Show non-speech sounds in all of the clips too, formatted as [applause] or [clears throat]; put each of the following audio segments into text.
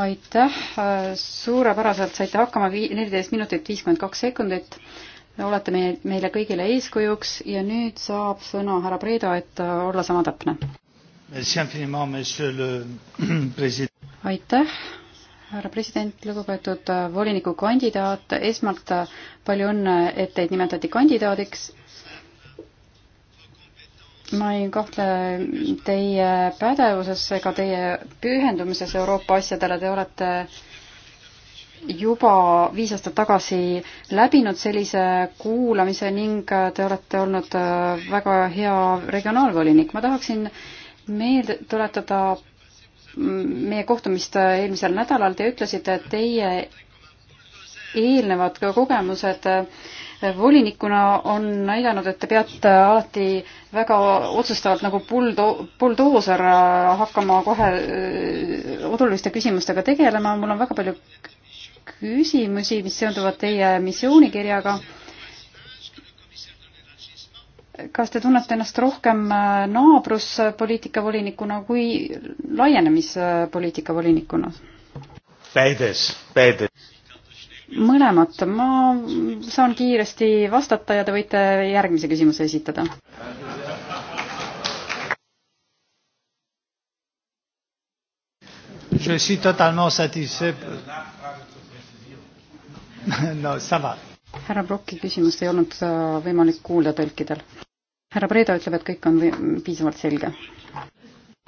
aitäh, suurepäraselt saite hakkama, neliteist minutit viiskümmend kaks sekundit. olete meie, meile kõigile eeskujuks ja nüüd saab sõna härra Preeda, et olla sama täpne. [clears throat] aitäh, härra president, lugupeetud volinikukandidaat, esmalt palju õnne, et teid nimetati kandidaadiks ma ei kahtle teie pädevuses ega teie pühendumises Euroopa asjadele, te olete juba viis aastat tagasi läbinud sellise kuulamise ning te olete olnud väga hea regionaalvolinik. ma tahaksin meelde tuletada meie kohtumist eelmisel nädalal, te ütlesite, et teie eelnevad kogemused äh, volinikuna on näidanud, et te peate alati väga otsustavalt nagu buldo-, buldooser hakkama kohe äh, oluliste küsimustega tegelema, mul on väga palju küsimusi, mis seonduvad teie missioonikirjaga kas te tunnete ennast rohkem äh, naabruspoliitika volinikuna kui laienemispoliitika volinikuna? Beides, beides mõlemat. ma saan kiiresti vastata ja te võite järgmise küsimuse esitada. Je suis totalement satisfait. no ça va. härra Brocki küsimust ei olnud äh, võimalik kuulda tõlkidel. härra Breda ütleb, et kõik on piisavalt selge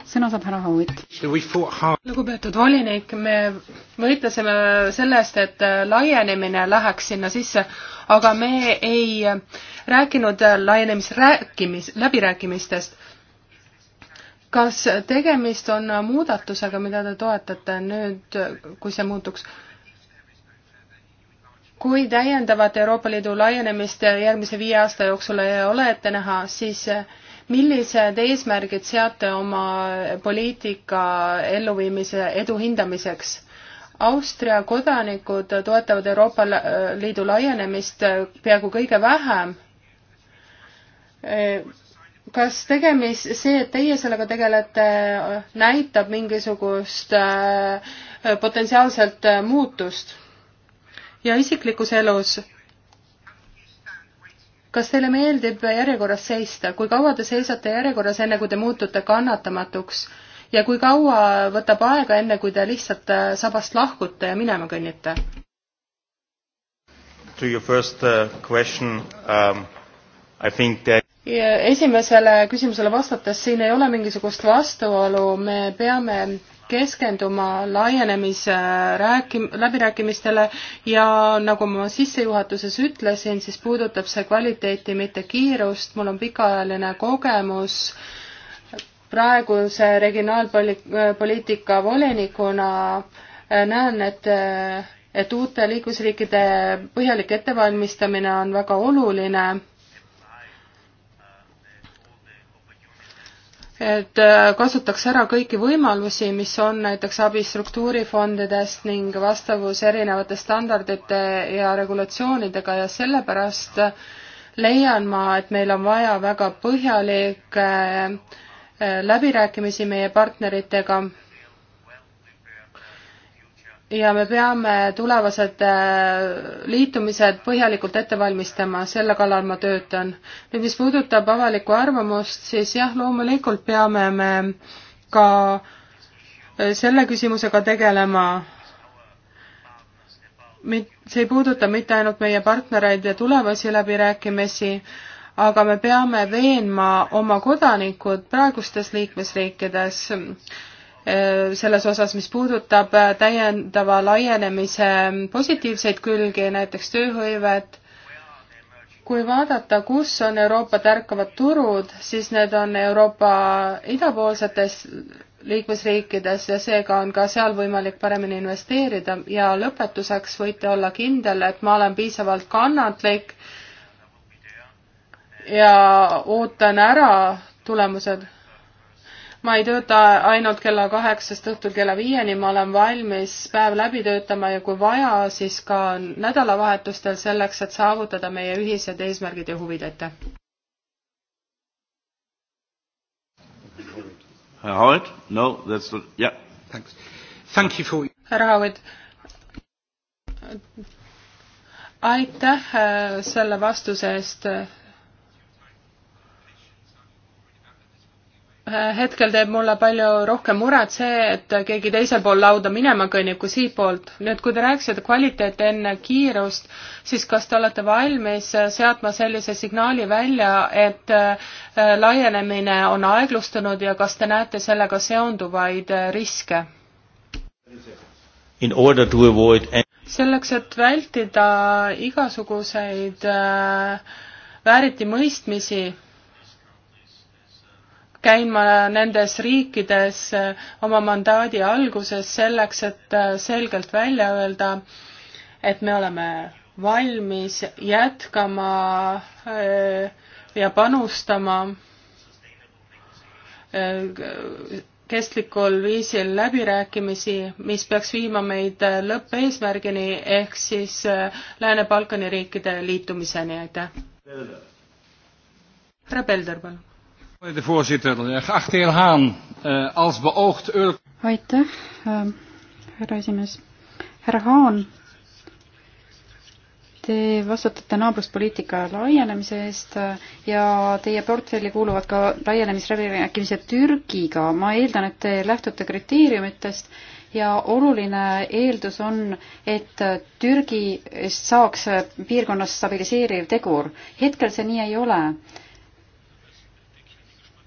sõna saab härra Howitt. lugupeetud volinik, me võitlesime selle eest, et laienemine läheks sinna sisse, aga me ei rääkinud laienemisrääkimis, läbirääkimistest. kas tegemist on muudatusega, mida te toetate nüüd, kui see muutuks? kui täiendavat Euroopa Liidu laienemist järgmise viie aasta jooksul ei ole ette näha, siis millised eesmärgid seate oma poliitika elluviimise edu hindamiseks? Austria kodanikud toetavad Euroopa Liidu laienemist peaaegu kõige vähem. kas tegemist, see, et teie sellega tegelete, näitab mingisugust äh, potentsiaalset äh, muutust? ja isiklikus elus kas teile meeldib järjekorras seista, kui kaua te seisate järjekorras, enne kui te muutute kannatamatuks ja kui kaua võtab aega, enne kui te lihtsalt äh, sabast lahkute ja minema kõnnite? To your first uh, question um,, I think that ja esimesele küsimusele vastates siin ei ole mingisugust vastuolu, me peame keskenduma laienemise rääki-, läbirääkimistele ja nagu ma sissejuhatuses ütlesin, siis puudutab see kvaliteeti, mitte kiirust, mul on pikaajaline kogemus praeguse regionaalpoliitika volinikuna näen, et et uute liikmesriikide põhjalik ettevalmistamine on väga oluline et äh, kasutaks ära kõiki võimalusi, mis on näiteks abi struktuurifondidest ning vastavus erinevate standardite ja regulatsioonidega ja sellepärast leian ma, et meil on vaja väga põhjalikke äh, äh, läbirääkimisi meie partneritega ja me peame tulevased äh, liitumised põhjalikult ette valmistama, selle kallal ma töötan. nüüd, mis puudutab avalikku arvamust, siis jah, loomulikult peame me ka äh, selle küsimusega tegelema. see ei puuduta mitte ainult meie partnereid ja tulevasi läbirääkimisi, aga me peame veenma oma kodanikud praegustes liikmesriikides Äh, selles osas, mis puudutab äh, täiendava laienemise ähm, positiivseid külgi, näiteks tööhõivet. kui vaadata, kus on Euroopa tärkavad turud, siis need on Euroopa idapoolsetes liikmesriikides ja seega on ka seal võimalik paremini investeerida ja lõpetuseks võite olla kindel, et ma olen piisavalt kannatlik ja ootan ära tulemused ma ei tööta ainult kella kaheksast õhtul kella viieni, ma olen valmis päev läbi töötama ja kui vaja, siis ka nädalavahetustel selleks, et saavutada meie ühised eesmärgid ja huvid, aitäh. härra Howard, no that's not, yeah. Thanks. Thank you for. härra Howard. aitäh äh, selle vastuse eest hetkel teeb mulle palju rohkem muret see, et keegi teisel pool lauda minema kõnnib kui siitpoolt. nüüd, kui te rääkisite kvaliteeti enne kiirust, siis kas te olete valmis seadma sellise signaali välja, et äh, laienemine on aeglustunud ja kas te näete sellega seonduvaid riske? Avoid... selleks, et vältida igasuguseid äh, vääritimõistmisi käima nendes riikides eh, oma mandaadi alguses selleks, et eh, selgelt välja öelda, et me oleme valmis jätkama eh, ja panustama kestlikul viisil läbirääkimisi, mis peaks viima meid lõppeesmärgini ehk siis Lääne-Balkani riikide liitumiseni, aitäh. härra Pelder, palun. Eh, eh, aitäh, eh, härra esimees. härra Haan, te vastutate naabruspoliitika laienemise eest ja teie portfelli kuuluvad ka laienemisläbirääkimised Türgiga. ma eeldan, et te lähtute kriteeriumitest ja oluline eeldus on, et Türgist saaks piirkonnas stabiliseeriv tegur. hetkel see nii ei ole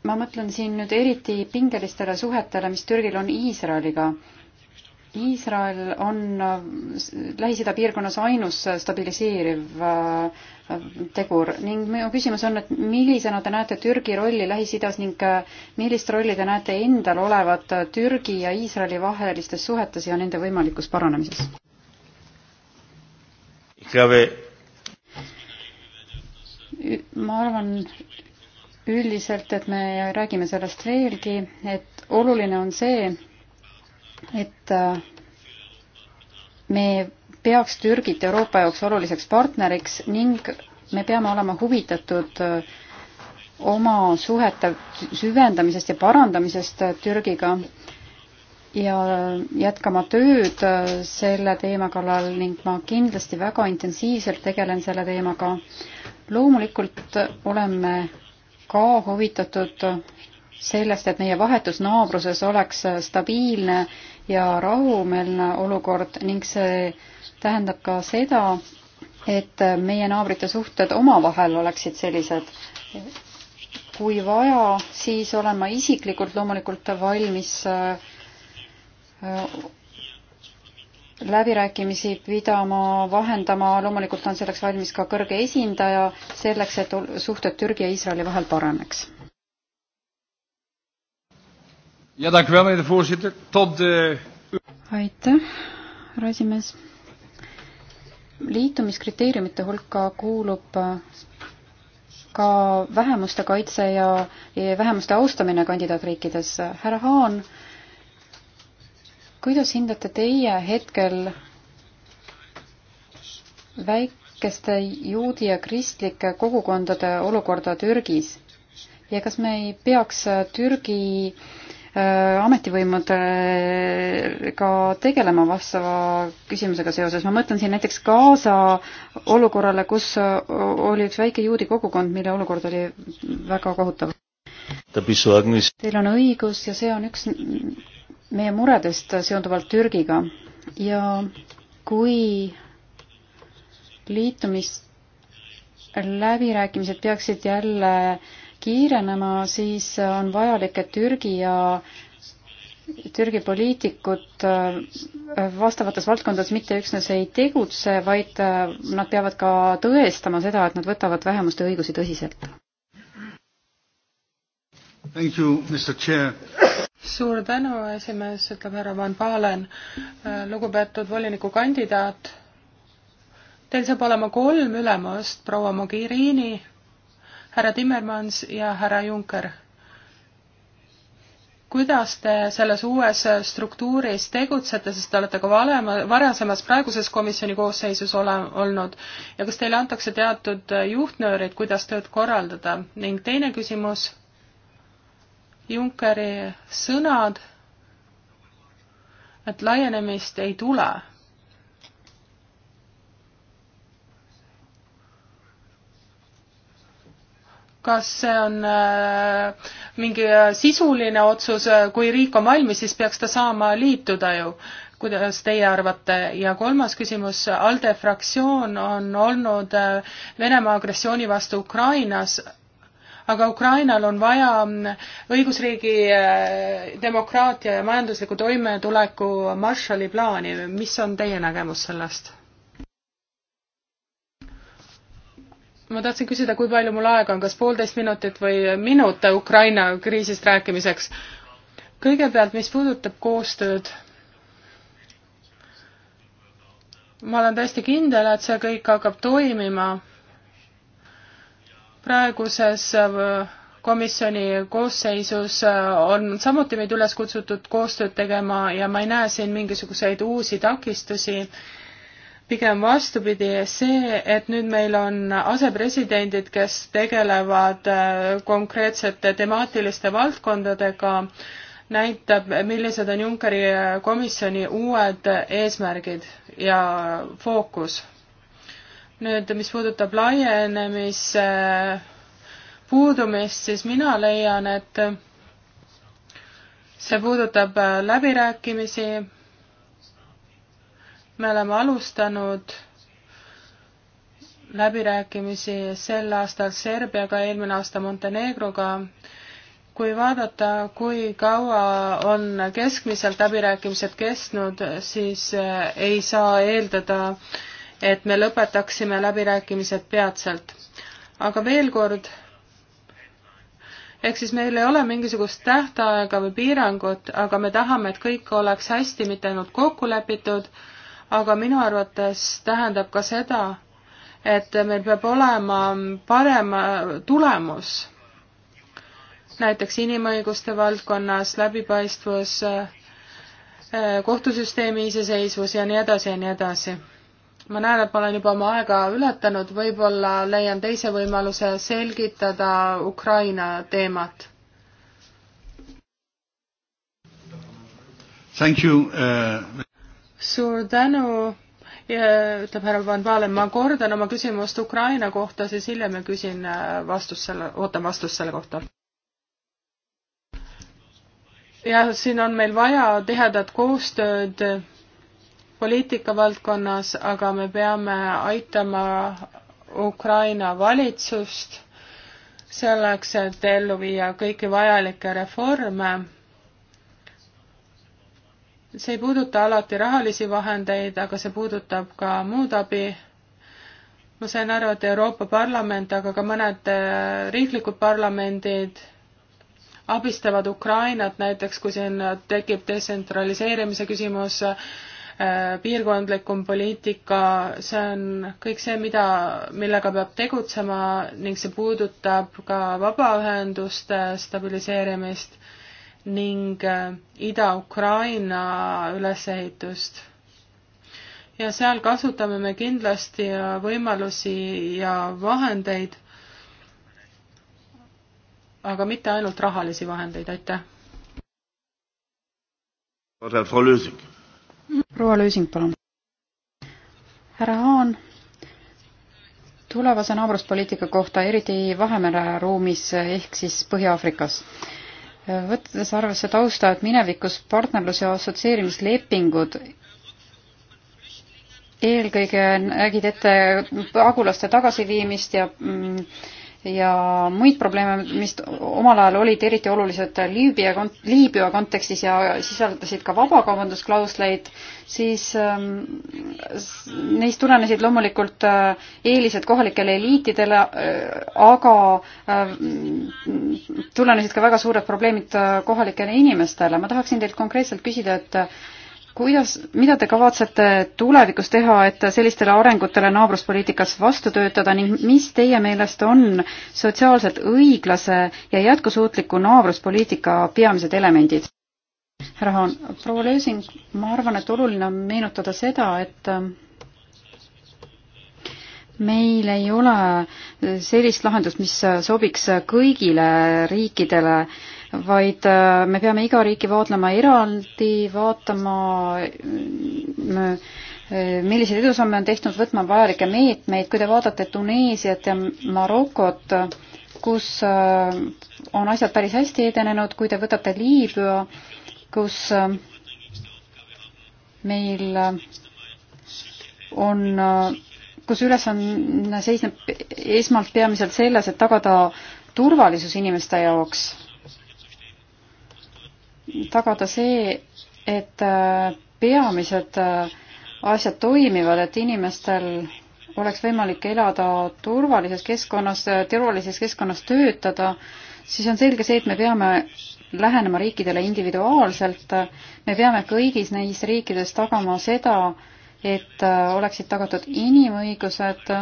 ma mõtlen siin nüüd eriti pingelistele suhetele, mis Türgil on Iisraeliga. Iisrael on äh, Lähis-Ida piirkonnas ainus äh, stabiliseeriv äh, tegur ning minu küsimus on, et millisena te näete Türgi rolli Lähis-Idas ning millist rolli te näete endal olevat Türgi ja Iisraeli vahelistes suhetes ja nende võimalikus paranemises? ma arvan, üldiselt, et me räägime sellest veelgi, et oluline on see, et me peaks Türgit Euroopa jaoks oluliseks partneriks ning me peame olema huvitatud oma suhete süvendamisest ja parandamisest Türgiga ja jätkama tööd selle teema kallal ning ma kindlasti väga intensiivselt tegelen selle teemaga. loomulikult oleme ka huvitatud sellest, et meie vahetus naabruses oleks stabiilne ja rahumeelne olukord ning see tähendab ka seda, et meie naabrite suhted omavahel oleksid sellised. kui vaja, siis olen ma isiklikult loomulikult valmis äh, läbirääkimisi pidama, vahendama, loomulikult on selleks valmis ka kõrge esindaja, selleks, et suhted Türgi ja Iisraeli vahel paraneks. aitäh, härra esimees. liitumiskriteeriumite hulka kuulub ka vähemuste kaitse ja vähemuste austamine kandidaatriikides. härra Haan kuidas hindate teie hetkel väikeste juudi ja kristlike kogukondade olukorda Türgis ja kas me ei peaks äh, Türgi äh, ametivõimudega tegelema vastava küsimusega seoses. ma mõtlen siin näiteks Gaza olukorrale, kus äh, oli üks väike juudi kogukond, mille olukord oli väga kohutav. Teil on õigus ja see on üks meie muredest seonduvalt Türgiga ja kui liitumisläbirääkimised peaksid jälle kiirenema, siis on vajalik, et Türgi ja Türgi poliitikud vastavates valdkondades mitte üksnes ei tegutse, vaid nad peavad ka tõestama seda, et nad võtavad vähemuste õigusi tõsiselt. Thank you, Mr Chair suur tänu, esimees, ütleb härra Van Palen. Äh, lugupeetud volinikukandidaat, teil saab olema kolm ülemust, proua Mogherini, härra Timmermans ja härra Juncker kuidas te selles uues struktuuris tegutsete, sest te olete ka valema, varasemas praeguses komisjoni koosseisus ole, olnud ja kas teile antakse teatud juhtnöörid, kuidas tööd korraldada ning teine küsimus Junckeri sõnad, et laienemist ei tule. kas see on äh, mingi äh, sisuline otsus, äh, kui riik on valmis, siis peaks ta saama liituda ju kuidas teie arvate? ja kolmas küsimus, ALDE fraktsioon on olnud äh, Venemaa agressiooni vastu Ukrainas aga Ukrainal on vaja mm, õigusriigi, äh, demokraatia ja majandusliku toimetuleku Marshalli plaani. mis on teie nägemus sellest? ma tahtsin küsida, kui palju mul aega on, kas poolteist minutit või minut Ukraina kriisist rääkimiseks? kõigepealt, mis puudutab koostööd, ma olen täiesti kindel, et see kõik hakkab toimima praeguses äh, komisjoni koosseisus äh, on samuti meid üles kutsutud koostööd tegema ja ma ei näe siin mingisuguseid uusi takistusi. pigem vastupidi, see, et nüüd meil on asepresidendid, kes tegelevad äh, konkreetsete temaatiliste valdkondadega, näitab, millised on Junckeri komisjoni uued eesmärgid ja fookus nüüd, mis puudutab laienemise äh, puudumist, siis mina leian, et see puudutab äh, läbirääkimisi. me oleme alustanud läbirääkimisi sel aastal Serbiaga, eelmine aasta Montenegroga. kui vaadata, kui kaua on keskmiselt läbirääkimised kestnud, siis äh, ei saa eeldada äh, et me lõpetaksime läbirääkimised peatselt. aga veel kord, ehk siis meil ei ole mingisugust tähtaega või piirangut, aga me tahame, et kõik oleks hästi, mitte ainult kokku lepitud, aga minu arvates tähendab ka seda, et meil peab olema parem äh, tulemus, näiteks inimõiguste valdkonnas läbipaistvus, äh, äh, kohtusüsteemi iseseisvus ja nii edasi ja nii edasi ma näen, et ma olen juba oma aega ületanud, võib-olla leian teise võimaluse selgitada Ukraina teemat. Uh... suur tänu, ütleb härra Van Valen, ma kordan oma küsimust Ukraina kohta, siis hiljem ma küsin äh, vastust selle, ootan vastust selle kohta jah, siin on meil vaja tihedat koostööd poliitika valdkonnas, aga me peame aitama Ukraina valitsust selleks, et ellu viia kõiki vajalikke reforme. see ei puuduta alati rahalisi vahendeid, aga see puudutab ka muud abi. ma sain aru, et Euroopa Parlament, aga ka mõned äh, riiklikud parlamendid abistavad Ukrainat, näiteks kui siin tekib detsentraliseerimise küsimus, Äh, piirkondlikum poliitika, see on kõik see, mida, millega peab tegutsema ning see puudutab ka vabaühenduste stabiliseerimist ning äh, Ida-Ukraina ülesehitust ja seal kasutame me kindlasti võimalusi ja vahendeid, aga mitte ainult rahalisi vahendeid, aitäh proua Lüüsing, palun. härra Haan tulevase naabruspoliitika kohta, eriti Vahemere ruumis ehk siis Põhja-Aafrikas. võttes arvesse tausta, et minevikus partnerlus- ja assotsieerimislepingud eelkõige nägid ette pagulaste tagasiviimist ja mm, ja muid probleeme, mis omal ajal olid eriti olulised Liibüa, Liibüa kontekstis ja sisaldasid ka vabakaubandusklausleid, siis ähm, neist tulenesid loomulikult äh, eelised kohalikele eliitidele äh,, aga äh, tulenesid ka väga suured probleemid äh, kohalikele inimestele. ma tahaksin teilt konkreetselt küsida, et äh, kuidas, mida te kavatsete tulevikus teha, et sellistele arengutele naabruspoliitikas vastu töötada ning mis teie meelest on sotsiaalselt õiglase ja jätkusuutliku naabruspoliitika peamised elemendid? härra Haan, proua Lösing, ma arvan, et oluline on meenutada seda, et äh, meil ei ole äh, sellist lahendust, mis äh, sobiks kõigile riikidele äh, vaid äh, me peame iga riiki vaatlema eraldi, vaatama mm, äh, milliseid edusamme on tehtud, võtma vajalikke meetmeid, kui te vaatate Tuneesiat ja Marokot, kus äh, on asjad päris hästi edenenud, kui te võtate Liibüa, kus meil on, kus ülesanne seisneb esmalt peamiselt selles, et tagada turvalisus inimeste jaoks tagada see, et äh, peamised äh, asjad toimivad, et inimestel oleks võimalik elada turvalises keskkonnas, äh, turvalises keskkonnas töötada, siis on selge see, et me peame lähenema riikidele individuaalselt, me peame kõigis neis riikides tagama seda, et oleksid tagatud inimõigused,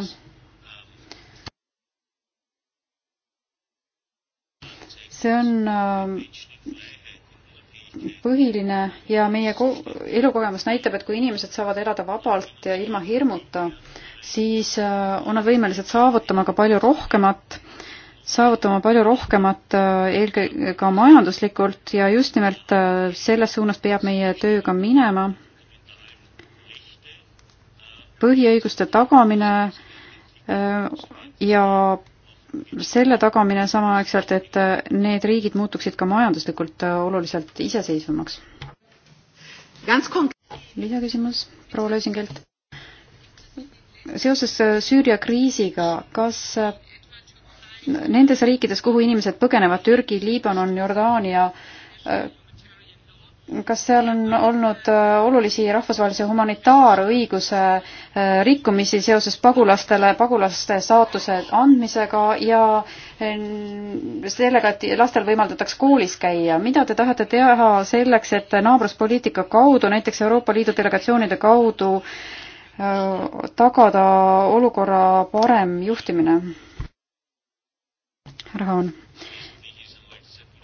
see on põhiline ja meie elukogemus näitab, et kui inimesed saavad elada vabalt ja ilma hirmuta, siis äh, on nad võimelised saavutama ka palju rohkemat, saavutama palju rohkemat äh, eelkõige ka majanduslikult ja just nimelt äh, selles suunas peab meie töö ka minema. põhiõiguste tagamine ja selle tagamine samaaegselt, et need riigid muutuksid ka majanduslikult oluliselt iseseisvamaks. lisaküsimus proua Lösingelt. seoses Süüria kriisiga, kas nendes riikides, kuhu inimesed põgenevad, Türgi, Liibanon, Jordaania, kas seal on olnud äh, olulisi rahvusvahelise humanitaarõiguse äh, rikkumisi seoses pagulastele pagulaste saatuse andmisega ja äh, sellega, et lastel võimaldatakse koolis käia. mida te tahate teha selleks, et naabruspoliitika kaudu, näiteks Euroopa Liidu delegatsioonide kaudu tagada olukorra parem juhtimine? härra Haan.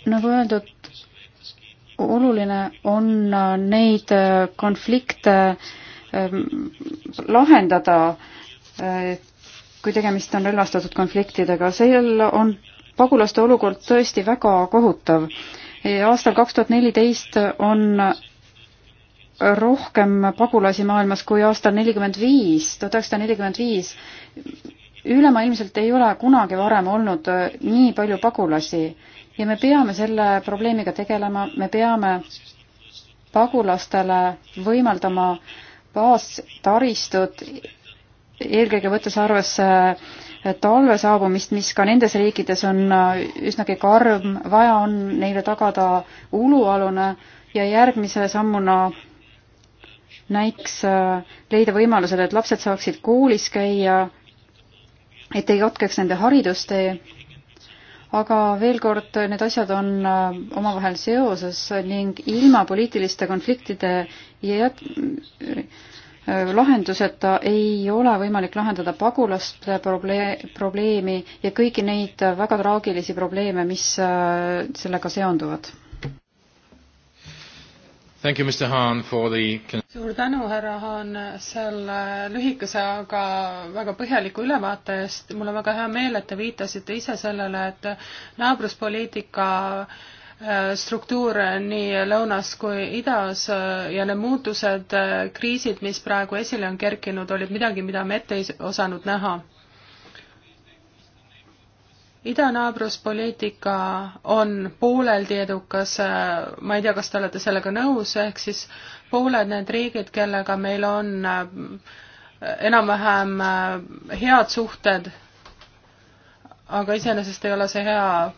nagu öeldud, oluline on äh, neid äh, konflikte ähm, lahendada, äh, kui tegemist on relvastatud konfliktidega. seal on pagulaste olukord tõesti väga kohutav. aastal kaks tuhat neliteist on rohkem pagulasi maailmas kui aastal nelikümmend viis, tuhat üheksasada nelikümmend viis. ülemaailmselt ei ole kunagi varem olnud nii palju pagulasi ja me peame selle probleemiga tegelema, me peame pagulastele võimaldama baastaristut, eelkõige võttes arvesse talve saabumist, mis ka nendes riikides on üsnagi karm, vaja on neile tagada ulualune ja järgmise sammuna näiks äh, leida võimalused, et lapsed saaksid koolis käia, et ei katkeks nende haridustee aga veel kord, need asjad on äh, omavahel seoses ning ilma poliitiliste konfliktide jät-, äh, lahenduseta ei ole võimalik lahendada pagulaste probleem, probleemi ja kõiki neid väga traagilisi probleeme, mis äh, sellega seonduvad Thank you, Mr Haan, for the suur tänu, härra Haan, selle lühikese, aga väga põhjaliku ülevaate eest. mul on väga hea meel, et te viitasite ise sellele, et naabruspoliitika äh, struktuur nii lõunas kui idas äh, ja need muutused, äh, kriisid, mis praegu esile on kerkinud, olid midagi, mida me ette ei osanud näha idanaabruspoliitika on pooleldi edukas, ma ei tea, kas te olete sellega nõus, ehk siis pooled need riigid, kellega meil on äh, enam-vähem äh, head suhted, aga iseenesest ei ole see hea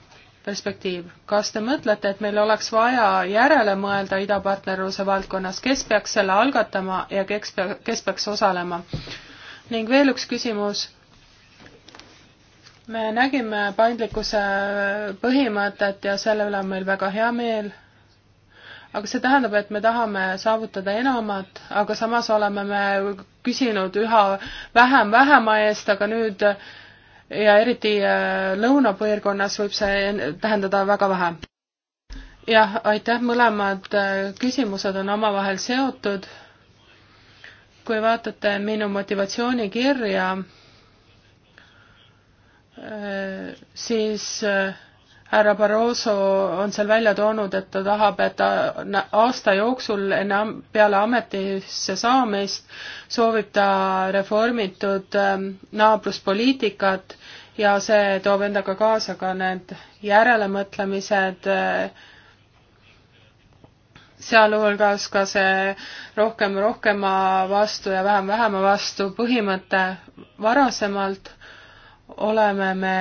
perspektiiv. kas te mõtlete, et meil oleks vaja järele mõelda idapartnerluse valdkonnas, kes peaks selle algatama ja kes, kes peaks osalema? ning veel üks küsimus me nägime paindlikkuse põhimõtet ja selle üle on meil väga hea meel. aga see tähendab, et me tahame saavutada enamat, aga samas oleme me küsinud üha vähem vähema eest, aga nüüd ja eriti äh, lõunapiirkonnas võib see tähendada väga vähe. jah, aitäh, mõlemad äh, küsimused on omavahel seotud. kui vaatate minu motivatsioonikirja, Äh, siis äh, härra Barroso on seal välja toonud, et ta tahab, et ta aasta jooksul enne, peale ametisse saamist soovib ta reformitud ähm, naabruspoliitikat ja see toob endaga kaasa ka need järelemõtlemised, äh, sealhulgas ka see rohkem rohkema vastu ja vähem vähema vastu põhimõte varasemalt oleme me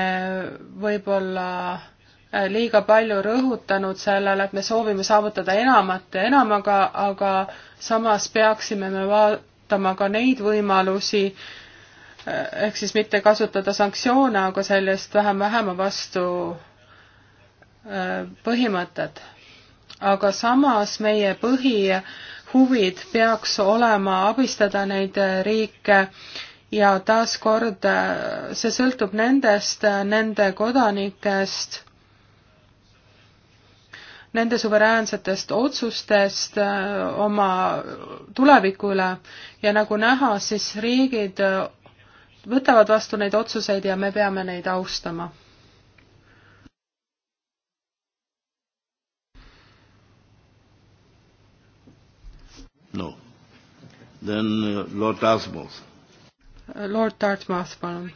võib-olla äh, liiga palju rõhutanud sellele, et me soovime saavutada enamat ja enamaga, aga samas peaksime me vaatama ka neid võimalusi, äh, ehk siis mitte kasutada sanktsioone, aga sellist vähem vähema vastu äh, põhimõtet. aga samas meie põhihuvid peaks olema abistada neid riike äh, ja taaskord äh, see sõltub nendest, äh, nende kodanikest, nende suveräänsetest otsustest äh, oma tuleviku üle ja nagu näha, siis riigid võtavad vastu neid otsuseid ja me peame neid austama. no then uh, Lord Asmus Lord Dartmouth, palun.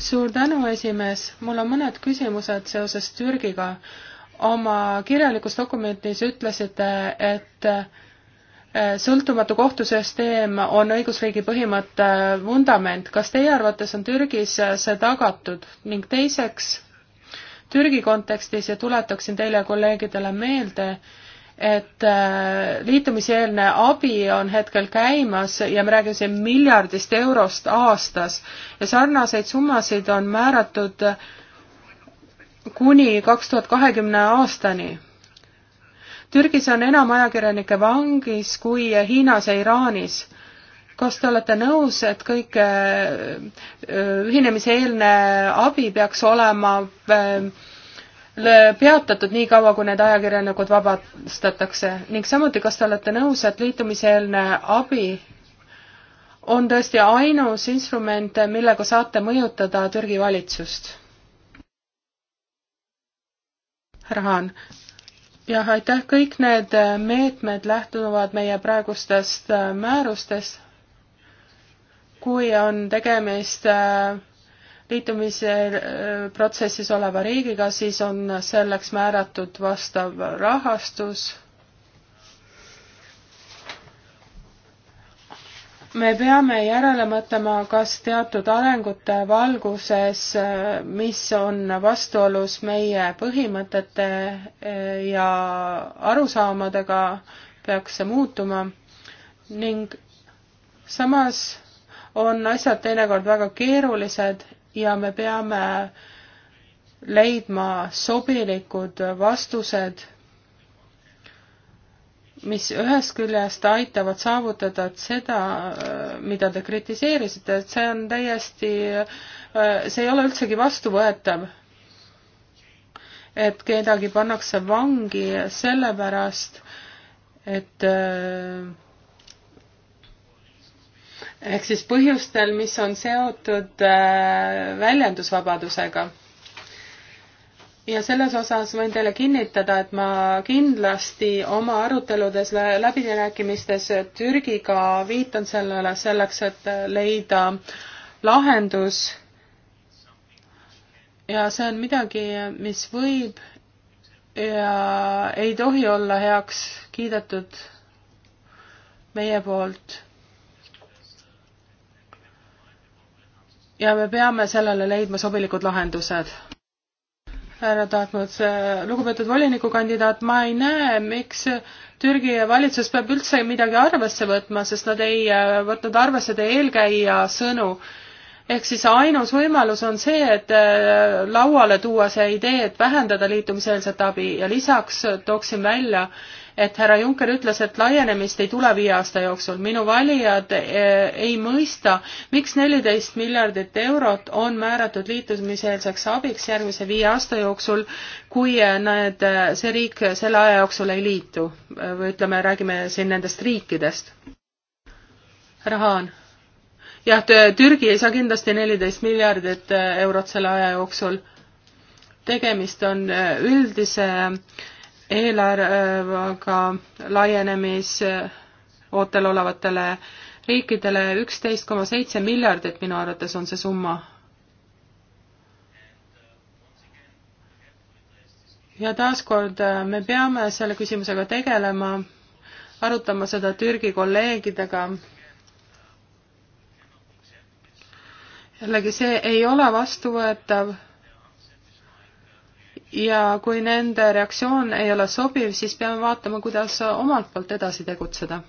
suur tänu, esimees, mul on mõned küsimused seoses Türgiga. oma kirjalikus dokumentis ütlesite, et eh, sõltumatu kohtusüsteem on õigusriigi põhimõtte vundament. kas teie arvates on Türgis see tagatud ning teiseks, Türgi kontekstis ja tuletaksin teile kolleegidele meelde, et äh, liitumiseelne abi on hetkel käimas ja me räägime siin miljardist eurost aastas ja sarnaseid summasid on määratud kuni kaks tuhat kahekümne aastani. Türgis on enam ajakirjanikke vangis kui Hiinas ja Iraanis. kas te olete nõus, et kõik äh, äh, ühinemiseelne abi peaks olema äh, peatatud nii kaua, kui need ajakirjanikud vabastatakse ning samuti, kas te olete nõus, et liitumiseelne abi on tõesti ainus instrument, millega saate mõjutada Türgi valitsust? härra Haan. jah, aitäh, kõik need meetmed lähtuvad meie praegustest määrustest, kui on tegemist äh, liitumisprotsessis äh, oleva riigiga, siis on selleks määratud vastav rahastus. me peame järele mõtlema, kas teatud arengute valguses, äh, mis on vastuolus meie põhimõtete äh, ja arusaamadega, peaks see muutuma ning samas on asjad teinekord väga keerulised ja me peame leidma sobilikud vastused, mis ühest küljest aitavad saavutada seda, mida te kritiseerisite, et see on täiesti, see ei ole üldsegi vastuvõetav. et kedagi pannakse vangi sellepärast, et äh, ehk siis põhjustel, mis on seotud äh, väljendusvabadusega. ja selles osas võin teile kinnitada, et ma kindlasti oma aruteludes, läbirääkimistes Türgiga viitan sellele selleks, et leida lahendus. ja see on midagi, mis võib ja ei tohi olla heaks kiidetud meie poolt ja me peame sellele leidma sobilikud lahendused. härra Taatmõõts, äh, lugupeetud volinikukandidaat, ma ei näe, miks Türgi valitsus peab üldse midagi arvesse võtma, sest nad ei äh, võtnud arvesse teie eelkäija sõnu. ehk siis ainus võimalus on see, et äh, lauale tuua see idee, et vähendada liitumiseelset abi ja lisaks tooksin välja, et härra Juncker ütles, et laienemist ei tule viie aasta jooksul. minu valijad e, ei mõista, miks neliteist miljardit eurot on määratud liitumiseelseks abiks järgmise viie aasta jooksul, kui e, need, e, see riik selle aja jooksul ei liitu või ütleme, räägime siin nendest riikidest. härra Haan? jah, Türgi ei saa kindlasti neliteist miljardit eurot selle aja jooksul. tegemist on üldise äh, eelarvega laienemisootel olevatele riikidele üksteist koma seitse miljardit, minu arvates on see summa. ja taaskord äh, me peame selle küsimusega tegelema, arutama seda Türgi kolleegidega. jällegi, see ei ole vastuvõetav ja kui nende reaktsioon ei ole sobiv, siis peame vaatama, kuidas omalt poolt edasi tegutseda.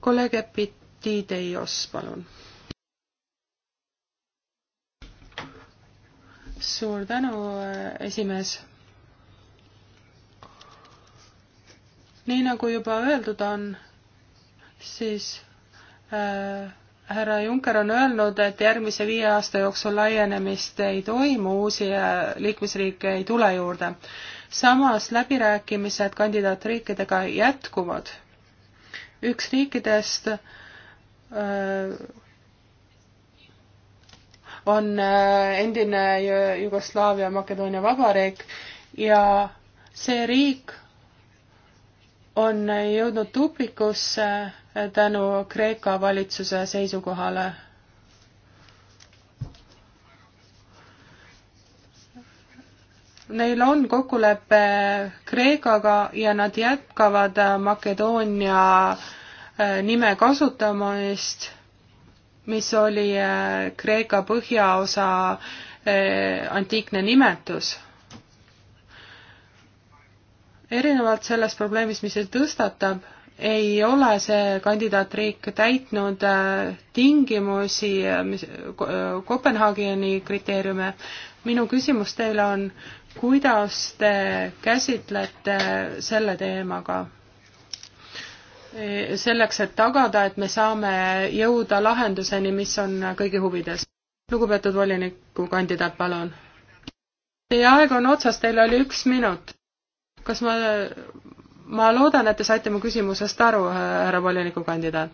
kolleeg Epitideios, palun. suur tänu, esimees. nii nagu juba öeldud on, siis äh, härra Juncker on öelnud, et järgmise viie aasta jooksul laienemist ei toimu, uusi äh, liikmesriike ei tule juurde. samas läbirääkimised kandidaatriikidega jätkuvad. üks riikidest öö, äh, on äh, endine Jugoslaavia Makedoonia Vabariik ja see riik on jõudnud tupikusse tänu Kreeka valitsuse seisukohale. Neil on kokkulepe Kreekaga ja nad jätkavad Makedoonia äh, nime kasutamist, mis oli äh, Kreeka põhjaosa äh, antiikne nimetus erinevalt sellest probleemist, mis see tõstatab, ei ole see kandidaatriik täitnud äh, tingimusi, äh, mis, äh, Kopenhaageni kriteeriume. minu küsimus teile on, kuidas te käsitlete selle teemaga? E, selleks, et tagada, et me saame jõuda lahenduseni, mis on kõigi huvides. lugupeetud volinikukandidaat, palun. Teie aeg on otsas, teil oli üks minut. kas ma ma loodan, et te saite mu küsimusest aru, härra volinikukandidaat.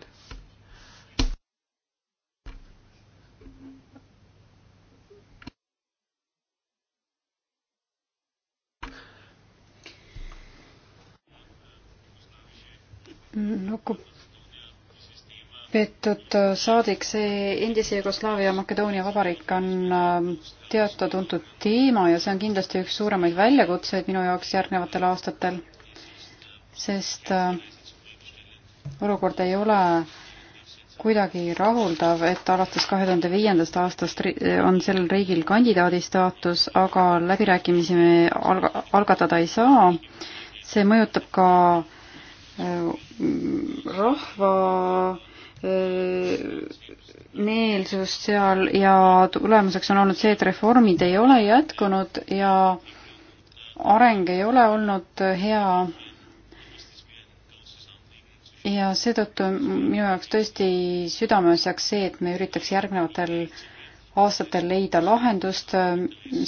lugupeetud saadik, see endise Jugoslaavia Makedoonia vabariik on ähm, teada-tuntud teema ja see on kindlasti üks suuremaid väljakutseid minu jaoks järgnevatel aastatel sest äh, olukord ei ole kuidagi rahuldav, et alates kahe tuhande viiendast aastast on sellel riigil kandidaadi staatus, aga läbirääkimisi me alga-, algatada ei saa. see mõjutab ka äh, rahva äh, meelsust seal ja tulemuseks on olnud see, et reformid ei ole jätkunud ja areng ei ole olnud hea ja seetõttu minu jaoks tõesti südameasjaks see, et me üritaks järgnevatel aastatel leida lahendust.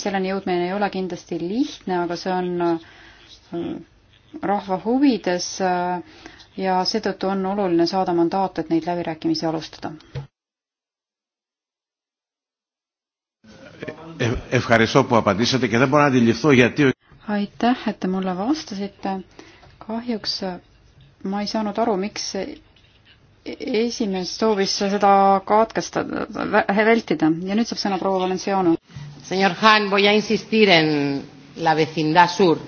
selleni jõudmine ei ole kindlasti lihtne, aga see on rahva huvides ja seetõttu on oluline saada mandaat, et neid läbirääkimisi alustada. aitäh, et te mulle vastasite. kahjuks ma ei saanud aru, miks esimees soovis seda katkestada, vältida ja nüüd saab sõna proua Valenciano. Senor Han, voy a insistir en la vecindad sur.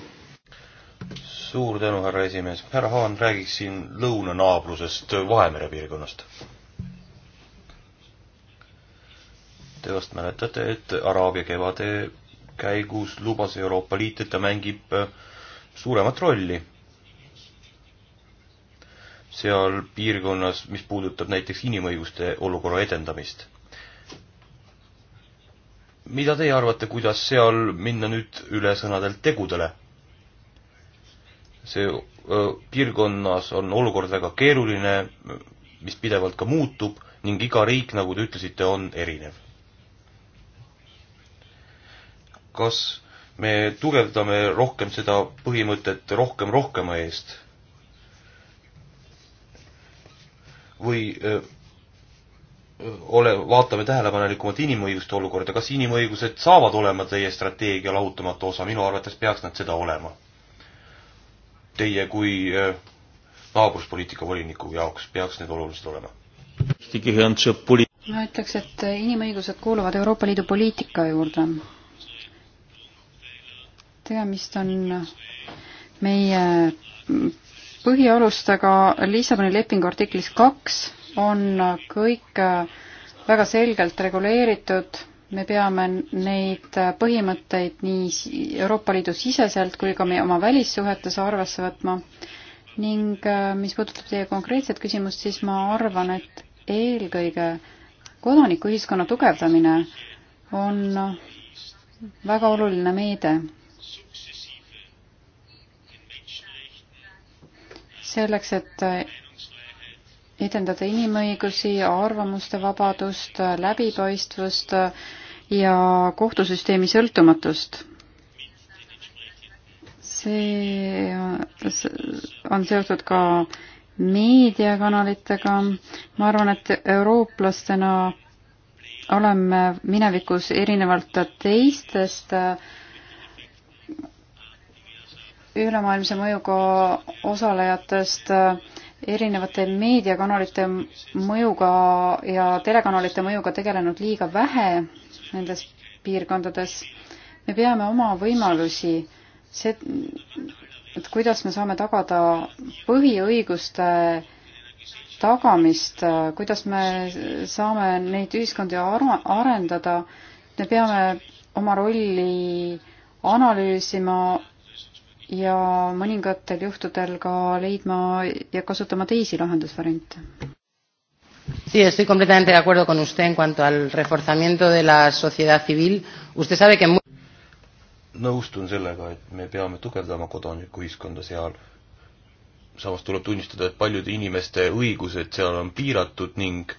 suur tänu, härra esimees. härra Haan räägiks siin lõunanaabrusest Vahemere piirkonnast. Te vast mäletate, et Araabia kevade käigus lubas Euroopa Liit, et ta mängib suuremat rolli seal piirkonnas, mis puudutab näiteks inimõiguste olukorra edendamist. mida teie arvate, kuidas seal minna nüüd üle sõnadelt tegudele? see öö, piirkonnas on olukord väga keeruline, mis pidevalt ka muutub ning iga riik, nagu te ütlesite, on erinev. kas me tugevdame rohkem seda põhimõtet rohkem rohkema eest? või öö, ole, vaatame tähelepanelikumalt inimõiguste olukorda, kas inimõigused saavad olema teie strateegia lahutamatu osa, minu arvates peaks nad seda olema. Teie kui naabruspoliitika voliniku jaoks peaks need olulised olema? ma ütleks, et inimõigused kuuluvad Euroopa Liidu poliitika juurde. tegemist on meie põhialustega Liisaboni lepingu artiklis kaks on kõik väga selgelt reguleeritud, me peame neid põhimõtteid nii Euroopa Liidu siseselt kui ka meie oma välissuhetes arvesse võtma ning äh, mis puudutab teie konkreetset küsimust, siis ma arvan, et eelkõige kodanikuühiskonna tugevdamine on väga oluline meede selleks, et edendada inimõigusi, arvamuste vabadust, läbipaistvust ja kohtusüsteemi sõltumatust. see on seotud ka meediakanalitega. ma arvan, et eurooplastena oleme minevikus erinevalt teistest äh, ülemaailmse mõjuga osalejatest äh, erinevate meediakanalite mõjuga ja telekanalite mõjuga tegelenud liiga vähe nendes piirkondades. me peame oma võimalusi, see, et kuidas me saame tagada põhiõiguste tagamist, äh, kuidas me saame neid ühiskondi arendada, me peame oma rolli analüüsima ja mõningatel juhtudel ka leidma ja kasutama teisi lahendusvariante. Sí, estoy completamente de acuerdo con usted en cuanto al reforzamiento de la sociedad civil. Usted sabe que nõustun sellega, et me peame tugevdama kodanikuühiskonda seal. samas tuleb tunnistada, et paljude inimeste õigused seal on piiratud ning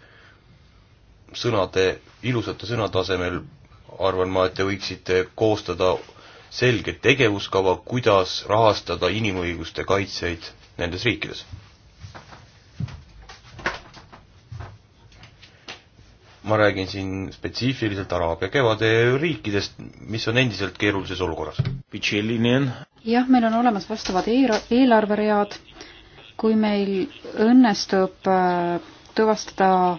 sõnade, ilusate sõnade asemel arvan ma, et te võiksite koostada selge tegevuskava, kuidas rahastada inimõiguste kaitsjaid nendes riikides. ma räägin siin spetsiifiliselt Araabia kevade riikidest, mis on endiselt keerulises olukorras. jah, meil on olemas vastavad eelarveread, kui meil õnnestub äh, tuvastada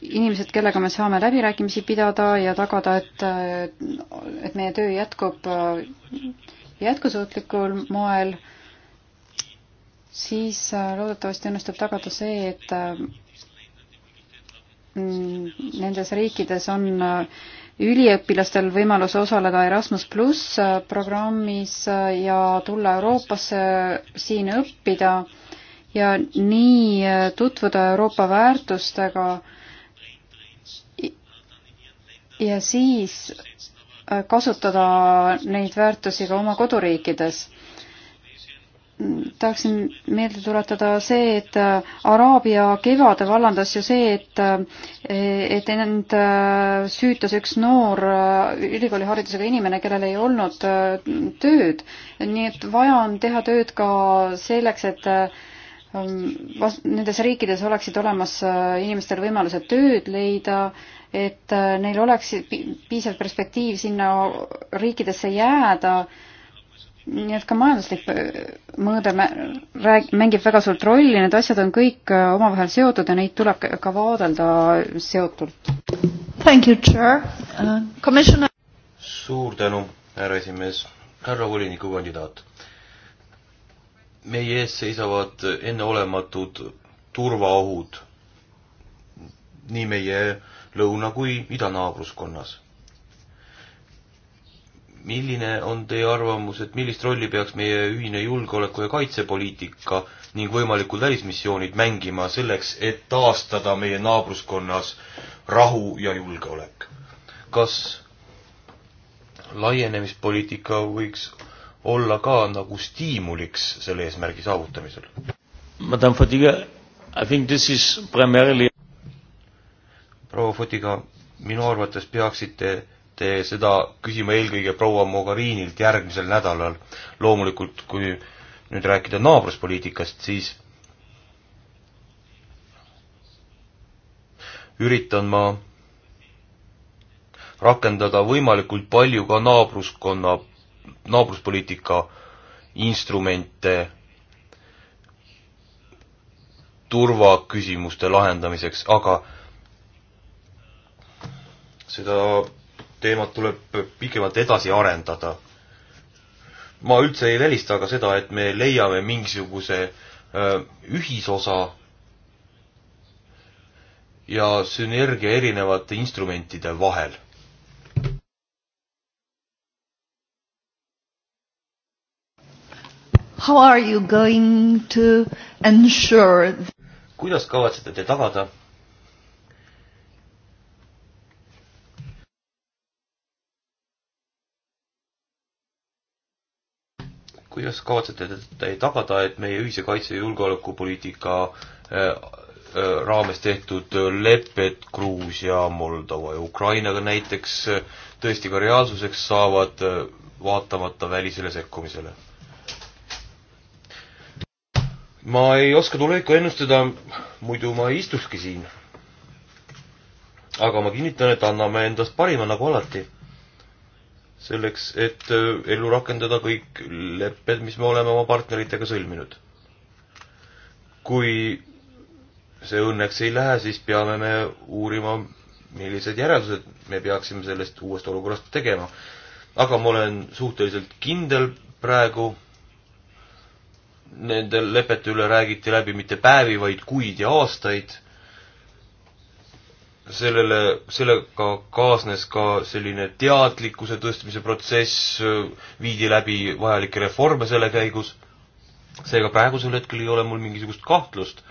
inimesed, kellega me saame läbirääkimisi pidada ja tagada, et, et meie töö jätkub äh, jätkusuutlikul moel, siis äh, loodetavasti õnnestub tagada see, et äh, mm, nendes riikides on üliõpilastel võimalus osaleda Erasmus pluss programmis ja tulla Euroopasse siin õppida ja nii tutvuda Euroopa väärtustega ja siis äh, kasutada neid väärtusi ka oma koduriikides. tahaksin meelde tuletada see, et äh, Araabia kevade vallandas ju see, et, äh, et end süütas üks noor ülikooliharidusega inimene, kellel ei olnud tööd. nii et vaja on teha tööd ka selleks, et nendes riikides oleksid olemas inimestel võimalused tööd leida et äh, neil oleks piisav perspektiiv sinna riikidesse jääda, nii et ka majanduslik äh, mõõde mängib väga suurt rolli, need asjad on kõik äh, omavahel seotud ja neid tuleb ka vaadelda seotult. Uh, suur tänu, härra esimees, härra volinikukandidaat. meie ees seisavad enneolematud turvaohud nii meie äh, lõuna- kui idanaabruskonnas. milline on teie arvamus, et millist rolli peaks meie ühine julgeoleku- ja kaitsepoliitika ning võimalikud välismissioonid mängima selleks, et taastada meie naabruskonnas rahu ja julgeolek? kas laienemispoliitika võiks olla ka nagu stiimuliks selle eesmärgi saavutamisel? Madame Fadiga, I think this is primarily proua Fotiga, minu arvates peaksite te seda küsima eelkõige proua Mogherinilt järgmisel nädalal. loomulikult, kui nüüd rääkida naabruspoliitikast, siis üritan ma rakendada võimalikult palju ka naabruskonna, naabruspoliitika instrumente turvaküsimuste lahendamiseks, aga seda teemat tuleb pikemalt edasi arendada. ma üldse ei välista aga seda, et me leiame mingisuguse äh, ühisosa ja sünergia erinevate instrumentide vahel How are you going to ensure kuidas kavatsete te tagada, kuidas kavatsete te tagada, et meie ühise kaitse- ja julgeolekupoliitika äh, äh, raames tehtud lepped Gruusia, Moldova ja Ukrainaga näiteks äh, tõesti ka reaalsuseks saavad, vaatamata välisele sekkumisele? ma ei oska tulevikku ennustada, muidu ma ei istukski siin. aga ma kinnitan, et anname endast parima, nagu alati selleks, et äh, ellu rakendada kõik lepped, mis me oleme oma partneritega sõlminud. kui see õnneks ei lähe, siis peame me uurima, millised järeldused me peaksime sellest uuest olukorrast tegema. aga ma olen suhteliselt kindel praegu, nende lepete üle räägiti läbi mitte päevi, vaid kuid ja aastaid sellele, sellega kaasnes ka selline teadlikkuse tõstmise protsess, viidi läbi vajalikke reforme selle käigus, seega praegusel hetkel ei ole mul mingisugust kahtlust,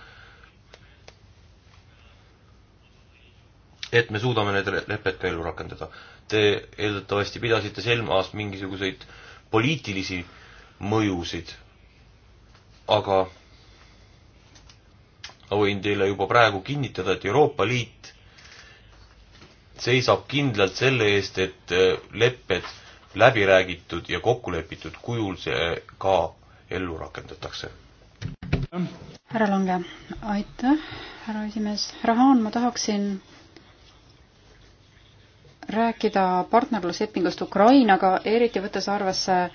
et me suudame need lepped ka ellu rakendada. Te eeldatavasti pidasite silmas mingisuguseid poliitilisi mõjusid, aga ma võin teile juba praegu kinnitada, et Euroopa Liit seisab kindlalt selle eest, et äh, lepped läbi räägitud ja kokku lepitud kujul see äh, ka ellu rakendatakse. härra Lange, aitäh, härra esimees. härra Haan, ma tahaksin rääkida partnerluslepingust Ukrainaga, eriti võttes arvesse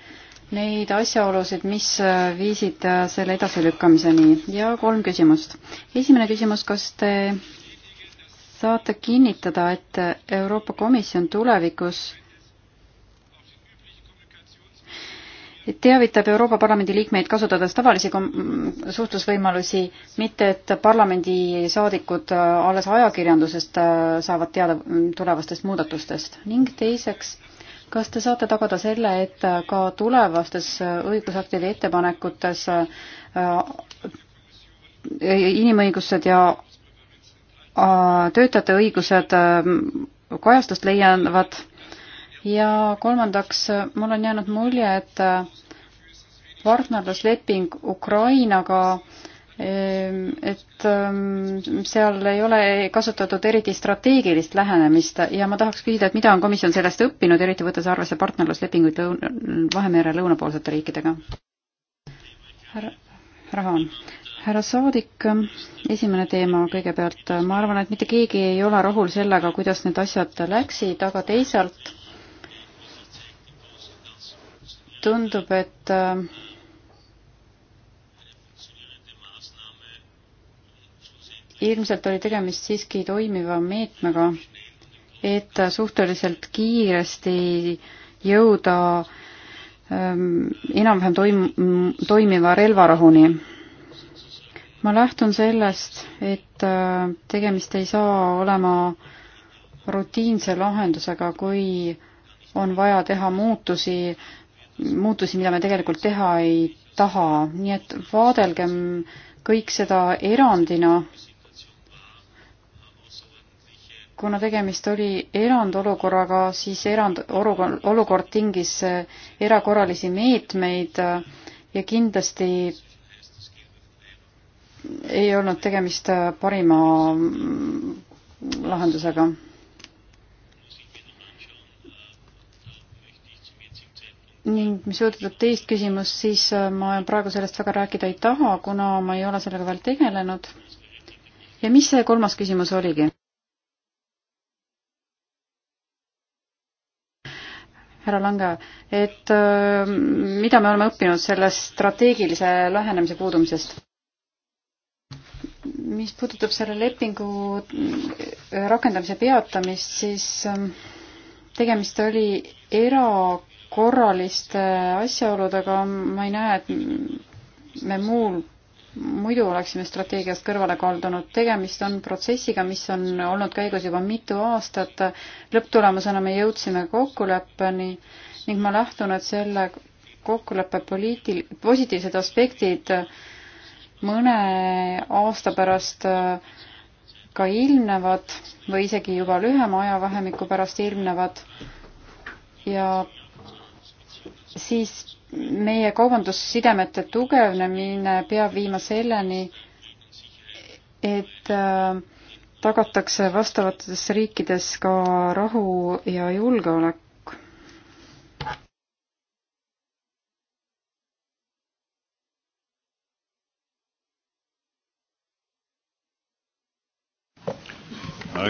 neid asjaolusid, mis viisid äh, selle edasilükkamiseni ja kolm küsimust. esimene küsimus, kas te saate kinnitada, et Euroopa Komisjon tulevikus teavitab Euroopa Parlamendi liikmeid kasutades tavalisi suhtlusvõimalusi, mitte et parlamendisaadikud alles ajakirjandusest saavad teada tulevastest muudatustest ning teiseks, kas te saate tagada selle, et ka tulevastes õigusaktide ettepanekutes äh, inimõigused ja töötajate õigused ähm, kajastust leiavad ja kolmandaks, mul on jäänud mulje, et äh, partnerlusleping Ukrainaga ähm, et ähm, seal ei ole kasutatud eriti strateegilist lähenemist ja ma tahaks küsida, et mida on komisjon sellest õppinud, eriti võttes arvesse partnerluslepinguid lõun-, Vahemere lõunapoolsete riikidega? härra, härra Haan, härra saadik, esimene teema kõigepealt, ma arvan, et mitte keegi ei ole rahul sellega, kuidas need asjad läksid, aga teisalt tundub, et äh, ilmselt oli tegemist siiski toimiva meetmega, et suhteliselt kiiresti jõuda ähm, enam-vähem toim-, toimiva relvarahuni ma lähtun sellest, et äh, tegemist ei saa olema rutiinse lahendusega, kui on vaja teha muutusi, muutusi, mida me tegelikult teha ei taha, nii et vaadelgem kõik seda erandina, kuna tegemist oli erandolukorraga, siis erand, olukord tingis erakorralisi meetmeid ja kindlasti ei olnud tegemist äh, parima mm, lahendusega. ning mis puudutab teist küsimust, siis äh, ma praegu sellest väga rääkida ei taha, kuna ma ei ole sellega veel tegelenud. ja mis see kolmas küsimus oligi? härra Lange, et äh, mida me oleme õppinud sellest strateegilise lähenemise puudumisest? mis puudutab selle lepingu äh, rakendamise peatamist, siis ähm, tegemist oli erakorraliste asjaoludega, ma ei näe, et me muul, muidu oleksime strateegiast kõrvale kaldunud. tegemist on protsessiga, mis on olnud käigus juba mitu aastat. lõpptulemusena me jõudsime kokkuleppeni ning ma lähtun, et selle kokkuleppe poliitil-, positiivsed aspektid äh, mõne aasta pärast äh, ka ilmnevad või isegi juba lühema ajavahemiku pärast ilmnevad ja siis meie kaubandussidemete tugevnemine peab viima selleni, et äh, tagatakse vastavatesse riikides ka rahu ja julgeolek.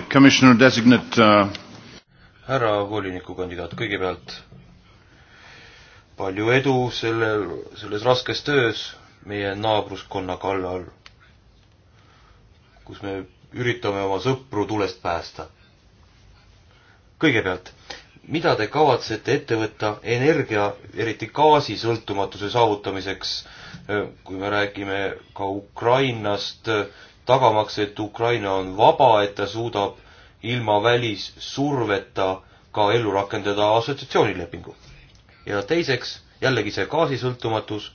Commissioner designate uh... härra volinikukandidaat, kõigepealt palju edu sellel, selles raskes töös meie naabruskonna kallal, kus me üritame oma sõpru tulest päästa. kõigepealt, mida te kavatsete ette võtta energia, eriti gaasi sõltumatuse saavutamiseks, äh, kui me räägime ka Ukrainast tagamaks, et Ukraina on vaba, et ta suudab ilma välissurveta ka ellu rakendada assotsiatsioonilepingu. ja teiseks jällegi see gaasisõltumatus.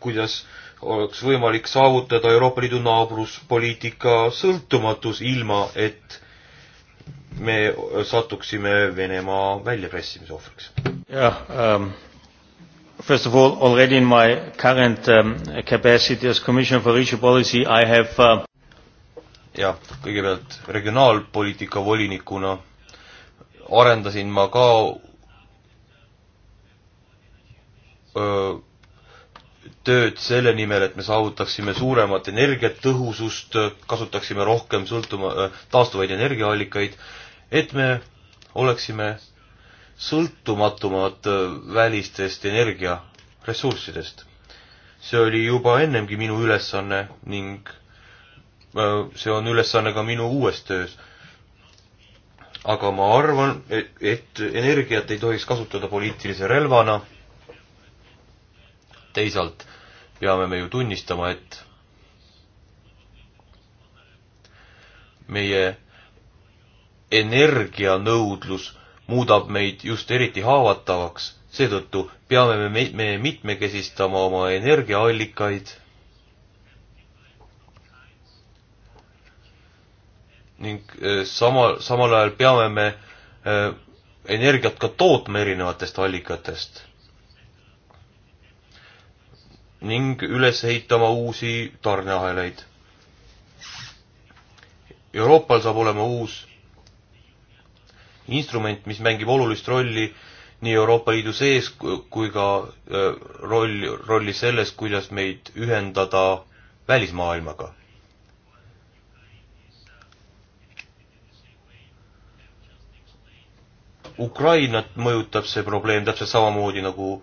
kuidas oleks võimalik saavutada Euroopa Liidu naabruspoliitika sõltumatus, ilma et me satuksime Venemaa väljapressimise ohvriks? jah ähm,, First of all, already in my current um, capacity as Commissioner for Regional Policy, I have uh... jah, kõigepealt regionaalpoliitika volinikuna arendasin ma ka öö, tööd selle nimel, et me saavutaksime suuremat energiatõhusust, kasutaksime rohkem sõltuma, taastuvaid energiaallikaid, et me oleksime sõltumatumad äh, välistest energiaressurssidest. see oli juba ennemgi minu ülesanne ning äh, see on ülesanne ka minu uues töös. aga ma arvan, e-, et energiat ei tohiks kasutada poliitilise relvana. teisalt peame me ju tunnistama, et meie energianõudlus muudab meid just eriti haavatavaks, seetõttu peame me, me mitmekesistama oma energiaallikaid ning äh, samal, samal ajal peame me äh, energiat ka tootma erinevatest allikatest. ning üles ehitama uusi tarneahelaid. Euroopal saab olema uus instrument, mis mängib olulist rolli nii Euroopa Liidu sees kui ka roll, rolli selles, kuidas meid ühendada välismaailmaga. Ukrainat mõjutab see probleem täpselt samamoodi nagu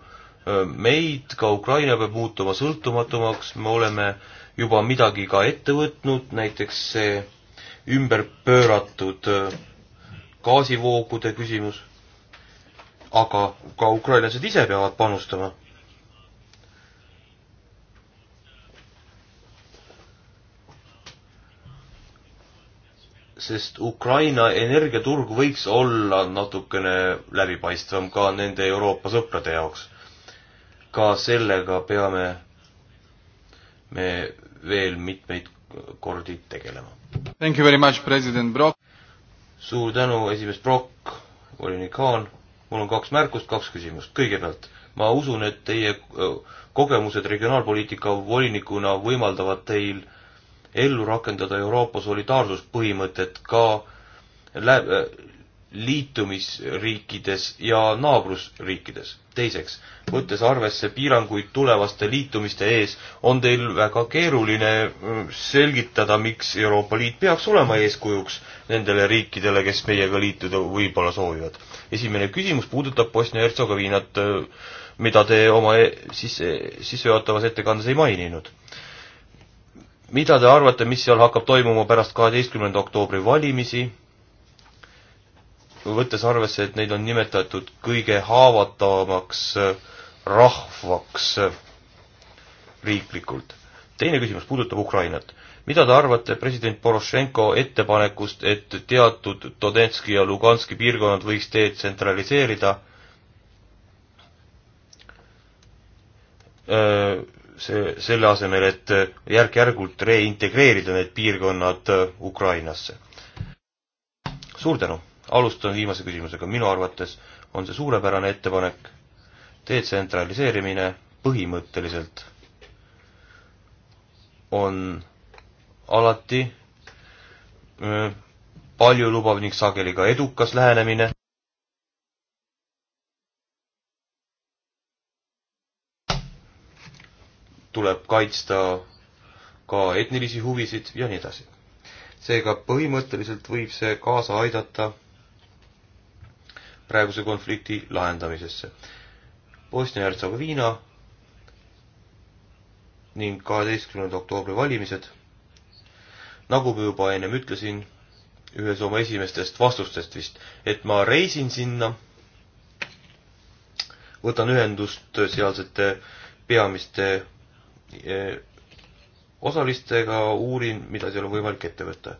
meid, ka Ukraina peab muutuma sõltumatumaks, me oleme juba midagi ka ette võtnud, näiteks see ümberpööratud gaasivoogude küsimus, aga ka ukrainlased ise peavad panustama. sest Ukraina energiaturg võiks olla natukene läbipaistvam ka nende Euroopa sõprade jaoks. ka sellega peame me veel mitmeid kordi tegelema. Thank you very much, president Brock suur tänu, esimees Brock, volinik Haan. mul on kaks märkust, kaks küsimust. kõigepealt, ma usun, et teie kogemused regionaalpoliitika volinikuna võimaldavad teil ellu rakendada Euroopa solidaarsuspõhimõtet ka liitumisriikides ja naabrusriikides teiseks, võttes arvesse piiranguid tulevaste liitumiste ees, on teil väga keeruline mm, selgitada, miks Euroopa Liit peaks olema eeskujuks nendele riikidele, kes meiega liituda võib-olla soovivad. esimene küsimus puudutab Bosnia-Hertsegoviinat, mm, mida te oma e-, sisse, sissejuhatavas ettekandes ei maininud. mida te arvate, mis seal hakkab toimuma pärast kaheteistkümnenda oktoobri valimisi, võttes arvesse, et neid on nimetatud kõige haavatavamaks äh, rahvaks äh, riiklikult. teine küsimus puudutab Ukrainat. mida te arvate president Porošenko ettepanekust, et teatud Donetski ja Luganski piirkonnad võiks detsentraliseerida? Äh, see, selle asemel, et järk-järgult reintegreerida need piirkonnad Ukrainasse. suur tänu! alustan viimase küsimusega, minu arvates on see suurepärane ettepanek, detsentraliseerimine põhimõtteliselt on alati paljulubav ning sageli ka edukas lähenemine. tuleb kaitsta ka etnilisi huvisid ja nii edasi. seega põhimõtteliselt võib see kaasa aidata praeguse konflikti lahendamisesse. Bosnia-Hertsegoviina ning kaheteistkümnenda oktoobri valimised. nagu ma juba ennem ütlesin, ühes oma esimestest vastustest vist, et ma reisin sinna, võtan ühendust sealsete peamiste eh, osalistega, uurin, mida seal on võimalik ette võtta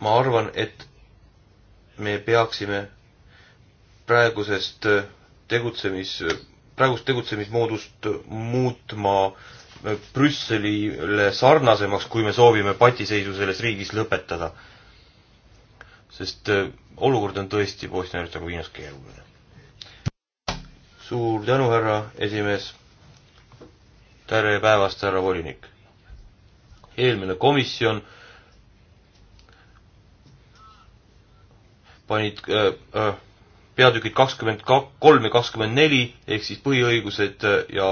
ma arvan, et me peaksime praegusest tegutsemis, praegust tegutsemismoodust muutma Brüsselile sarnasemaks, kui me soovime patiseisu selles riigis lõpetada. sest äh, olukord on tõesti Bosnia-Hertsegoviinas nagu keeruline. suur tänu, härra esimees. tere päevast, härra volinik. eelmine komisjon panid äh, äh, peatükid kakskümmend kolm ja kakskümmend neli ehk siis põhiõigused äh, ja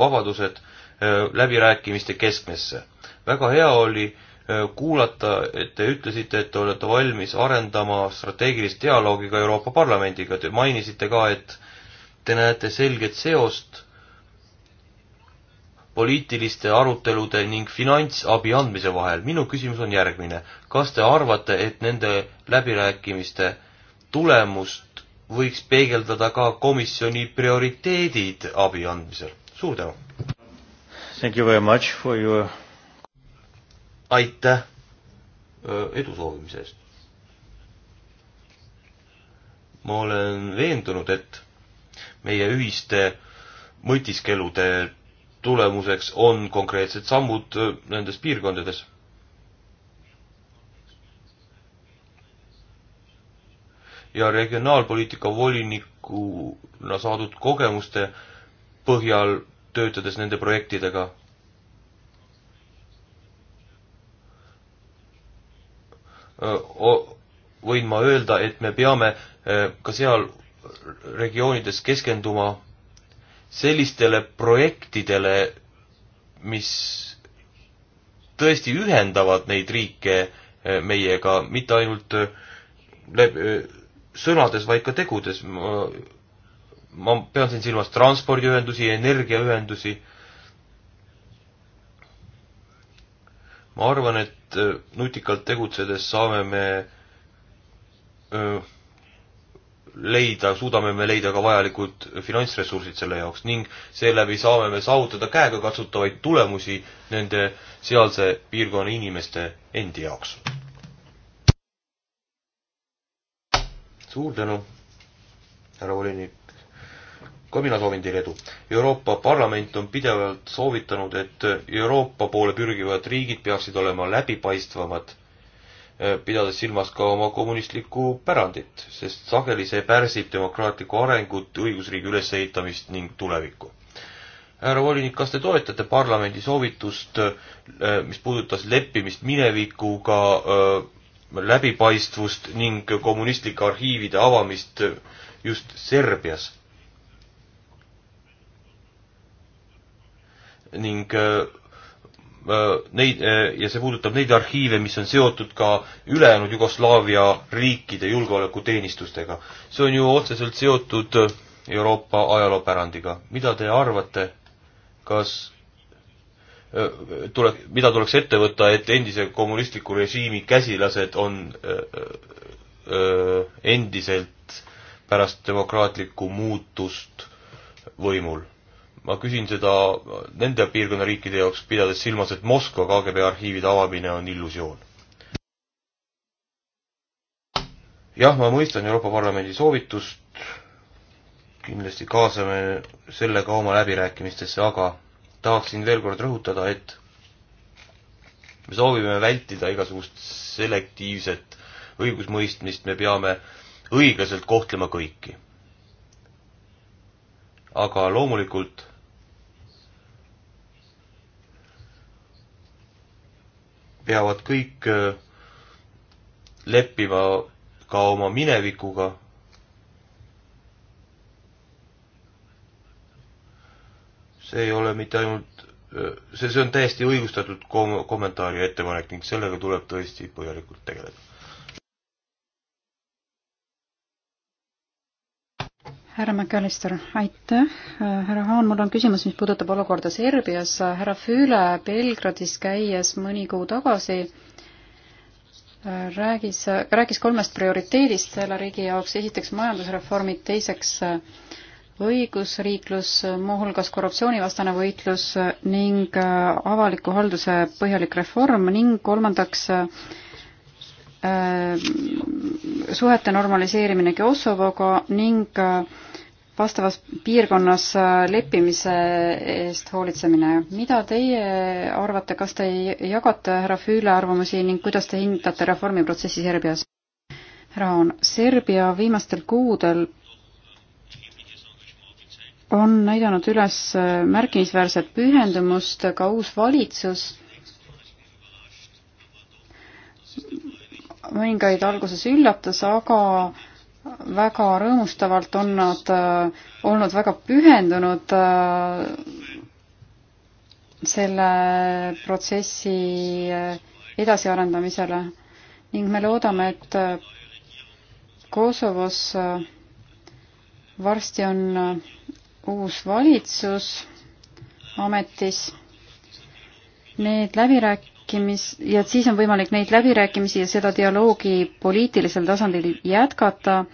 vabadused äh, läbirääkimiste keskmesse. väga hea oli äh, kuulata, et te ütlesite, et te olete valmis arendama strateegilist dialoogi ka Euroopa Parlamendiga, te mainisite ka, et te näete selget seost poliitiliste arutelude ning finantsabi andmise vahel. minu küsimus on järgmine. kas te arvate, et nende läbirääkimiste tulemust võiks peegeldada ka komisjoni prioriteedid abi andmisel? suur tänu! Thank you very much for your aitäh edu soovimise eest! ma olen veendunud, et meie ühiste mõtiskelude tulemuseks on konkreetsed sammud äh, nendes piirkondades. ja regionaalpoliitika volinikuna saadud kogemuste põhjal töötades nende projektidega võin ma öelda, et me peame äh, ka seal regioonides keskenduma sellistele projektidele, mis tõesti ühendavad neid riike eh, meiega, mitte ainult eh, eh, sõnades, vaid ka tegudes. ma, ma pean siin silmas transpordiühendusi, energiaühendusi. ma arvan, et nutikalt tegutsedes saame me öö, leida, suudame me leida ka vajalikud finantsressursid selle jaoks ning seeläbi saame me saavutada käegakatsutavaid tulemusi nende sealse piirkonna inimeste endi jaoks. suur tänu, härra volinik. ka mina soovin teile edu. Euroopa Parlament on pidevalt soovitanud, et Euroopa poole pürgivad riigid peaksid olema läbipaistvamad Äh, pidades silmas ka oma kommunistlikku pärandit, sest sageli see pärsib demokraatlikku arengut, õigusriigi ülesehitamist ning tulevikku. härra volinik, kas te toetate parlamendi soovitust, äh, mis puudutas leppimist minevikuga, äh, läbipaistvust ning kommunistlike arhiivide avamist just Serbias? ning Äh, neid äh, ja see puudutab neid arhiive, mis on seotud ka ülejäänud Jugoslaavia riikide julgeolekuteenistustega. see on ju otseselt seotud Euroopa ajaloopärandiga. mida te arvate, kas äh, tule, mida tuleks ette võtta, et endise kommunistliku režiimi käsilased on öö, öö, endiselt pärast demokraatlikku muutust võimul? ma küsin seda nende piirkonna riikide jaoks, pidades silmas, et Moskva KGB arhiivide avamine on illusioon. jah, ma mõistan Euroopa Parlamendi soovitust, kindlasti kaasame selle ka oma läbirääkimistesse, aga tahaksin veel kord rõhutada, et me soovime vältida igasugust selektiivset õigusmõistmist, me peame õiglaselt kohtlema kõiki aga loomulikult peavad kõik äh, leppima ka oma minevikuga. see ei ole mitte ainult, äh, see, see on täiesti õigustatud kom-, kommentaar ja ettepanek ning sellega tuleb tõesti põhjalikult tegeleda härra McAllister, aitäh. härra Haan, mul on küsimus, mis puudutab olukorda Serbias. härra Füüle Belgradis käies mõni kuu tagasi räägis, rääkis kolmest prioriteedist selle riigi jaoks. esiteks majandusreformid, teiseks õigusriiklus, muuhulgas korruptsioonivastane võitlus ning avaliku halduse põhjalik reform ning kolmandaks Äh, suhete normaliseerimine Kosovoga ning äh, vastavas piirkonnas äh, leppimise eest hoolitsemine. mida teie arvate, kas te jagate härra Füüle arvamusi ning kuidas te hindate reformiprotsessi Serbias? härra Aan, Serbia viimastel kuudel on näidanud üles märkimisväärset pühendumust, ka uus valitsus mõningaid alguses üllatas, aga väga rõõmustavalt on nad äh, olnud väga pühendunud äh, selle protsessi äh, edasiarendamisele ning me loodame, et äh, Kosovos äh, varsti on äh, uus valitsus ametis. Need läbirääk-, rääkimis- ja et siis on võimalik neid läbirääkimisi ja seda dialoogi poliitilisel tasandil jätkata,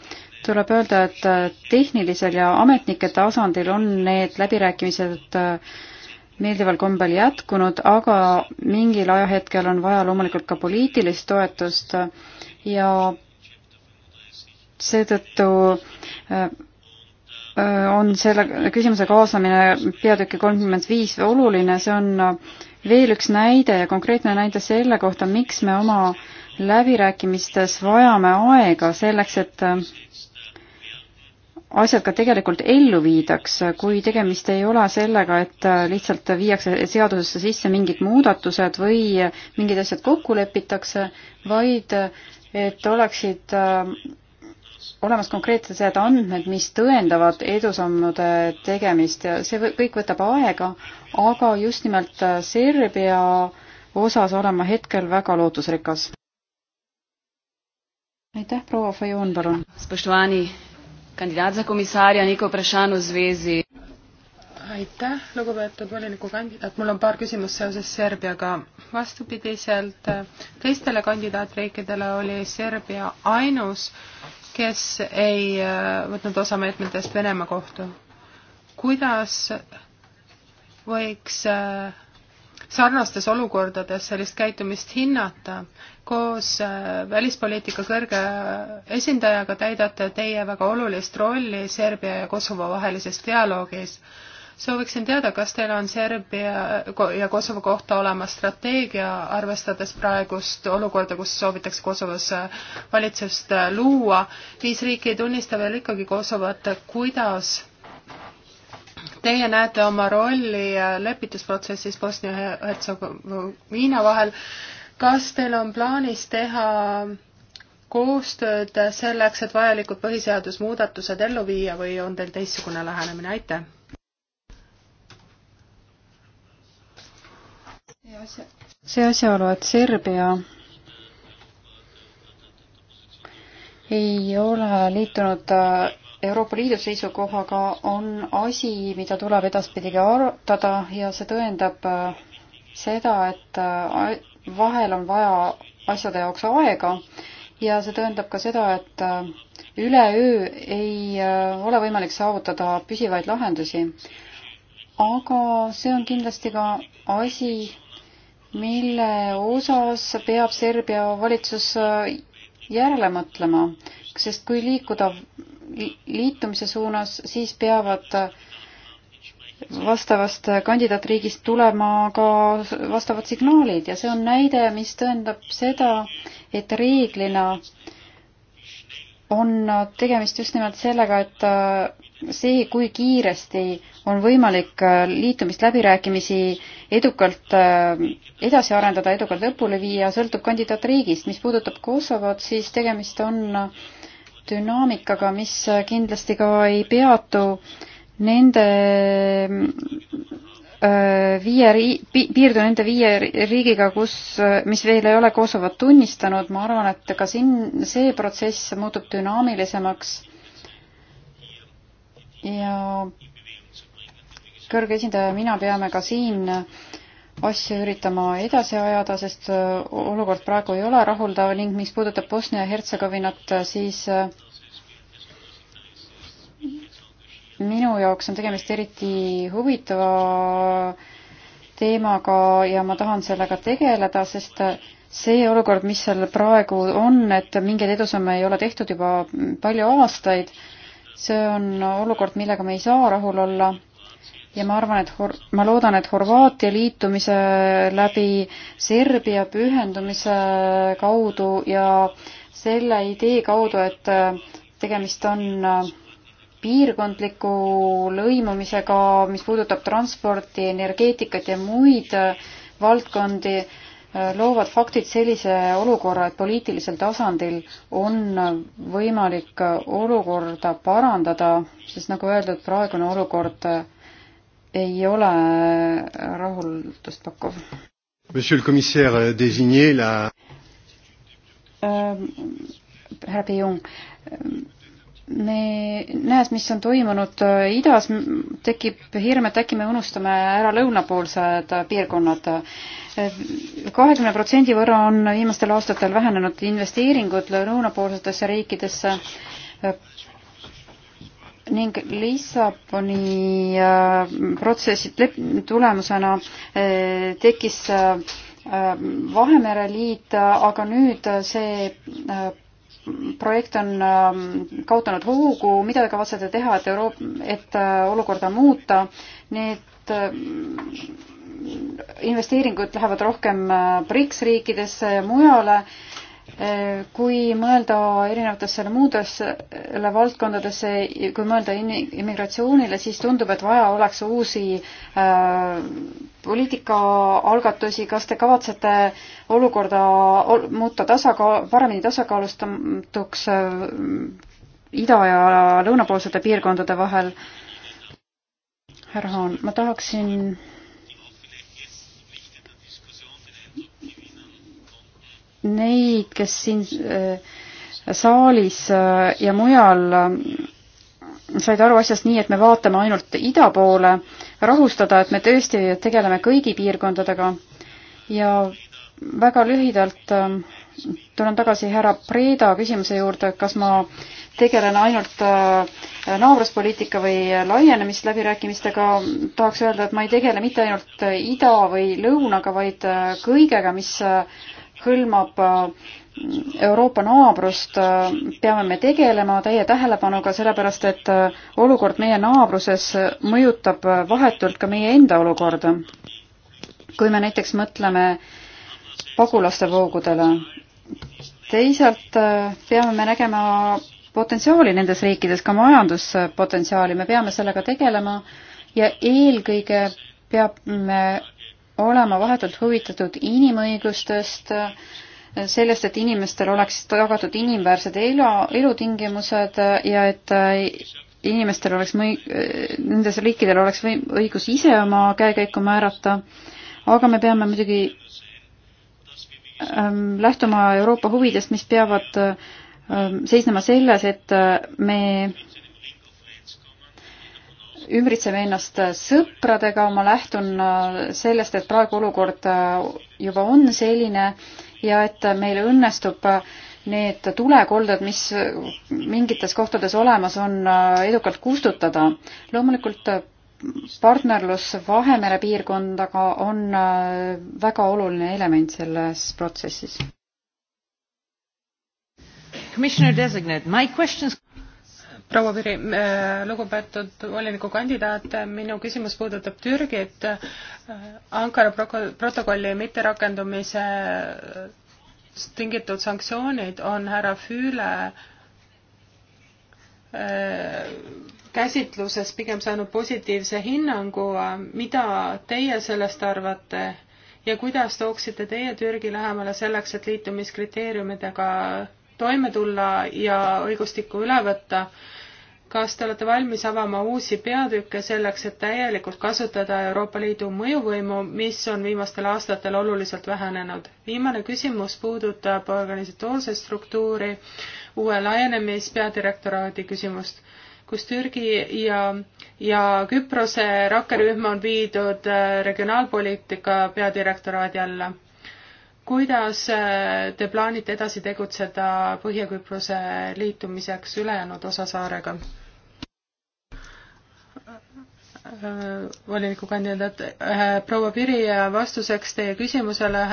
tuleb öelda, et äh, tehnilisel ja ametnike tasandil on need läbirääkimised äh, meeldival kombel jätkunud, aga mingil ajahetkel on vaja loomulikult ka poliitilist toetust äh, ja seetõttu on selle küsimuse kaasamine peatüki kolmkümmend viis oluline, see on veel üks näide ja konkreetne näide selle kohta, miks me oma läbirääkimistes vajame aega selleks, et äh, asjad ka tegelikult ellu viidaks, kui tegemist ei ole sellega, et äh, lihtsalt viiakse seadusesse sisse mingid muudatused või äh, mingid asjad kokku lepitakse, vaid et oleksid olemas konkreetsed andmed, mis tõendavad edusammude tegemist ja see kõik võtab aega, aga just nimelt Serbia osas olen ma hetkel väga lootusrikas. aitäh, proua Fajon, palun. kandidaat za komisarja, Niko Prešanu zvezi. aitäh, lugupeetud volinikukandidaat, mul on paar küsimust seoses Serbiaga. vastupidiselt teistele kandidaatriikidele oli Serbia ainus kes ei äh, võtnud osa meetmetest Venemaa kohta. kuidas võiks äh, sarnastes olukordades sellist käitumist hinnata. koos äh, välispoliitika kõrge esindajaga täidate teie väga olulist rolli Serbia ja Kosovo vahelises dialoogis sooviksin teada, kas teil on Serbia ja Kosovo kohta olemas strateegia, arvestades praegust olukorda, kus soovitakse Kosovos äh, valitsust äh, luua. viis riiki ei tunnista veel ikkagi Kosovot, kuidas teie näete oma rolli äh, lepitusprotsessis Bosnia-Hertsegoviina vahel. kas teil on plaanis teha koostööd selleks, et vajalikud põhiseadusmuudatused ellu viia või on teil teistsugune lähenemine, aitäh! see asjaolu, et Serbia ei ole liitunud äh, Euroopa Liidu seisukohaga, on asi, mida tuleb edaspidigi arutada ja see tõendab äh, seda, et äh, vahel on vaja asjade jaoks aega ja see tõendab ka seda, et üleöö ei ole võimalik saavutada püsivaid lahendusi. aga see on kindlasti ka asi, mille osas peab Serbia valitsus äh, järele mõtlema, sest kui liikuda liitumise suunas, siis peavad äh, vastavast äh, kandidaatriigist tulema ka vastavad signaalid ja see on näide, mis tõendab seda, et reeglina on tegemist just nimelt sellega, et see, kui kiiresti on võimalik liitumisläbirääkimisi edukalt äh, edasi arendada, edukalt lõpule viia, sõltub kandidaatriigist. mis puudutab Kosovot, siis tegemist on äh, dünaamikaga, mis äh, kindlasti ka ei peatu nende viie ri-, piirdu nende viie riigiga, kus, mis veel ei ole Kosovot tunnistanud, ma arvan, et ka siin see protsess muutub dünaamilisemaks ja kõrge esindaja ja mina peame ka siin asju üritama edasi ajada, sest äh, olukord praegu ei ole rahuldav ning mis puudutab Bosnia-Hertsegovinat, siis äh, minu jaoks on tegemist eriti huvitava teemaga ja ma tahan sellega tegeleda, sest äh, see olukord, mis seal praegu on, et mingeid edusamme ei ole tehtud juba palju aastaid, see on olukord, millega me ei saa rahul olla ja ma arvan, et Hor-, ma loodan, et Horvaatia liitumise läbi Serbia pühendumise kaudu ja selle idee kaudu, et äh, tegemist on äh, piirkondliku lõimumisega, mis puudutab transporti, energeetikat ja muid äh, valdkondi, loovad faktid sellise olukorra, et poliitilisel tasandil on võimalik olukorda parandada, sest nagu öeldud, praegune olukord äh, ei ole äh, rahuldust pakkuv. Monsieur le commissaire euh, désigné la ähm, härra Pijung, ähm, me, nähes, mis on toimunud äh, idas, tekib hirm, et äkki me unustame ära lõunapoolsed äh, piirkonnad. kahekümne protsendi võrra on viimastel aastatel vähenenud investeeringud lõunapoolsetesse riikidesse ning Lissaboni äh, protsessi tulemusena äh, tekkis äh, Vahemere liit, aga nüüd see projekt on kaotanud hoogu, mida te kavatsete teha, et Euroop-, et olukorda muuta, need investeeringud lähevad rohkem BRICS riikidesse ja mujale kui mõelda erinevatesse muudesse valdkondadesse, kui mõelda immigratsioonile, siis tundub, et vaja oleks uusi äh, poliitikaalgatusi. kas te kavatsete olukorda ol, muuta tasakaal, paremini tasakaalustatuks äh, ida ja lõunapoolsete piirkondade vahel? härra Haan, ma tahaksin neid, kes siin äh, saalis äh, ja mujal äh, said aru asjast nii, et me vaatame ainult ida poole, rahustada, et me tõesti tegeleme kõigi piirkondadega ja väga lühidalt tulen tagasi härra Preeda küsimuse juurde, kas ma tegelen ainult naabruspoliitika või laienemisläbirääkimistega. tahaks öelda, et ma ei tegele mitte ainult ida või lõunaga, vaid kõigega, mis hõlmab äh, Euroopa naabrust, äh, peame me tegelema täie tähelepanuga, sellepärast et äh, olukord meie naabruses mõjutab vahetult ka meie enda olukorda. kui me näiteks mõtleme pagulaste voogudele, teisalt peame me nägema potentsiaali nendes riikides, ka majanduspotentsiaali, me peame sellega tegelema ja eelkõige peab me olema vahetult huvitatud inimõigustest, sellest, et inimestel oleks tagatud inimväärsed elu, elutingimused ja et inimestel oleks mõi-, nendes riikidel oleks või-, õigus ise oma käekäiku määrata, aga me peame muidugi ähm, lähtuma Euroopa huvidest, mis peavad ähm, seisnema selles, et me ümbritseme ennast sõpradega, ma lähtun äh, sellest, et praegu olukord äh, juba on selline ja et meil õnnestub äh, need tulekolded, mis mingites kohtades olemas on, edukalt kustutada. loomulikult partnerlus Vahemere piirkondaga on väga oluline element selles protsessis. Commissioner designate, my questions proua Piri, äh, lugupeetud volinikukandidaat, minu küsimus puudutab Türgit, äh, Ankara protokolli mitterakendumise äh, tingitud sanktsioonid on härra Füüle käsitluses pigem saanud positiivse hinnangu, mida teie sellest arvate ja kuidas tooksite teie Türgi lähemale selleks, et liitumiskriteeriumidega toime tulla ja õigustikku üle võtta? kas te olete valmis avama uusi peatükke selleks, et täielikult kasutada Euroopa Liidu mõjuvõimu, mis on viimastel aastatel oluliselt vähenenud? viimane küsimus puudutab organisatoorse struktuuri uue laienemispeadirektoraadi küsimust, kus Türgi ja, ja Küprose rakkerühm on viidud äh, regionaalpoliitika peadirektoraadi alla. kuidas äh, te plaanite edasi tegutseda Põhja-Küprose liitumiseks ülejäänud osasaarega? volinikukandidaat, äh, proua Piri, vastuseks teie küsimusele äh,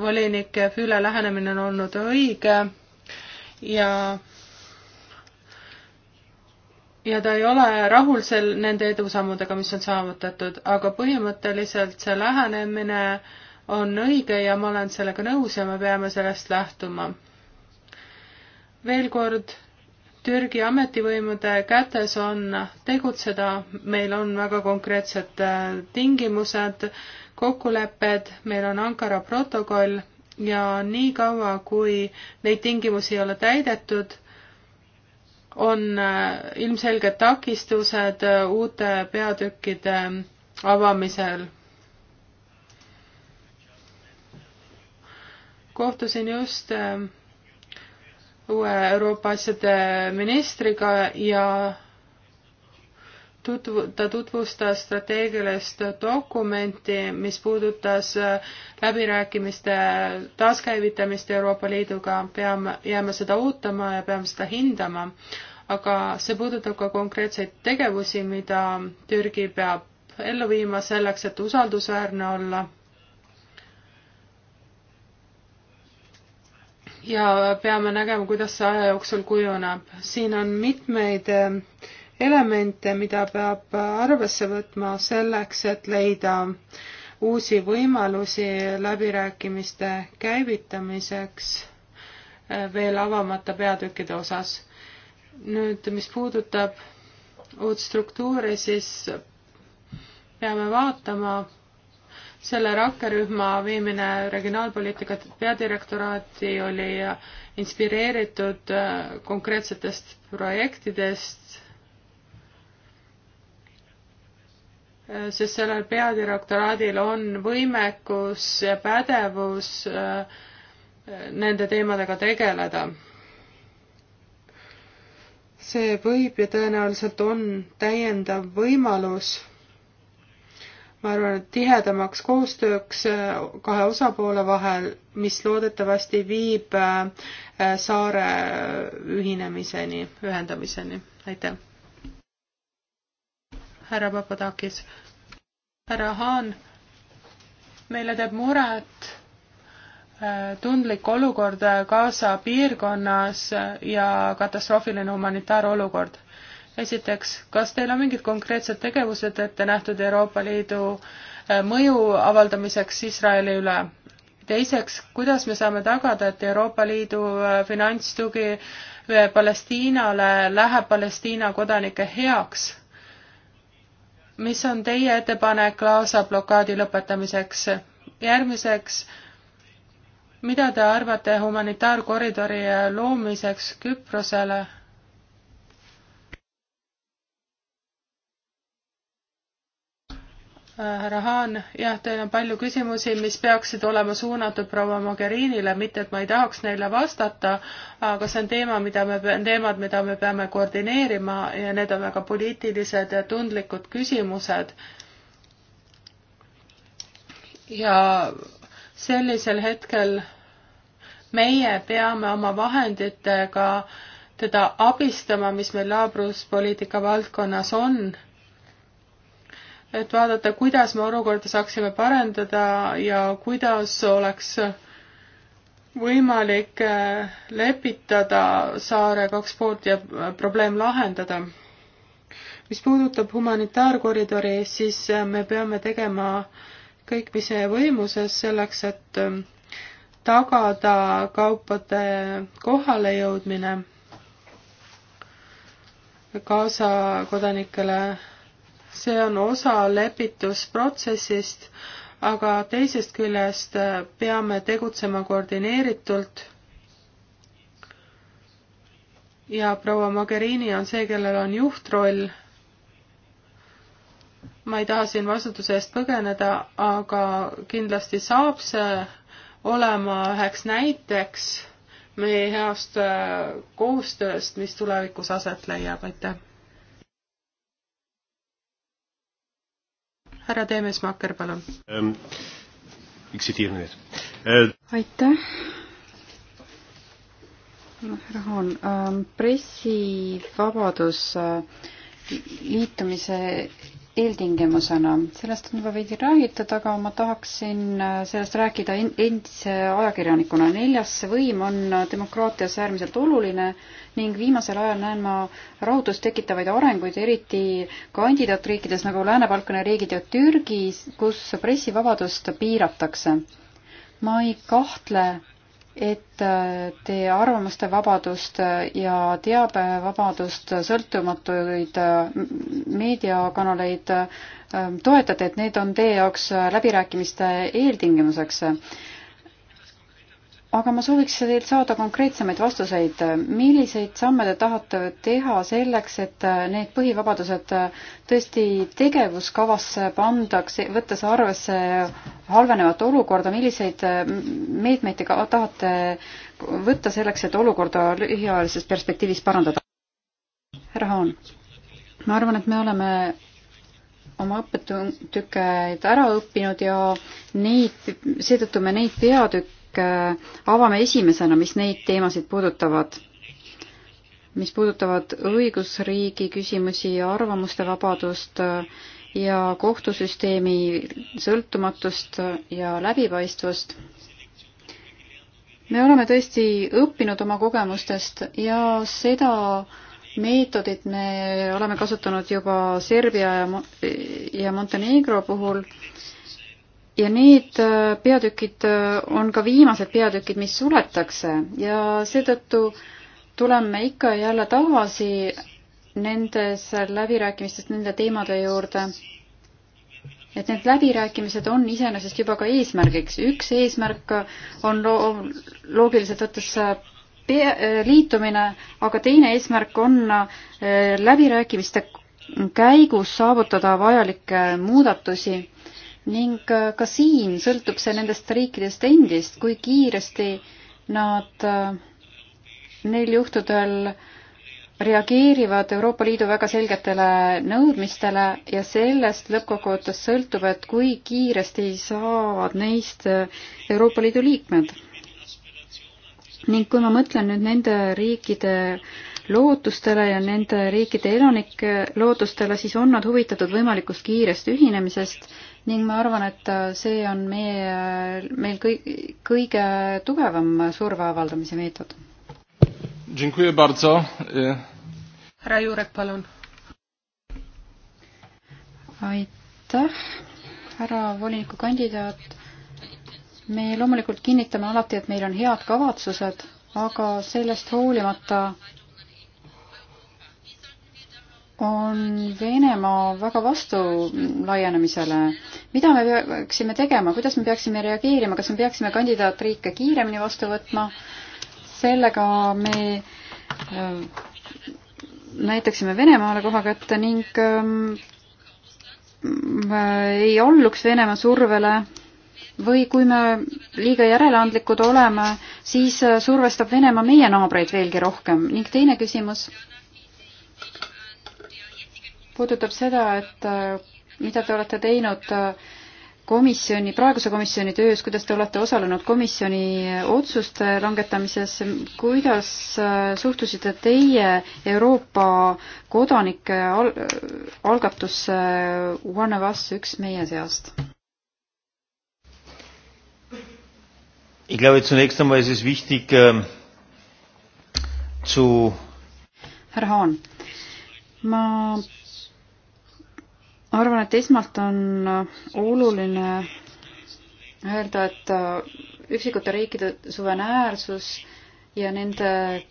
volinik Füüle lähenemine on olnud õige ja ja ta ei ole rahul sel, nende edusammudega, mis on saavutatud, aga põhimõtteliselt see lähenemine on õige ja ma olen sellega nõus ja me peame sellest lähtuma. veel kord Türgi ametivõimude kätes on tegutseda, meil on väga konkreetsed äh, tingimused, kokkulepped, meil on Ankara protokoll ja niikaua, kui neid tingimusi ei ole täidetud, on äh, ilmselged takistused äh, uute peatükkide avamisel. kohtusin just uue Euroopa asjade ministriga ja tutvu-, ta tutvustas strateegilist dokumenti, mis puudutas äh, läbirääkimiste taaskäivitamist Euroopa Liiduga, peame, jääme seda ootama ja peame seda hindama. aga see puudutab ka konkreetseid tegevusi, mida Türgi peab ellu viima selleks, et usaldusväärne olla ja peame nägema, kuidas see aja jooksul kujuneb. siin on mitmeid eh, elemente, mida peab arvesse võtma selleks, et leida uusi võimalusi läbirääkimiste käivitamiseks eh, veel avamata peatükkide osas. nüüd, mis puudutab uut struktuuri, siis peame vaatama, selle rakkerühma viimine regionaalpoliitika peadirektoraati oli inspireeritud äh, konkreetsetest projektidest, äh, sest sellel peadirektoraadil on võimekus ja pädevus äh, nende teemadega tegeleda. see võib ja tõenäoliselt on täiendav võimalus ma arvan, et tihedamaks koostööks äh, kahe osapoole vahel, mis loodetavasti viib äh, saare ühinemiseni, ühendamiseni. aitäh. härra Papadakis. härra Haan, meile teeb muret äh, tundlik olukord Gaza piirkonnas ja katastroofiline humanitaarolukord esiteks, kas teil on mingid konkreetsed tegevused ette nähtud Euroopa Liidu äh, mõju avaldamiseks Iisraeli üle? teiseks, kuidas me saame tagada, et Euroopa Liidu äh, finantstugi äh, Palestiinale läheb Palestiina kodanike heaks? mis on teie ettepanek Gaza blokaadi lõpetamiseks? järgmiseks, mida te arvate humanitaarkoridori loomiseks Küprosele? härra Haan, jah, teil on palju küsimusi, mis peaksid olema suunatud proua Mogherinile, mitte et ma ei tahaks neile vastata, aga see on teema, mida me, teemad, mida me peame koordineerima ja need on väga poliitilised ja tundlikud küsimused. ja sellisel hetkel meie peame oma vahenditega teda abistama, mis meil naabruspoliitika valdkonnas on et vaadata, kuidas me olukorda saaksime parendada ja kuidas oleks võimalik äh, lepitada saare kaks poolt ja äh, probleem lahendada. mis puudutab humanitaarkoridori, siis äh, me peame tegema kõik, mis meie võimuses selleks, et tagada kaupade kohalejõudmine Gaza kodanikele see on osa lepitusprotsessist, aga teisest küljest äh, peame tegutsema koordineeritult. ja proua Mogherini on see, kellel on juhtroll. ma ei taha siin vastutuse eest põgeneda, aga kindlasti saab see olema üheks näiteks meie heast äh, koostööst, mis tulevikus aset leiab, aitäh! härra Teemesmaaker, palun um,. aitäh Rahan, ähm, pressivabadus äh, liitumise eeltingimusena. sellest on juba veidi räägitud, aga ma tahaksin äh, sellest rääkida endise ajakirjanikuna. neljas võim on demokraatias äärmiselt oluline ning viimasel ajal näen ma raudust tekitavaid arenguid, eriti kandidaatriikides nagu Lääne-Balkani riigid ja Türgis, kus pressivabadust piiratakse. ma ei kahtle et äh, teie arvamuste vabadust äh, ja teabevabadust, äh, sõltumatuid meediakanaleid toetate, et need on teie jaoks läbirääkimiste eeltingimuseks aga ma sooviks teilt saada konkreetsemaid vastuseid, milliseid samme te tahate teha selleks, et need põhivabadused tõesti tegevuskavasse pandaks, võttes arvesse halvenevat olukorda, milliseid meetmeid te ka tahate võtta selleks, et olukorda lühiajalises perspektiivis parandada? härra Haan, ma arvan, et me oleme oma õppetükke ära õppinud ja neid, seetõttu me neid peatükke ehk äh, avame esimesena, mis neid teemasid puudutavad, mis puudutavad õigusriigi küsimusi, arvamuste vabadust äh, ja kohtusüsteemi sõltumatust ja läbipaistvust. me oleme tõesti õppinud oma kogemustest ja seda meetodit me oleme kasutanud juba Serbia ja, ja Montenegro puhul ja need äh, peatükid äh, on ka viimased peatükid, mis suletakse ja seetõttu tuleme ikka ja jälle tagasi nendes läbirääkimistes nende teemade juurde. et need läbirääkimised on iseenesest juba ka eesmärgiks. üks eesmärk on lo loogiliselt võttes äh, liitumine, aga teine eesmärk on läbirääkimiste käigus saavutada vajalikke muudatusi ning äh, ka siin sõltub see nendest riikidest endist, kui kiiresti nad äh, neil juhtudel reageerivad Euroopa Liidu väga selgetele nõudmistele ja sellest lõppkokkuvõttes sõltub, et kui kiiresti saavad neist äh, Euroopa Liidu liikmed. ning kui ma mõtlen nüüd nende riikide lootustele ja nende riikide elanike lootustele, siis on nad huvitatud võimalikust kiirest ühinemisest ning ma arvan, et äh, see on meie, meil kõik, kõige tugevam surve avaldamise meetod. härra Juurek, palun. aitäh, härra volinikukandidaat. me loomulikult kinnitame alati, et meil on head kavatsused, aga sellest hoolimata on Venemaa väga vastu laienemisele. mida me peaksime tegema, kuidas me peaksime reageerima, kas me peaksime kandidaatriike kiiremini vastu võtma? sellega me äh, näitaksime Venemaale koha kätte ning ähm, äh, ei alluks Venemaa survele või kui me liiga järeleandlikud oleme, siis äh, survestab Venemaa meie naabreid veelgi rohkem ning teine küsimus puudutab seda, et äh, mida te olete teinud äh, komisjoni, praeguse komisjoni töös, kuidas te olete osalenud komisjoni äh, otsuste langetamises, kuidas suhtusite teie Euroopa kodanike al algatusse One of Us, üks meie seast? Ich glaube, zunächst einmal ist es wichtig ähm, zu. Herr Hahn, ma arvan, et esmalt on äh, oluline öelda, et äh, üksikute riikide suveräänsus ja nende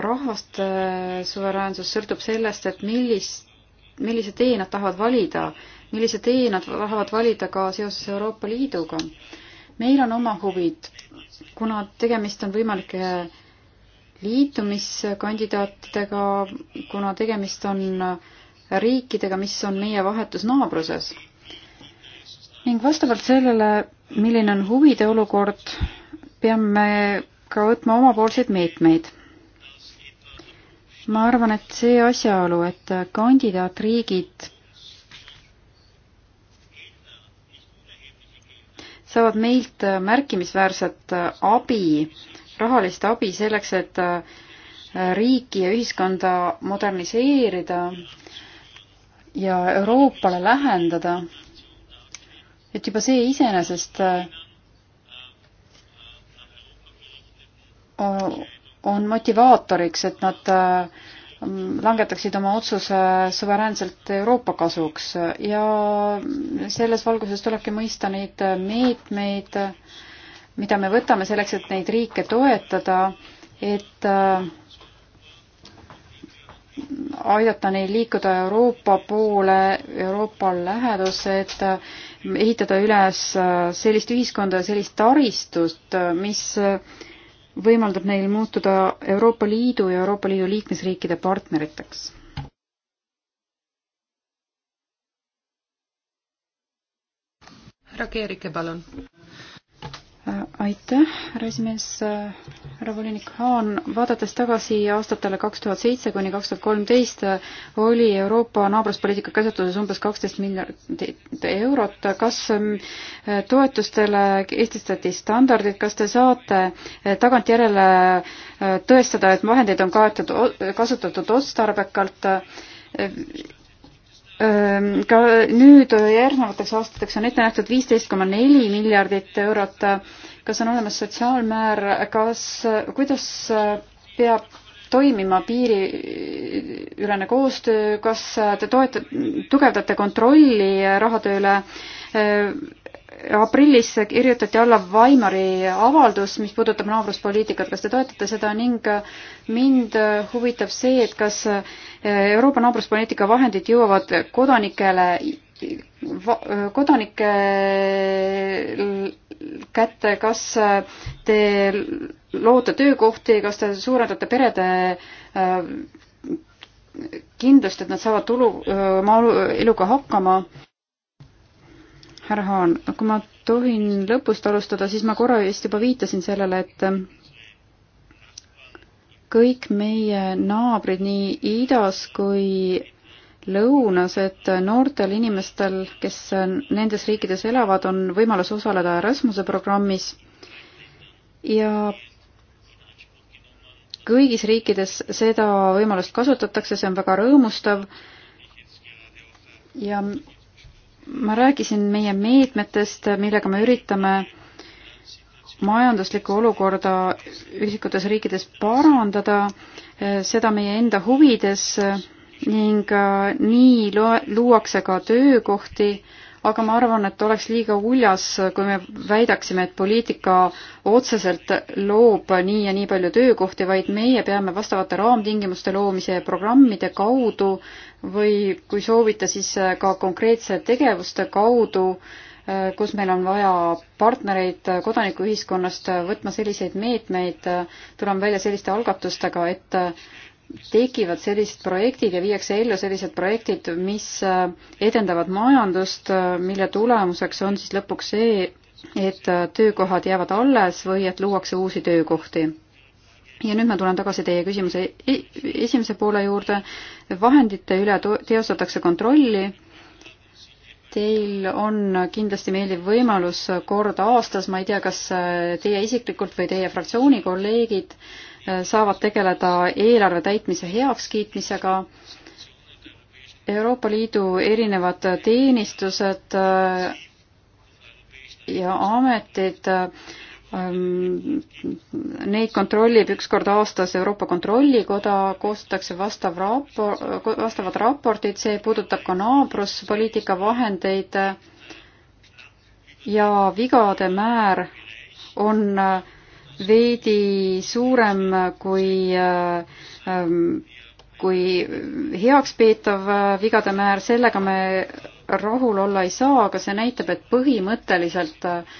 rahvaste äh, suveräänsus sõltub sellest, et millist, millise tee nad tahavad valida, millise tee nad tahavad valida ka seoses Euroopa Liiduga. meil on oma huvid, kuna tegemist on võimalike liitumiskandidaatidega, kuna tegemist on äh, riikidega, mis on meie vahetus naabruses. ning vastavalt sellele, milline on huvide olukord, peame ka võtma omapoolseid meetmeid. ma arvan, et see asjaolu, et kandidaatriigid saavad meilt märkimisväärset abi, rahalist abi selleks, et riiki ja ühiskonda moderniseerida, ja Euroopale lähendada, et juba see iseenesest äh, on motivaatoriks, et nad äh, langetaksid oma otsuse suveräänselt Euroopa kasuks ja selles valguses tulebki mõista neid meetmeid, mida me võtame selleks, et neid riike toetada, et äh, aidata neil liikuda Euroopa poole, Euroopa lähedusse, et äh, ehitada üles äh, sellist ühiskonda ja sellist taristut, äh, mis võimaldab neil muutuda Euroopa Liidu ja Euroopa Liidu liikmesriikide partneriteks. härra Keerike, palun. Äh, aitäh, härra esimees, äh, härra volinik Haan, vaadates tagasi aastatele kaks tuhat seitse kuni kaks tuhat kolmteist, äh, oli Euroopa naabruspoliitika käsutuses umbes kaksteist miljardit eurot, kas ähm, toetustele kehtestati standardid, kas te saate tagantjärele tõestada, et vahendeid on kaetud, kasutatud otstarbekalt, Ehm, ka nüüd äh, järgnevateks aastateks on ette nähtud viisteist koma neli miljardit eurot. kas on olemas sotsiaalmäär, kas, äh, kuidas äh, peab toimima piiriülene koostöö, kas te toetate, tugevdate kontrolli rahatöö üle? Ehm, aprillis kirjutati alla Weimari avaldus, mis puudutab naabruspoliitikat, kas te toetate seda ning mind huvitab see, et kas Euroopa naabruspoliitika vahendid jõuavad kodanikele kodanike kätte, kas te loote töökohti, kas te suurendate perede äh, kindlust, et nad saavad tulu, äh, oma eluga hakkama? härra Haan, kui ma tohin lõpust alustada, siis ma korra vist juba viitasin sellele, et kõik meie naabrid nii idas kui lõunas, et noortel inimestel, kes nendes riikides elavad, on võimalus osaleda Erasmuse programmis ja kõigis riikides seda võimalust kasutatakse, see on väga rõõmustav ja ma rääkisin meie meetmetest, millega me üritame majanduslikku olukorda üksikutes riikides parandada, seda meie enda huvides ning äh, nii luuakse ka töökohti, aga ma arvan, et oleks liiga uljas, kui me väidaksime, et poliitika otseselt loob nii ja nii palju töökohti, vaid meie peame vastavate raamtingimuste loomise ja programmide kaudu või kui soovite, siis ka konkreetse tegevuste kaudu eh, kus meil on vaja partnereid kodanikuühiskonnast võtma selliseid meetmeid, eh, tulema välja selliste algatustega, et eh, tekivad sellised projektid ja viiakse ellu sellised projektid, mis äh, edendavad majandust, äh, mille tulemuseks on siis lõpuks see, et äh, töökohad jäävad alles või et luuakse uusi töökohti. ja nüüd ma tulen tagasi teie küsimuse e-, esimese poole juurde. vahendite üle teostatakse kontrolli Teil on kindlasti meeldiv võimalus kord aastas, ma ei tea, kas teie isiklikult või teie fraktsiooni kolleegid saavad tegeleda eelarve täitmise heakskiitmisega. Euroopa Liidu erinevad teenistused äh, ja ametid, ähm, neid kontrollib üks kord aastas Euroopa Kontrollikoda, koostatakse vastav rapor-, vastavad raportid, see puudutab ka naabruspoliitika vahendeid ja vigade määr on äh, veidi suurem kui ähm, kui heakspeetav äh, vigade määr, sellega me rahul olla ei saa, aga see näitab, et põhimõtteliselt äh,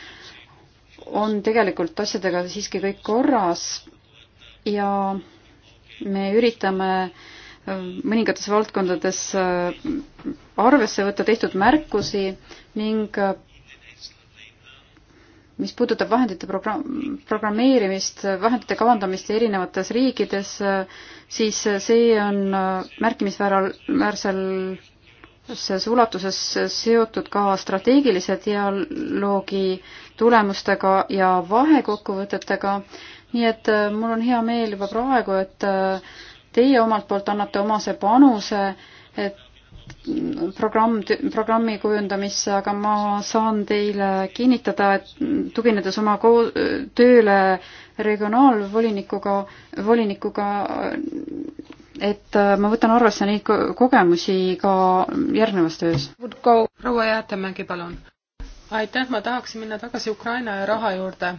on tegelikult asjadega siiski kõik korras ja me üritame äh, mõningates valdkondades arvesse võtta tehtud märkusi ning mis puudutab vahendite programm, programmeerimist, vahendite kavandamist erinevates riikides, siis see on märkimisvääral, väärsel selles ulatuses seotud ka strateegilise dialoogi tulemustega ja vahekokkuvõtetega. nii et äh, mul on hea meel juba praegu, et äh, teie omalt poolt annate omase panuse, et programm, programmi kujundamisse, aga ma saan teile kinnitada, et tuginedes oma ko-, tööle regionaalvolinikuga, volinikuga, et ma võtan arvesse neid ko kogemusi ka järgnevas töös. proua Jäätemägi, palun. aitäh, ma tahaksin minna tagasi Ukraina ja raha juurde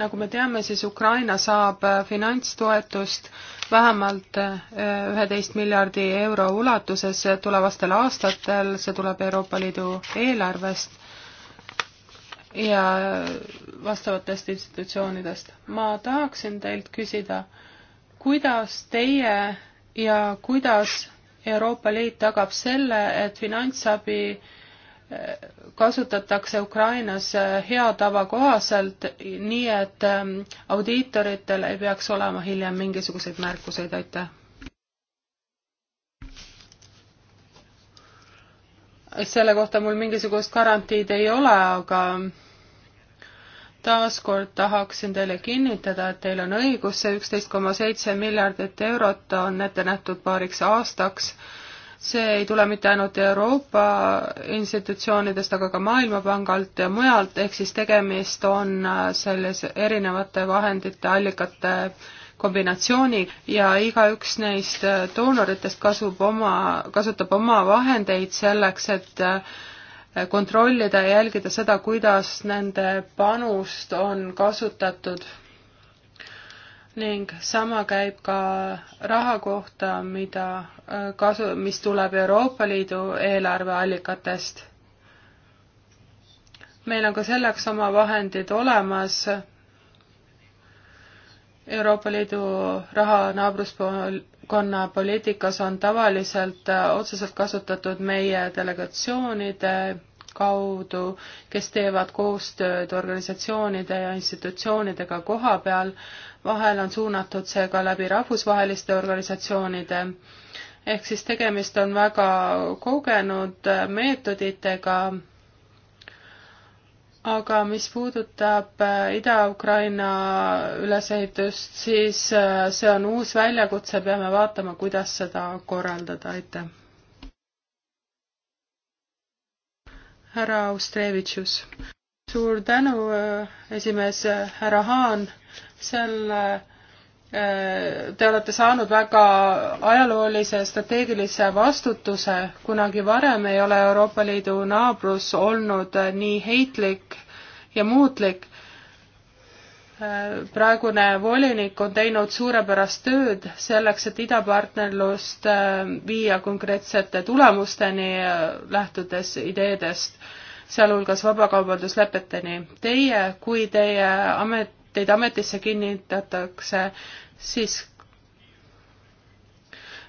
nagu me teame, siis Ukraina saab äh, finantstoetust vähemalt äh, üheteist miljardi euro ulatuses äh, tulevastel aastatel, see tuleb Euroopa Liidu eelarvest ja vastavatest institutsioonidest. ma tahaksin teilt küsida, kuidas teie ja kuidas Euroopa Liit tagab selle, et finantsabi äh, kasutatakse Ukrainas hea tava kohaselt, nii et ähm, audiitoritel ei peaks olema hiljem mingisuguseid märkuseid, aitäh. selle kohta mul mingisugust garantiid ei ole, aga taaskord tahaksin teile kinnitada, et teil on õigus, see üksteist koma seitse miljardit eurot on ette nähtud paariks aastaks see ei tule mitte ainult Euroopa institutsioonidest, aga ka Maailmapangalt ja mujalt, ehk siis tegemist on äh, selles erinevate vahendite, allikate kombinatsiooni ja igaüks neist äh, doonoritest kasub oma, kasutab oma vahendeid selleks, et äh, kontrollida ja jälgida seda, kuidas nende panust on kasutatud ning sama käib ka raha kohta, mida äh, kasu, mis tuleb Euroopa Liidu eelarveallikatest. meil on ka selleks oma vahendid olemas. Euroopa Liidu raha naabruskonna poliitikas on tavaliselt äh, otseselt kasutatud meie delegatsioonide kaudu, kes teevad koostööd organisatsioonide ja institutsioonidega koha peal, vahel on suunatud see ka läbi rahvusvaheliste organisatsioonide. ehk siis tegemist on väga kogenud meetoditega, aga mis puudutab äh, Ida-Ukraina ülesehitust, siis äh, see on uus väljakutse, peame vaatama, kuidas seda korraldada, aitäh! härra Austrevitšus. suur tänu, äh, esimees äh, härra Haan, selle äh, Te olete saanud väga ajaloolise strateegilise vastutuse, kunagi varem ei ole Euroopa Liidu naabrus olnud nii heitlik ja muutlik praegune volinik on teinud suurepärast tööd selleks, et idapartnerlust äh, viia konkreetsete tulemusteni, äh, lähtudes ideedest, sealhulgas vabakaubanduslepeteni. Teie, kui teie amet, teid ametisse kinnitatakse, siis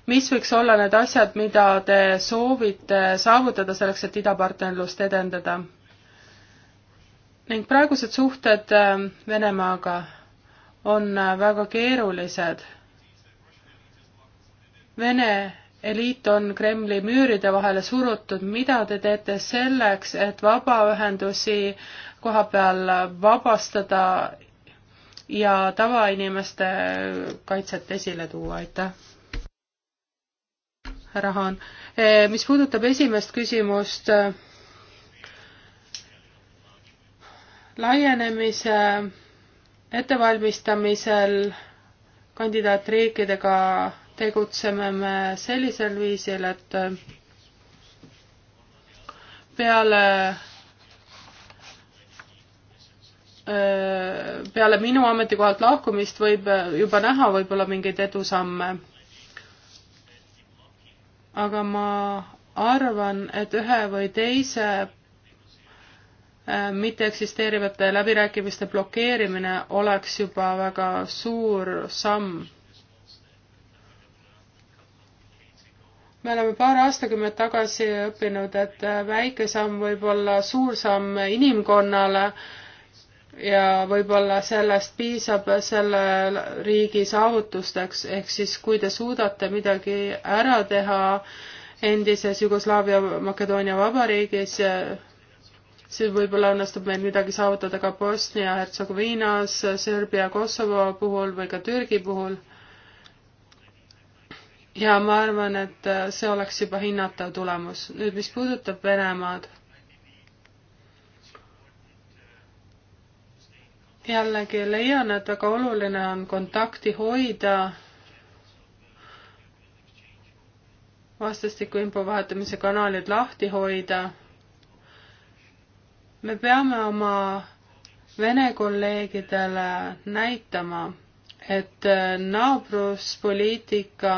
mis võiks olla need asjad, mida te soovite saavutada selleks, et idapartnerlust edendada? ning praegused suhted ähm, Venemaaga on äh, väga keerulised. Vene eliit on Kremli müüride vahele surutud, mida te teete selleks, et vabaühendusi koha peal vabastada ja tavainimeste kaitset esile tuua, aitäh. härra Haan, eh, mis puudutab esimest küsimust laienemise ettevalmistamisel kandidaatriikidega tegutseme me sellisel viisil, et peale peale minu ametikohalt lahkumist võib juba näha võib-olla mingeid edusamme. aga ma arvan, et ühe või teise Äh, mitteeksisteerivate läbirääkimiste blokeerimine oleks juba väga suur samm. me oleme paar aastakümmet tagasi õppinud, et väike samm võib olla suur samm inimkonnale ja võib-olla sellest piisab selle riigi saavutusteks, ehk siis kui te suudate midagi ära teha endises Jugoslaavia Makedoonia vabariigis, siis võib-olla õnnestub meil midagi saavutada ka Bosnia-Hertsegoviinas, Serbia, Kosovo puhul või ka Türgi puhul. ja ma arvan, et see oleks juba hinnatav tulemus. nüüd, mis puudutab Venemaad. jällegi leian, et väga oluline on kontakti hoida vastastiku info vahetamise kanalid lahti hoida me peame oma Vene kolleegidele näitama, et äh, naabruspoliitika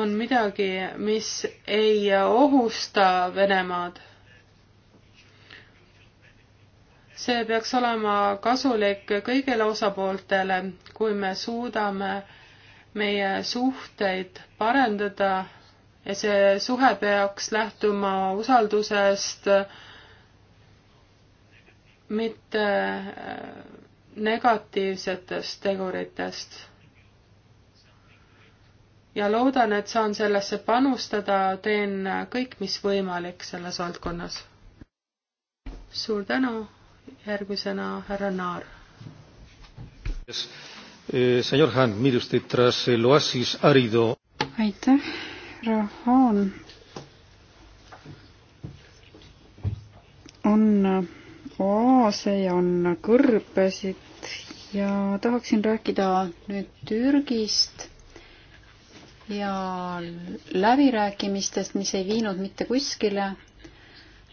on midagi, mis ei ohusta Venemaad see peaks olema kasulik kõigile osapooltele, kui me suudame meie suhteid parendada ja see suhe peaks lähtuma usaldusest, mitte äh, negatiivsetest teguritest. ja loodan, et saan sellesse panustada, teen kõik, mis võimalik selles valdkonnas. suur tänu, järgmisena härra Naar yes.. Señor Hahn, mire usted, tras el oasis árido. Aitäh härra Haan on oase ja on kõrbesid ja tahaksin rääkida nüüd Türgist ja läbirääkimistest, mis ei viinud mitte kuskile.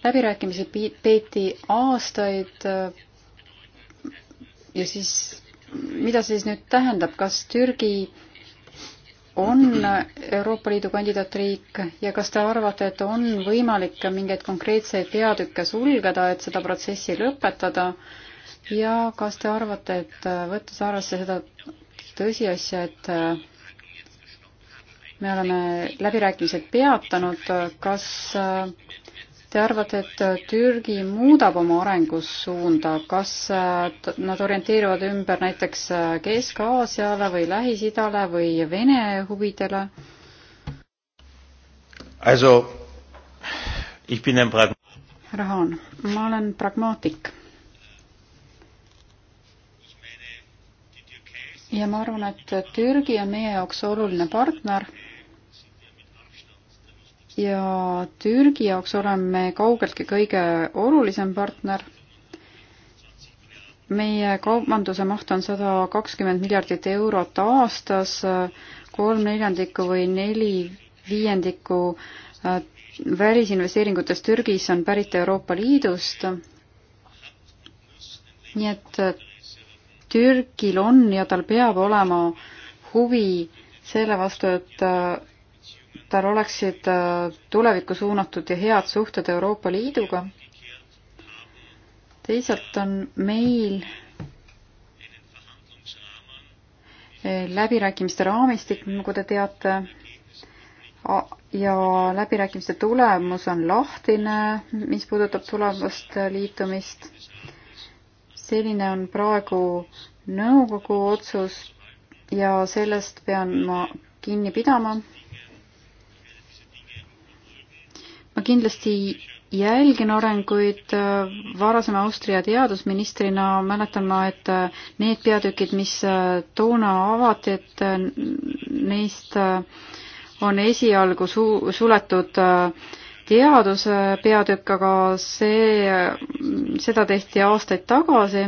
läbirääkimisi peeti aastaid ja siis, mida see siis nüüd tähendab, kas Türgi on Euroopa Liidu kandidaatriik ja kas te arvate, et on võimalik mingeid konkreetseid peatükke sulgeda, et seda protsessi lõpetada ja kas te arvate, et võttes arvesse seda tõsiasja, et me oleme läbirääkimised peatanud, kas Te arvate, et Türgi muudab oma arengussuunda, kas äh, nad orienteeruvad ümber näiteks äh, Kesk-Aasiale või Lähis-Idale või Vene huvidele? härra Haan, ma olen pragmaatik. ja ma arvan, et Türgi on meie jaoks oluline partner ja Türgi jaoks oleme kaugeltki kõige olulisem partner. meie kaubanduse maht on sada kakskümmend miljardit eurot aastas, kolm neljandikku või neli viiendikku äh, välisinvesteeringutest Türgis on pärit Euroopa Liidust. nii et äh, Türgil on ja tal peab olema huvi selle vastu, et äh, tal oleksid äh, tulevikku suunatud ja head suhted Euroopa Liiduga. teisalt on meil äh, läbirääkimiste raamistik, nagu te teate, ja läbirääkimiste tulemus on lahtine, mis puudutab tulevast liitumist. selline on praegu nõukogu otsus ja sellest pean ma kinni pidama ma kindlasti jälgin arenguid äh, varasema Austria teadusministrina, mäletan ma, et äh, need peatükid, mis äh, toona avati, et neist on esialgu su-, suletud teaduse peatükk, aga see, seda tehti aastaid tagasi,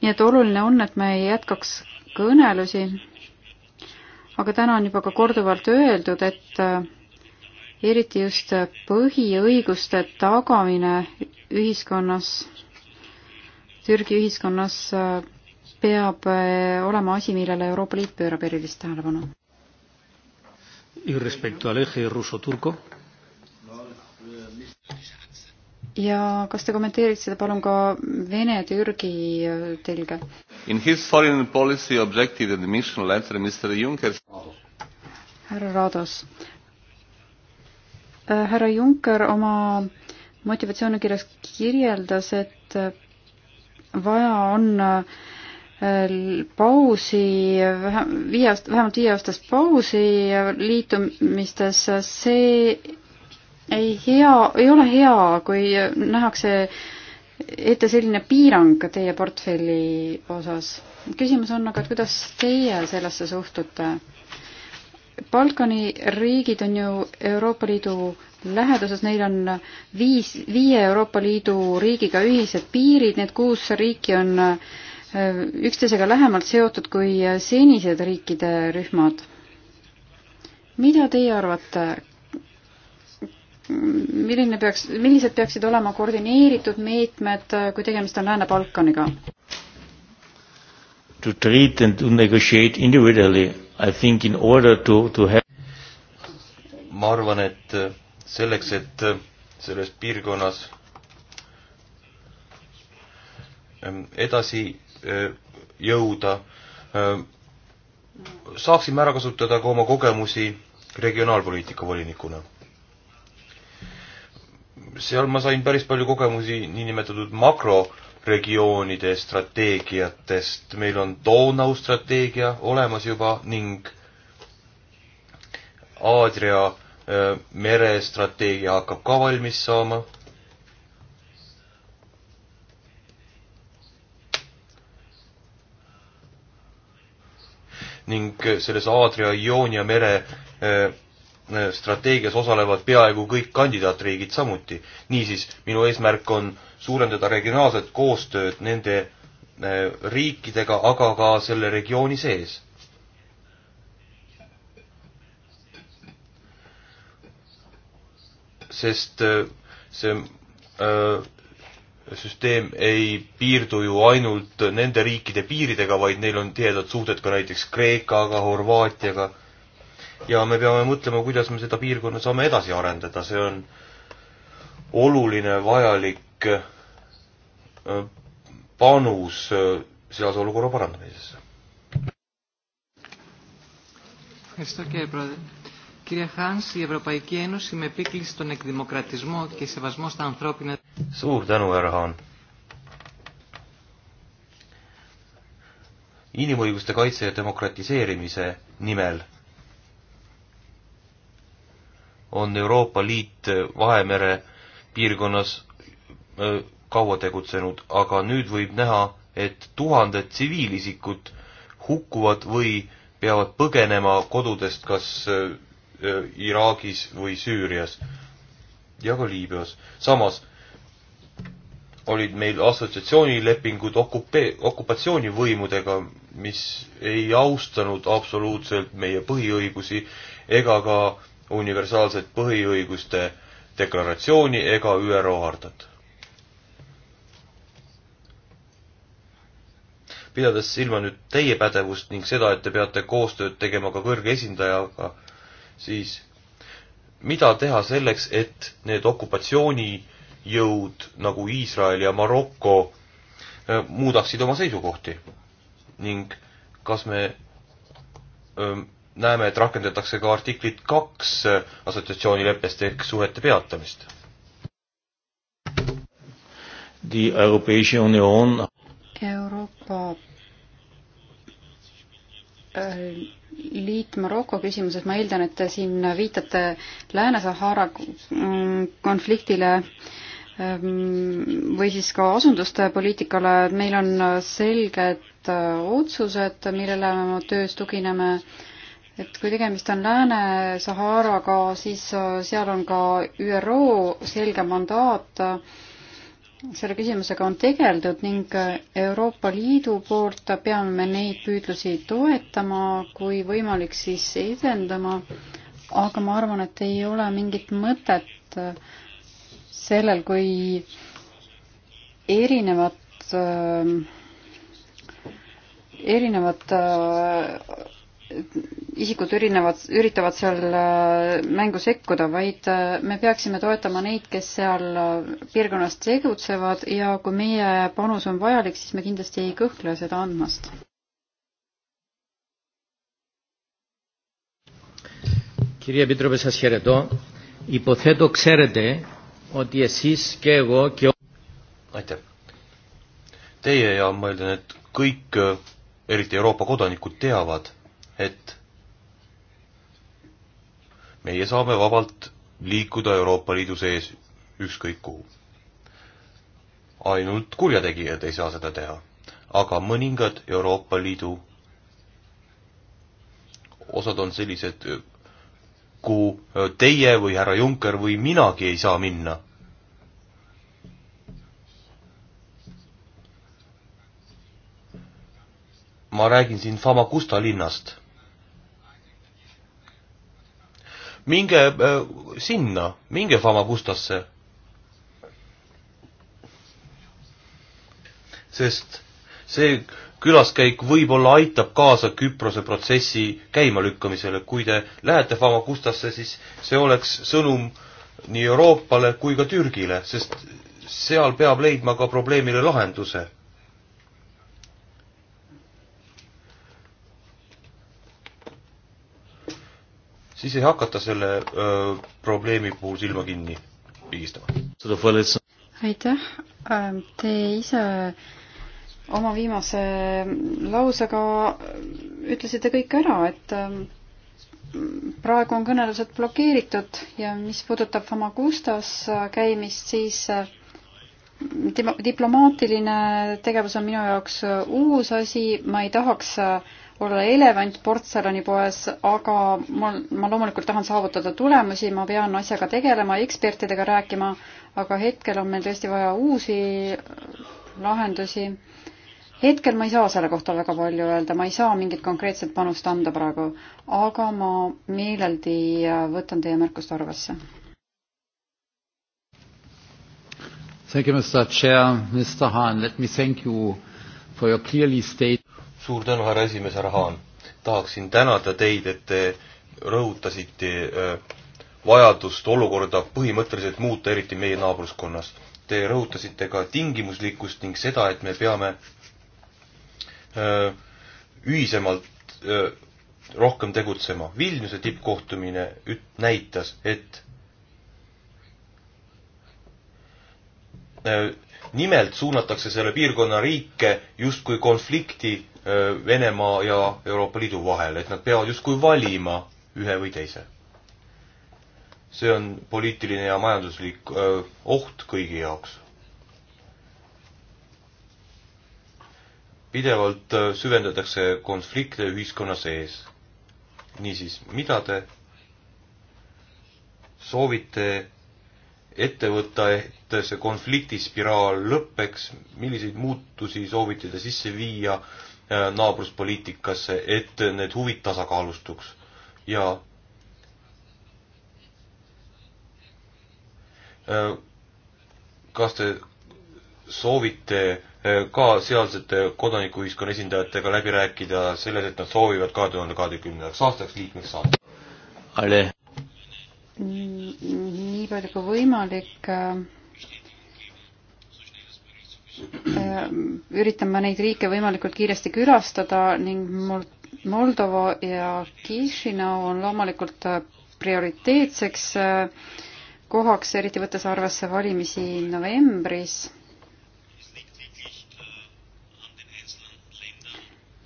nii et oluline on, et me ei jätkaks kõnelusi. aga täna on juba ka korduvalt öeldud, et eriti just põhiõiguste tagamine ühiskonnas, Türgi ühiskonnas äh, peab äh, olema asi, millele Euroopa Liit pöörab erilist tähelepanu. ja kas te kommenteeriksite palun ka Vene-Türgi äh, telge? In his foreign policy objective and mission letter Mr Juncker härra Rados, Äh, härra Juncker oma motivatsioonikirjas kirjeldas, et äh, vaja on äh, pausi, viie aast-, vähemalt viieaastast pausi liitumistes, see ei hea, ei ole hea, kui nähakse ette selline piirang teie portfelli osas. küsimus on aga, et kuidas teie sellesse suhtute? Balkani riigid on ju Euroopa Liidu läheduses, neil on viis, viie Euroopa Liidu riigiga ühised piirid, need kuus riiki on äh, üksteisega lähemalt seotud kui senised riikide rühmad. mida teie arvate, milline peaks, millised peaksid olema koordineeritud meetmed, kui tegemist on Lääne-Balkaniga? To treat and to negotiate individually I think in order to, to have ma arvan, et äh, selleks, et äh, selles piirkonnas ähm, edasi äh, jõuda, ähm, saaksime ära kasutada ka oma kogemusi regionaalpoliitika volinikuna. seal ma sain päris palju kogemusi niinimetatud makro regioonide strateegiatest, meil on Donau strateegia olemas juba ning Aadria äh, merestrateegia hakkab ka valmis saama. ning selles Aadria-Ioonia mere äh, strateegias osalevad peaaegu kõik kandidaatriigid samuti. niisiis, minu eesmärk on suurendada regionaalset koostööd nende äh, riikidega, aga ka selle regiooni sees. sest äh, see öö, äh, süsteem ei piirdu ju ainult nende riikide piiridega, vaid neil on tihedad suhted ka näiteks Kreekaga, Horvaatiaga ja me peame mõtlema, kuidas me seda piirkonna saame edasi arendada, see on oluline, vajalik äh, panus äh, sealse olukorra parandamisesse. Ευχαριστώ κύριε Πρόεδρε. Κύριε Χάνς, η Ευρωπαϊκή Ένωση με επίκληση στον εκδημοκρατισμό και σεβασμό στα ανθρώπινα... Suur tänu, härra Haan. Inimõiguste kaitse ja demokratiseerimise nimel on Euroopa Liit Vahemere piirkonnas äh, kaua tegutsenud, aga nüüd võib näha, et tuhanded tsiviilisikud hukkuvad või peavad põgenema kodudest kas äh, äh, Iraagis või Süürias ja ka Liibüas. samas olid meil assotsiatsioonilepingud okupee-, okupatsioonivõimudega, mis ei austanud absoluutselt meie põhiõigusi ega ka universaalset põhiõiguste deklaratsiooni ega ÜRO hartat. pidades silma nüüd teie pädevust ning seda, et te peate koostööd tegema ka kõrge esindajaga, siis mida teha selleks, et need okupatsioonijõud nagu Iisrael ja Maroko äh, muudaksid oma seisukohti ning kas me öö, ähm, näeme, et rakendatakse ka artiklit kaks assotsiatsioonileppest ehk suhete peatamist. Euroopa äh, liit Maroko küsimuses, ma eeldan, et te siin viitate Lääne-Sahara konfliktile ähm, või siis ka asunduste poliitikale, et meil on selged äh, otsused, millele me oma töös tugineme et kui tegemist on Lääne-Saharaga, siis äh, seal on ka ÜRO selge mandaat, selle küsimusega on tegeldud ning äh, Euroopa Liidu poolt peame me neid püüdlusi toetama, kui võimalik, siis edendama, aga ma arvan, et ei ole mingit mõtet äh, sellel, kui erinevad, erinevad isikud ürinevad, üritavad seal äh, mängu sekkuda, vaid äh, me peaksime toetama neid, kes seal äh, piirkonnas tegutsevad ja kui meie panus on vajalik, siis me kindlasti ei kõhkle seda andmast. Κυρία Επίτροπε, σας χαιρετώ. Υποθέτω ξέρετε ότι εσείς και εγώ και... Aitäh. Teie ja ma eeldan, et kõik, eriti Euroopa kodanikud, teavad, et meie saame vabalt liikuda Euroopa Liidu sees ükskõik kuhu. ainult kurjategijad ei saa seda teha, aga mõningad Euroopa Liidu osad on sellised, kuhu teie või härra Juncker või minagi ei saa minna. ma räägin siin Famagusta linnast minge äh, sinna, minge Famagustasse. sest see külaskäik võib-olla aitab kaasa Küprose protsessi käimalükkamisele, kui te lähete Famagustasse, siis see oleks sõnum nii Euroopale kui ka Türgile, sest seal peab leidma ka probleemile lahenduse siis ei hakata selle öö, probleemi puhul silma kinni pigistama. aitäh, ähm, te ise oma viimase lausega ütlesite kõik ära, et ähm, praegu on kõnelused blokeeritud ja mis puudutab Famagustas käimist, siis äh, diplomaatiline tegevus on minu jaoks uus asi, ma ei tahaks äh, olla elevant portselanipoes, aga ma, ma loomulikult tahan saavutada tulemusi, ma pean asjaga tegelema, ekspertidega rääkima, aga hetkel on meil tõesti vaja uusi lahendusi. hetkel ma ei saa selle kohta väga palju öelda, ma ei saa mingit konkreetset panust anda praegu, aga ma meeleldi võtan teie märkust arvesse. Thank you, Mr Chair, Mr Hahn, let me thank you for your clearly stated suur tänu, härra esimees, härra Haan. tahaksin tänada teid, et te rõhutasite äh, vajadust olukorda põhimõtteliselt muuta, eriti meie naabruskonnas. Te rõhutasite ka tingimuslikkust ning seda, et me peame äh, ühisemalt äh, rohkem tegutsema. Vilniuse tippkohtumine üt-, näitas, et nimelt suunatakse selle piirkonna riike justkui konflikti Äh, Venemaa ja Euroopa Liidu vahel, et nad peavad justkui valima ühe või teise. see on poliitiline ja majanduslik öö, äh, oht kõigi jaoks. pidevalt öö, äh, süvendatakse konflikte ühiskonna sees. niisiis, mida te soovite ette võtta, et see konfliktispiraal lõpeks, milliseid muutusi soovite te sisse viia öö, Äh, naabruspoliitikasse, et need huvid tasakaalustuks ja äh, kas te soovite äh, ka sealsete kodanikuühiskonna esindajatega läbi rääkida selles, et nad soovivad kahe tuhande kahekümnendaks aastaks liikmeks saada? nii palju kui võimalik äh, Äh, üritama neid riike võimalikult kiiresti külastada ning Moldova ja Kišinev on loomulikult äh, prioriteetseks äh, kohaks, eriti võttes arvesse valimisi novembris.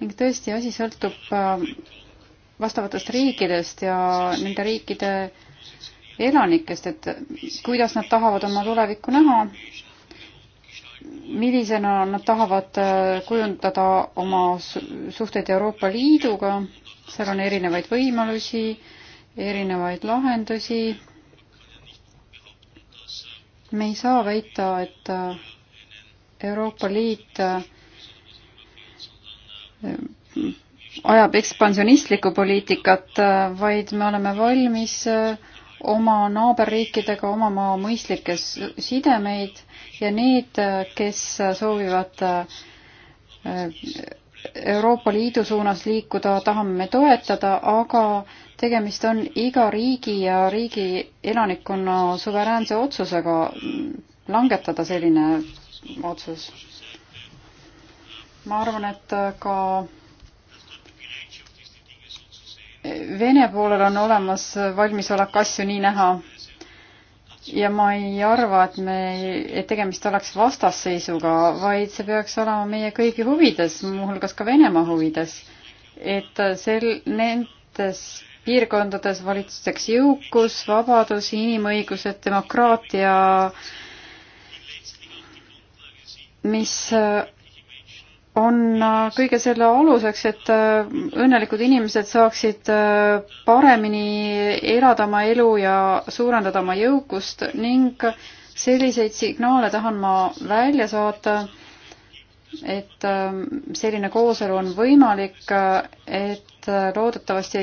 ning tõesti, asi sõltub vastavatest riikidest ja nende riikide elanikest, et kuidas nad tahavad oma tulevikku näha millisena nad tahavad äh, kujundada oma suhteid Euroopa Liiduga, seal on erinevaid võimalusi, erinevaid lahendusi. me ei saa väita, et äh, Euroopa Liit äh, ajab ekspansionistlikku poliitikat, vaid me oleme valmis oma naaberriikidega omama mõistlikke sidemeid ja need, kes soovivad äh, Euroopa Liidu suunas liikuda, tahame me toetada, aga tegemist on iga riigi ja riigi elanikkonna suveräänse otsusega langetada selline otsus. ma arvan, et äh, ka Vene poolel on olemas valmisolek asju nii näha ja ma ei arva, et me, et tegemist oleks vastasseisuga, vaid see peaks olema meie kõigi huvides, muuhulgas ka Venemaa huvides. et sel, nendes piirkondades valitseks jõukus, vabadus, inimõigused, demokraatia, mis on äh, kõige selle aluseks, et äh, õnnelikud inimesed saaksid äh, paremini elada oma elu ja suurendada oma jõukust ning selliseid signaale tahan ma välja saata, et selline kooselu on võimalik, et loodetavasti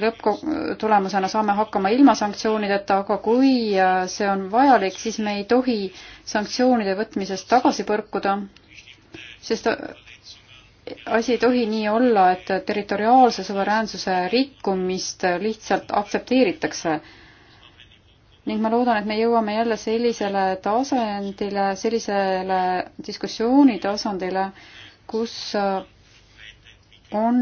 lõpptulemusena saame hakkama ilma sanktsioonideta, aga kui see on vajalik, siis me ei tohi sanktsioonide võtmisest tagasi põrkuda sest asi ei tohi nii olla, et territoriaalse suveräänsuse rikkumist lihtsalt aktsepteeritakse. ning ma loodan, et me jõuame jälle sellisele tasandile, sellisele diskussiooni tasandile, kus on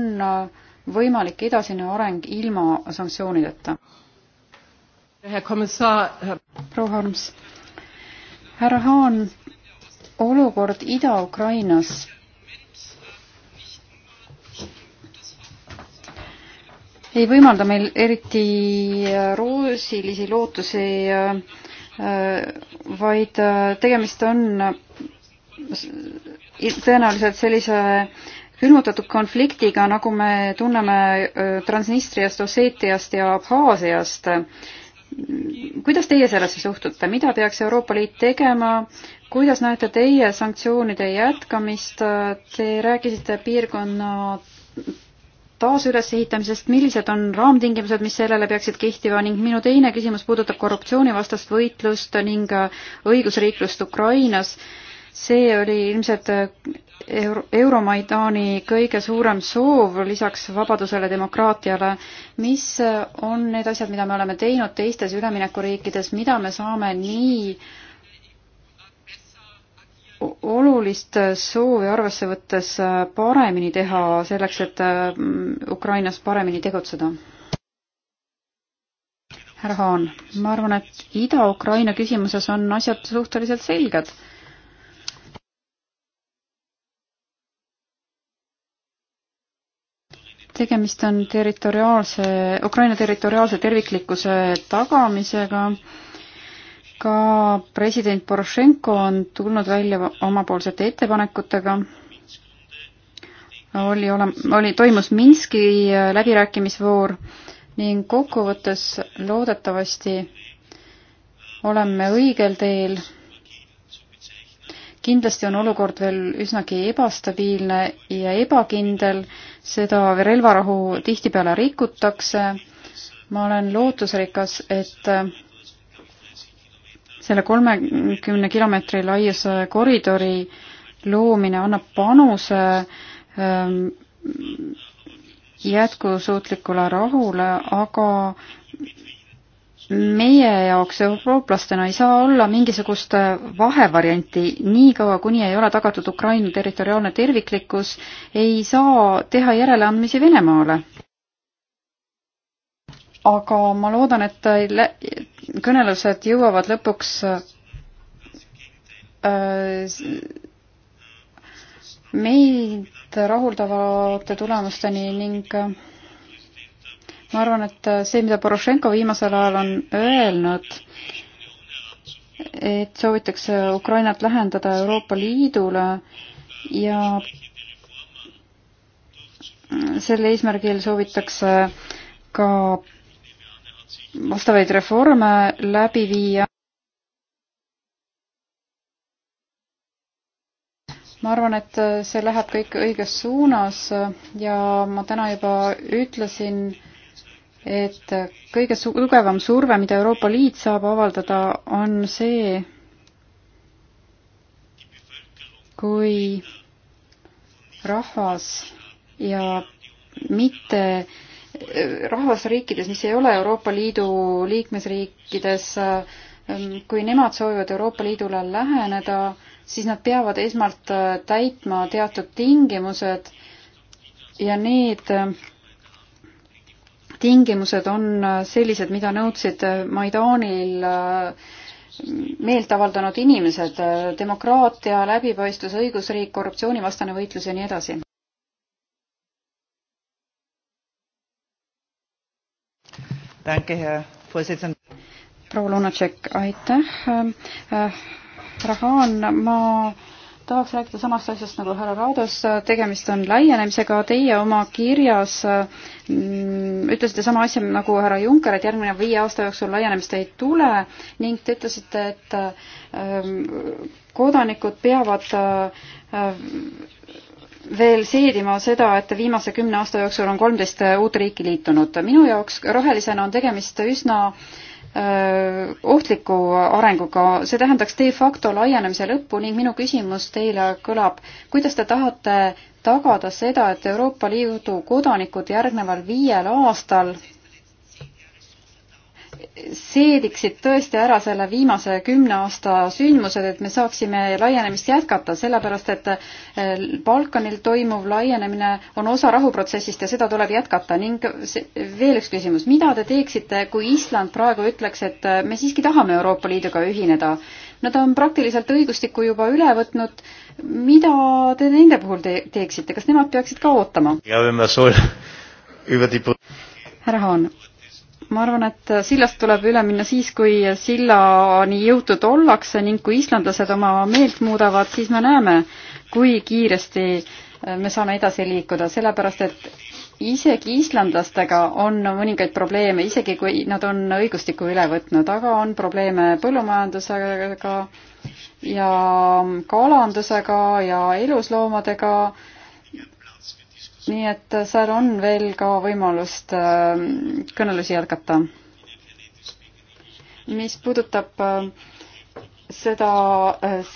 võimalik edasine areng ilma sanktsioonideta. proua Harms, härra Haan olukord Ida-Ukrainas ei võimalda meil eriti äh, roosilisi lootusi, äh, äh, vaid tegemist on tõenäoliselt sellise külmutatud konfliktiga, nagu me tunneme Transnistriast, Osseetiast ja Abhaasiast kuidas teie sellesse suhtute, mida peaks Euroopa Liit tegema, kuidas näete teie sanktsioonide jätkamist, te rääkisite piirkonna taasülesehitamisest, millised on raamtingimused, mis sellele peaksid kehtima ning minu teine küsimus puudutab korruptsioonivastast võitlust ning õigusriiklust Ukrainas. see oli ilmselt Euro-, Euromaidani kõige suurem soov lisaks vabadusele, demokraatiale, mis on need asjad, mida me oleme teinud teistes üleminekuriikides, mida me saame nii olulist soovi arvesse võttes paremini teha selleks, et mm, Ukrainas paremini tegutseda? härra Haan, ma arvan, et Ida-Ukraina küsimuses on asjad suhteliselt selged tegemist on territoriaalse, Ukraina territoriaalse terviklikkuse tagamisega. ka president Porošenko on tulnud välja omapoolsete ettepanekutega. oli ole-, oli, toimus Minski läbirääkimisvoor ning kokkuvõttes loodetavasti oleme õigel teel kindlasti on olukord veel üsnagi ebastabiilne ja ebakindel, seda relvarahu tihtipeale rikutakse. ma olen lootusrikas, et selle kolmekümne kilomeetri laiuse koridori loomine annab panuse ähm, jätkusuutlikule rahule, aga meie jaoks eurooplastena ei saa olla mingisugust vahevarianti, niikaua kuni ei ole tagatud Ukraina territoriaalne terviklikkus, ei saa teha järeleandmisi Venemaale. aga ma loodan, et kõnelused jõuavad lõpuks äh, meid rahuldavate tulemusteni ning äh, ma arvan, et äh, see, mida Porošenko viimasel ajal on öelnud, et soovitakse Ukrainat lähendada Euroopa Liidule ja sel eesmärgil soovitakse ka vastavaid reforme läbi viia. ma arvan, et äh, see läheb kõik õiges suunas ja ma täna juba ütlesin, et kõige tugevam surve, mida Euroopa Liit saab avaldada, on see, kui rahvas ja mitte rahvasriikides, mis ei ole Euroopa Liidu liikmesriikides, kui nemad soovivad Euroopa Liidule läheneda, siis nad peavad esmalt täitma teatud tingimused ja need tingimused on äh, sellised, mida nõudsid äh, Maidanil äh, meelt avaldanud inimesed, demokraatia, läbipaistvus, õigusriik, korruptsioonivastane võitlus ja nii edasi. proua Lunatšek, aitäh. Rahan, ma tahaks rääkida samast asjast nagu härra Raados, tegemist on laienemisega, teie oma kirjas mm, ütlesite sama asja nagu härra Juncker, et järgmine viie aasta jooksul laienemist ei tule ning te ütlesite, et ähm, kodanikud peavad äh, veel seedima seda, et viimase kümne aasta jooksul on kolmteist uut riiki liitunud. minu jaoks rohelisena on tegemist üsna äh, Äh, ohtliku arenguga, see tähendaks de facto laienemise lõppu ning minu küsimus teile kõlab, kuidas te tahate tagada seda, et Euroopa Liidu kodanikud järgneval viiel aastal seediksid tõesti ära selle viimase kümne aasta sündmused, et me saaksime laienemist jätkata, sellepärast et eh, Balkanil toimuv laienemine on osa rahuprotsessist ja seda tuleb jätkata ning veel üks küsimus, mida te teeksite, kui Island praegu ütleks, et eh, me siiski tahame Euroopa Liiduga ühineda? Nad on praktiliselt õigustikku juba üle võtnud, mida te nende puhul te teeksite, kas nemad peaksid ka ootama? [laughs] härra Haan ma arvan, et sillast tuleb üle minna siis, kui sillani jõutud ollakse ning kui islandlased oma meelt muudavad, siis me näeme, kui kiiresti me saame edasi liikuda, sellepärast et isegi islandlastega on mõningaid probleeme, isegi kui nad on õigustiku üle võtnud, aga on probleeme põllumajandusega ja kalandusega ja elusloomadega nii et äh, seal on veel ka võimalust äh, kõnelusi jätkata. mis puudutab äh, seda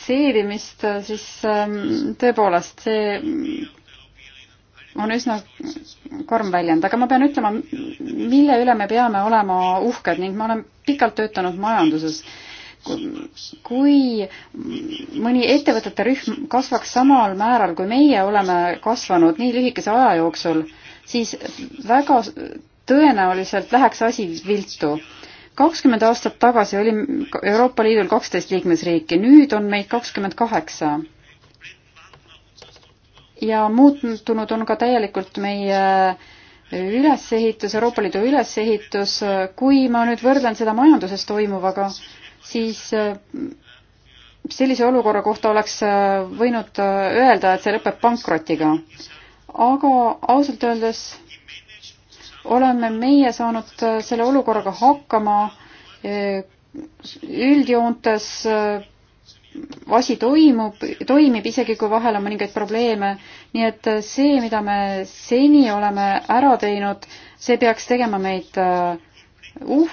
seedimist, siis ähm, tõepoolest, see on üsna karm väljend, aga ma pean ütlema, mille üle me peame olema uhked ning ma olen pikalt töötanud majanduses kui mõni ettevõtete rühm kasvaks samal määral, kui meie oleme kasvanud nii lühikese aja jooksul, siis väga tõenäoliselt läheks asi viltu. kakskümmend aastat tagasi oli Euroopa Liidul kaksteist liikmesriiki, nüüd on meid kakskümmend kaheksa. ja muutunud on ka täielikult meie ülesehitus, Euroopa Liidu ülesehitus, kui ma nüüd võrdlen seda majanduses toimuvaga, siis äh, sellise olukorra kohta oleks äh, võinud äh, öelda, et see lõpeb pankrotiga. aga ausalt öeldes oleme meie saanud selle olukorraga hakkama üldjoontes asi toimub, toimib, isegi kui vahel on mõningaid probleeme. nii et see, mida me seni oleme ära teinud, see peaks tegema meid äh, uh-,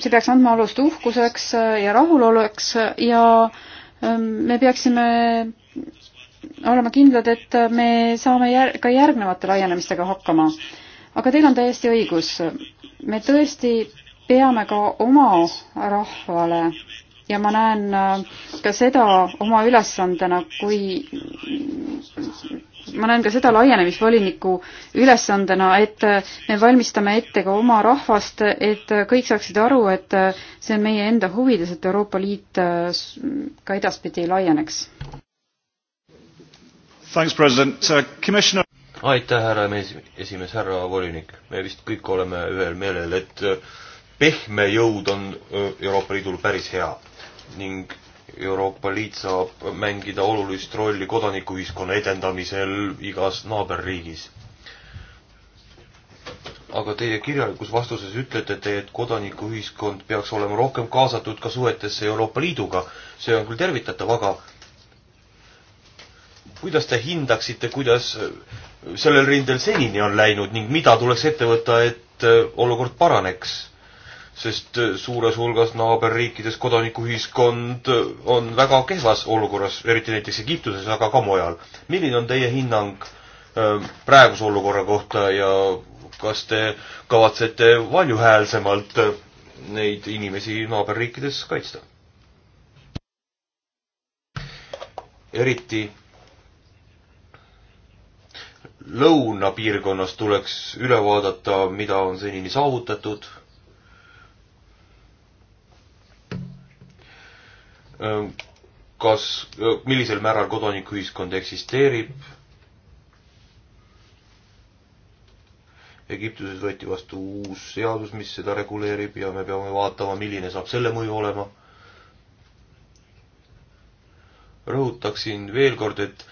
see peaks andma alust uhkuseks ja rahuloluks ja ähm, me peaksime olema kindlad, et me saame jär-, ka järgnevate laienemistega hakkama. aga teil on täiesti õigus, me tõesti peame ka oma rahvale ja ma näen äh, ka seda oma ülesandena, kui ma näen ka seda laienemisvoliniku ülesandena, et me valmistame ette ka oma rahvast, et kõik saaksid aru, et see on meie enda huvides, et Euroopa Liit ka edaspidi laieneks. Uh, aitäh, härra esimees, härra volinik. me vist kõik oleme ühel meelel, et pehme jõud on uh, Euroopa Liidul päris hea ning Euroopa Liit saab mängida olulist rolli kodanikuühiskonna edendamisel igas naaberriigis. aga teie kirjalikus vastuses ütlete te, et kodanikuühiskond peaks olema rohkem kaasatud ka suhetesse Euroopa Liiduga. see on küll tervitatav, aga kuidas te hindaksite, kuidas sellel rindel senini on läinud ning mida tuleks ette võtta, et olukord paraneks? sest äh, suures hulgas naaberriikides kodanikuühiskond äh, on väga kehvas olukorras, eriti näiteks Egiptuses, aga ka mujal. milline on teie hinnang äh, praeguse olukorra kohta ja kas te kavatsete valjuhäälsemalt neid inimesi naaberriikides kaitsta? eriti lõunapiirkonnas tuleks üle vaadata, mida on senini saavutatud kas, millisel määral kodanikuühiskond eksisteerib. Egiptuses võeti vastu uus seadus, mis seda reguleerib ja me peame vaatama, milline saab selle mõju olema. rõhutaksin veel kord, et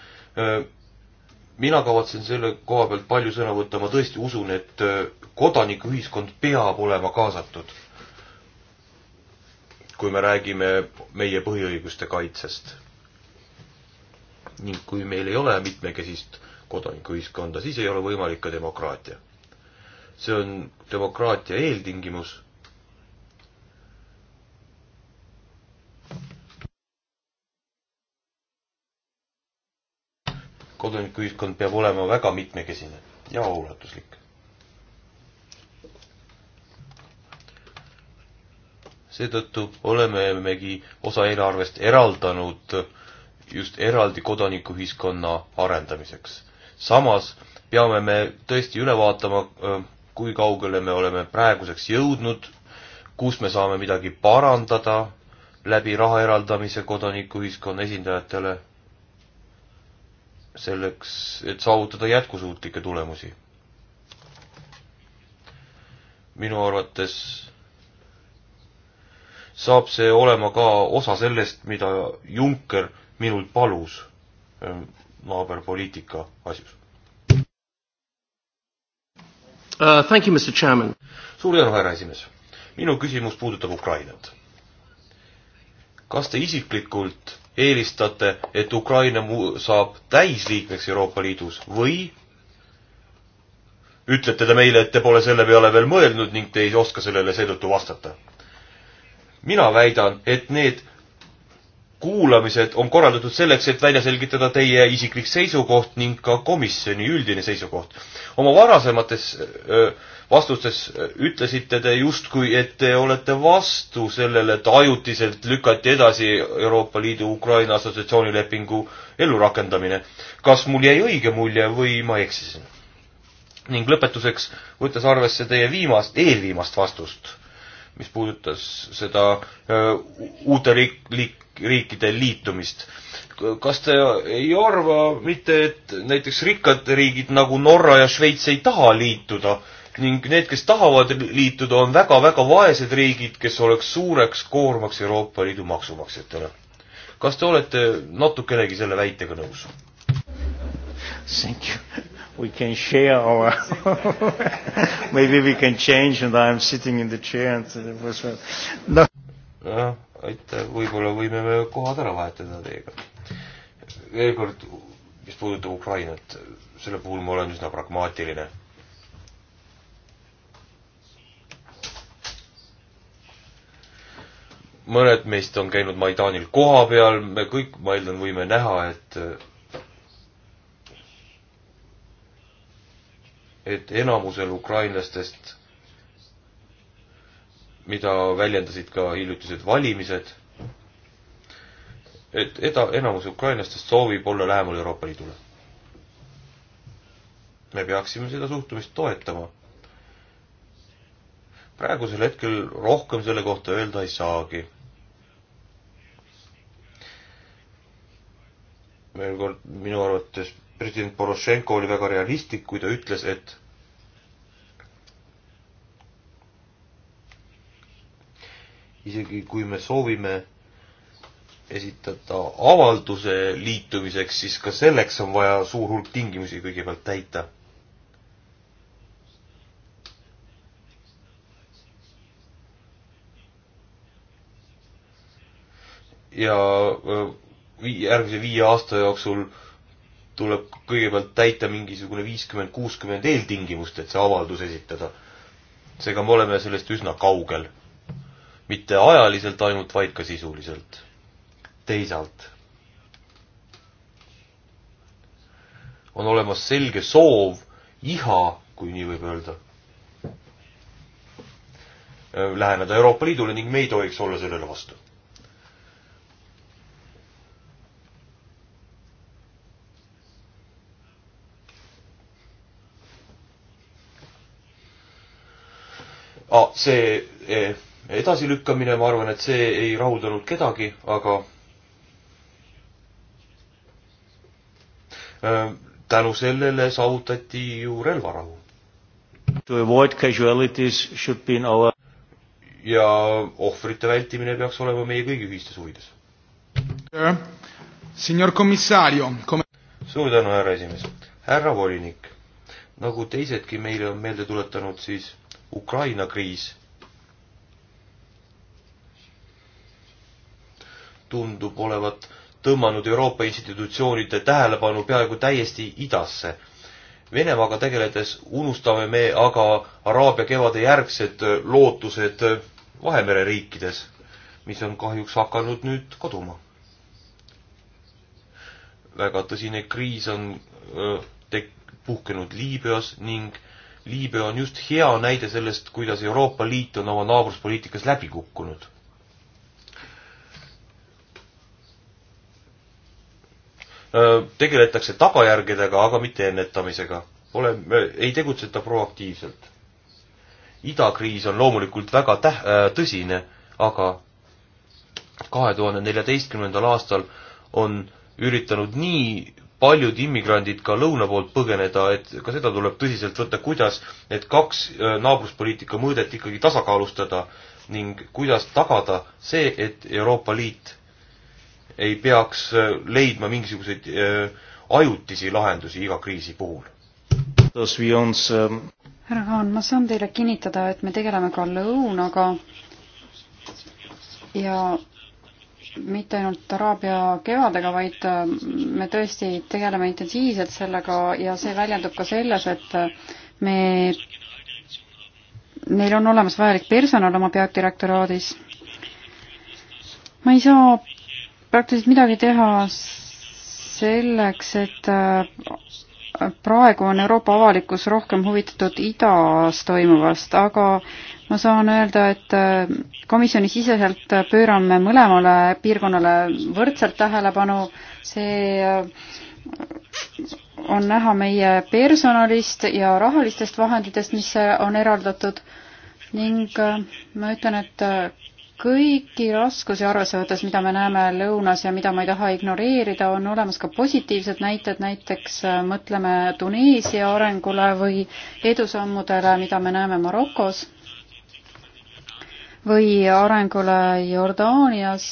mina kavatsen selle koha pealt palju sõna võtta, ma tõesti usun, et kodanikuühiskond peab olema kaasatud kui me räägime meie põhiõiguste kaitsest. ning kui meil ei ole mitmekesist kodanikuühiskonda, siis ei ole võimalik ka demokraatia. see on demokraatia eeltingimus. kodanikuühiskond peab olema väga mitmekesine ja ulatuslik. seetõttu olemegi osa eelarvest eraldanud just eraldi kodanikuühiskonna arendamiseks. samas peame me tõesti üle vaatama, kui kaugele me oleme praeguseks jõudnud, kus me saame midagi parandada läbi raha eraldamise kodanikuühiskonna esindajatele, selleks, et saavutada jätkusuutlikke tulemusi. minu arvates saab see olema ka osa sellest, mida Juncker minult palus ähm, naaberpoliitika asjus uh,. Thank you, Mr Chairman. suur tänu, härra esimees. minu küsimus puudutab Ukrainat. kas te isiklikult eelistate, et Ukraina mu-, saab täisliikmeks Euroopa Liidus või ütlete te meile, et te pole selle peale veel mõelnud ning te ei oska sellele seetõttu vastata? mina väidan, et need kuulamised on korraldatud selleks, et välja selgitada teie isiklik seisukoht ning ka komisjoni üldine seisukoht. oma varasemates vastustes ütlesite te justkui, et te olete vastu sellele, et ajutiselt lükati edasi Euroopa Liidu Ukraina assotsiatsioonilepingu ellurakendamine. kas mul jäi õige mulje või ma eksisin? ning lõpetuseks, võttes arvesse teie viimast, eelviimast vastust mis puudutas seda uute riik, liik, riikide liitumist. kas te ei arva mitte, et näiteks rikkad riigid nagu Norra ja Šveits ei taha liituda ning need, kes tahavad liituda, on väga-väga vaesed riigid, kes oleks suureks koormaks Euroopa Liidu maksumaksjatele? kas te olete natukenegi selle väitega nõus? Thank you we can share our [laughs] maybe we can change and I am sitting in the chair and it was uh, no. jah, aitäh, võib-olla võime me kohad ära vahetada teiega. veel kord, mis puudutab Ukrainat, selle puhul ma olen üsna pragmaatiline. mõned meist on käinud Maidanil kohapeal, me kõik, ma eeldan, võime näha, et et enamusel ukrainlastest, mida väljendasid ka hiljutised valimised, et eda-, enamus ukrainlastest soovib olla lähemal Euroopa Liidule. me peaksime seda suhtumist toetama. praegusel hetkel rohkem selle kohta öelda ei saagi. veel kord, minu arvates president Porošenko oli väga realistlik, kui ta ütles, et isegi kui me soovime esitada avalduse liitumiseks, siis ka selleks on vaja suur hulk tingimusi kõigepealt täita. ja äh, vii-, järgmise viie aasta jooksul tuleb kõigepealt täita mingisugune viiskümmend, kuuskümmend eeltingimust, et see avaldus esitada. seega me oleme sellest üsna kaugel mitte ajaliselt ainult, vaid ka sisuliselt. teisalt on olemas selge soov, iha, kui nii võib öelda, äh, läheneda Euroopa Liidule ning me ei tohiks olla sellele vastu. Ah, see eh, edasilükkamine, ma arvan, et see ei rahuldanud kedagi, aga äh, tänu sellele saavutati ju relvarahu. To avoid casualities should be in our ja ohvrite vältimine peaks olema meie kõigi ühistes huvides. suur tänu, härra esimees. härra volinik, nagu teisedki meile on meelde tuletanud, siis Ukraina kriis tundub olevat tõmmanud Euroopa institutsioonide tähelepanu peaaegu täiesti idasse. Venemaaga tegeledes unustame me aga Araabia kevade järgsed lootused Vahemere riikides, mis on kahjuks hakanud nüüd kaduma. väga tõsine kriis on tek-, puhkenud Liibüas ning Liibüa on just hea näide sellest, kuidas Euroopa Liit on oma naabruspoliitikas läbi kukkunud tegeletakse tagajärgedega, aga mitte ennetamisega. Pole, ei tegutseta proaktiivselt. idakriis on loomulikult väga täh-, tõsine, aga kahe tuhande neljateistkümnendal aastal on üritanud nii paljud immigrandid ka lõuna poolt põgeneda, et ka seda tuleb tõsiselt võtta, kuidas need kaks naabruspoliitika mõõdet ikkagi tasakaalustada ning kuidas tagada see, et Euroopa Liit ei peaks äh, leidma mingisuguseid äh, ajutisi lahendusi iga kriisi puhul. Ähm, härra Haan, ma saan teile kinnitada, et me tegeleme ka lõunaga ja mitte ainult Araabia kevadega, vaid äh, me tõesti tegeleme intensiivselt sellega ja see väljendub ka selles, et me, meil on olemas vajalik personal oma peadirektoraadis. ma ei saa praktiliselt midagi teha selleks, et äh, praegu on Euroopa avalikkus rohkem huvitatud idas toimuvast, aga ma saan öelda, et äh, komisjoni siseselt pöörame mõlemale piirkonnale võrdselt tähelepanu, see äh, on näha meie personalist ja rahalistest vahenditest, mis on eraldatud ning ma ütlen, et kõiki raskusi arvesse võttes, mida me näeme lõunas ja mida ma ei taha ignoreerida, on olemas ka positiivsed näited, näiteks äh, mõtleme Tuneesia arengule või edusammudele, mida me näeme Marokos või arengule Jordaanias.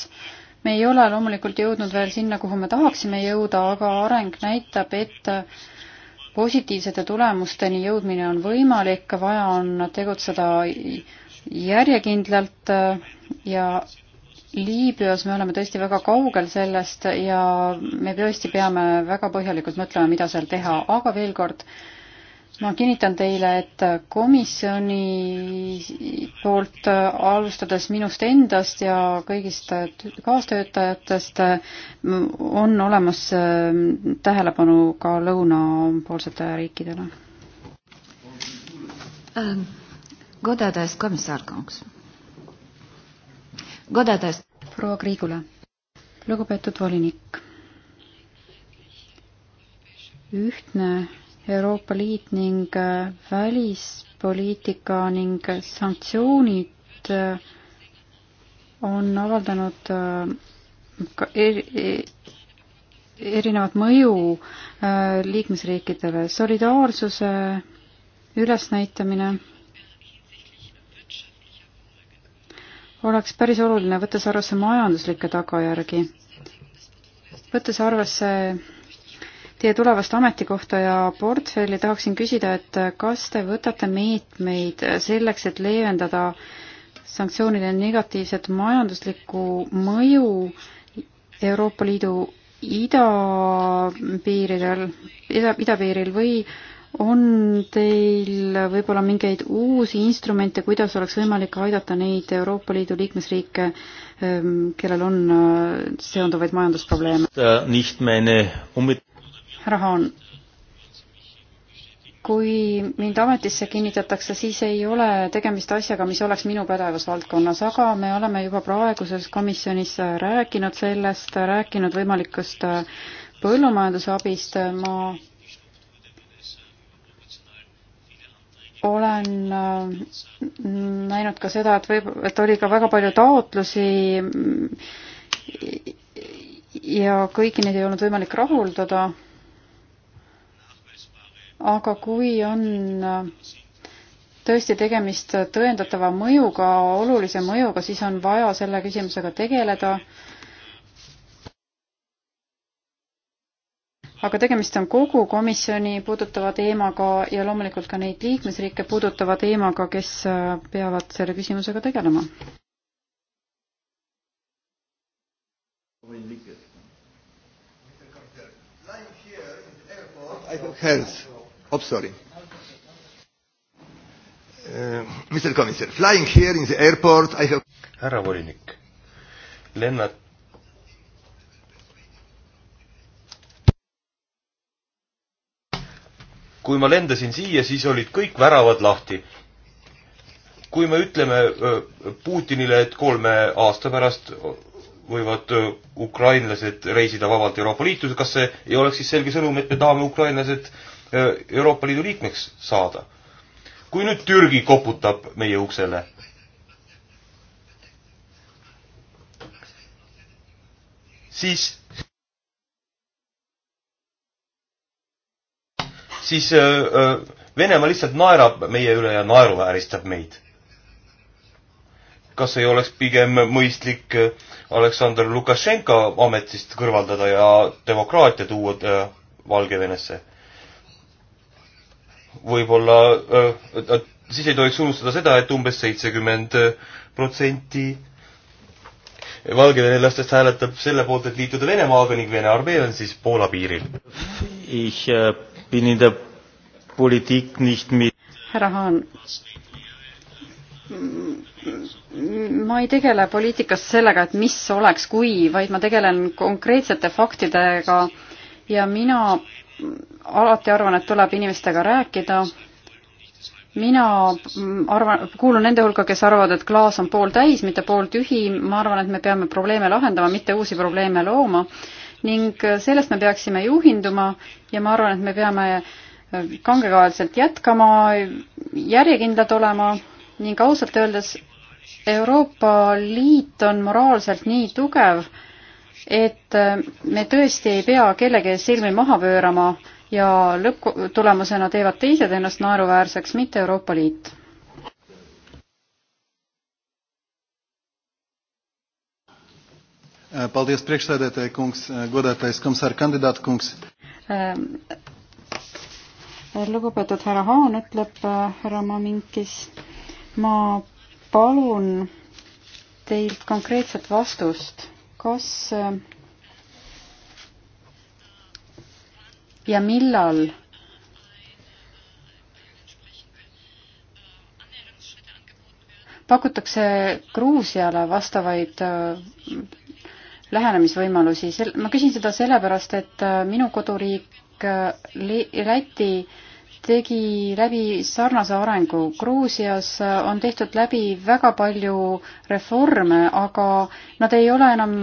me ei ole loomulikult jõudnud veel sinna, kuhu me tahaksime jõuda, aga areng näitab, et positiivsete tulemusteni jõudmine on võimalik, vaja on tegutseda järjekindlalt äh, ja Liibüas me oleme tõesti väga kaugel sellest ja me tõesti peame väga põhjalikult mõtlema, mida seal teha, aga veel kord, ma kinnitan teile, et komisjoni poolt äh, alustades minust endast ja kõigist äh, kaastöötajatest on olemas tähelepanu ka lõunapoolsete riikidele um,. Godātais komisārkungs. Godātais. proua Kriigula. lugupeetud volinik. ühtne Euroopa Liit ning äh, välispoliitika ning sanktsioonid äh, on avaldanud äh, e-, e-, erinevat mõju liikmesriikidele. solidaarsuse ülesnäitamine oleks päris oluline, võttes arvesse majanduslikke tagajärgi, võttes arvesse teie tulevast ametikohta ja portfelli, tahaksin küsida, et kas te võtate meetmeid selleks, et leevendada sanktsioonide negatiivset majanduslikku mõju Euroopa Liidu idapiiridel, ida, idapiiril või on teil võib-olla mingeid uusi instrumente, kuidas oleks võimalik aidata neid Euroopa Liidu liikmesriike, ähm, kellel on äh, seonduvaid majandusprobleeme? Äh, härra Haan, kui mind ametisse kinnitatakse, siis ei ole tegemist asjaga, mis oleks minu pädevusvaldkonnas, aga me oleme juba praeguses komisjonis rääkinud sellest, rääkinud võimalikust äh, põllumajandusabist, ma olen äh, näinud ka seda, et võib, et oli ka väga palju taotlusi ja kõiki neid ei olnud võimalik rahuldada. aga kui on äh, tõesti tegemist tõendatava mõjuga, olulise mõjuga, siis on vaja selle küsimusega tegeleda aga tegemist on kogu komisjoni puudutava teemaga ja loomulikult ka neid liikmesriike puudutava teemaga, kes äh, peavad selle küsimusega tegelema. Oh, sorry. Uh, Mr. Commissioner, flying here in the airport, I have... härra volinik, lennata kui ma lendasin siia, siis olid kõik väravad lahti. kui me ütleme Putinile, et kolme aasta pärast võivad ukrainlased reisida vabalt Euroopa Liitu, kas see ei oleks siis selge sõnum, et me tahame ukrainlased Euroopa Liidu liikmeks saada? kui nüüd Türgi koputab meie uksele, siis siis äh, äh, Venemaa lihtsalt naerab meie üle ja naeruvääristab meid. kas ei oleks pigem mõistlik äh, Aleksandr Lukašenka ametist kõrvaldada ja demokraatia tuua Valgevenesse? võib-olla, siis ei tohiks unustada seda, et umbes seitsekümmend protsenti valgevenelastest hääletab selle poolt, et liituda Venemaaga ning Vene armee on siis Poola piiril bin in der Politik nicht mit. härra Haan, ma ei tegele poliitikas sellega, et mis oleks, kui, vaid ma tegelen konkreetsete faktidega ja mina alati arvan, et tuleb inimestega rääkida mina arvan, kuulun nende hulka, kes arvavad, et klaas on pooltäis, mitte pooltühi, ma arvan, et me peame probleeme lahendama, mitte uusi probleeme looma ning äh, sellest me peaksime juhinduma ja ma arvan, et me peame äh, kangekaelselt jätkama, järjekindlad olema ning ausalt öeldes Euroopa Liit on moraalselt nii tugev, et äh, me tõesti ei pea kellegi ees silmi maha pöörama ja lõpptulemusena teevad teised ennast naeruväärseks, mitte Euroopa Liit Eh, paldies priekšsēdētāji kungs, eh, godātais komisāra kandidāta kungs. Eh, lugupeetud härra Haan, ütleb härra Maminkis, ma palun teilt konkreetset vastust, kas ja millal pakutakse Gruusiale vastavaid lähenemisvõimalusi. ma küsin seda sellepärast, et äh, minu koduriik äh, Läti tegi läbi sarnase arengu. Gruusias äh, on tehtud läbi väga palju reforme, aga nad ei ole enam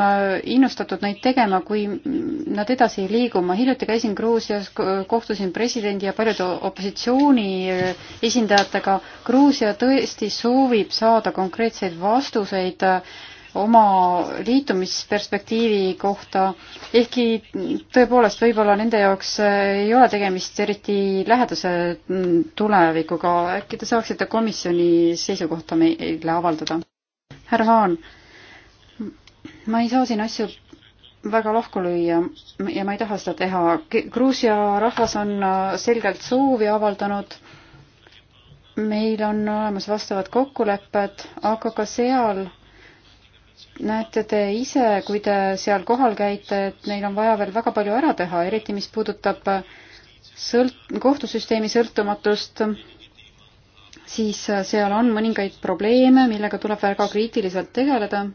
innustatud neid tegema, kui nad edasi ei liigu. ma hiljuti käisin Gruusias, kohtusin presidendi ja paljude opositsiooni esindajatega. Gruusia tõesti soovib saada konkreetseid vastuseid äh, oma liitumisperspektiivi kohta, ehkki tõepoolest võib-olla nende jaoks ei ole tegemist eriti lähedase tulevikuga, äkki te saaksite komisjoni seisukohta meile avaldada? härra Haan, ma ei saa siin asju väga lahku lüüa ja ma ei taha seda teha. Gruusia rahvas on selgelt soovi avaldanud meil on olemas vastavad kokkulepped, aga ka seal näete te ise, kui te seal kohal käite, et neil on vaja veel väga palju ära teha, eriti mis puudutab sõlt-, kohtusüsteemi sõltumatust, siis seal on mõningaid probleeme, millega tuleb väga kriitiliselt tegeleda.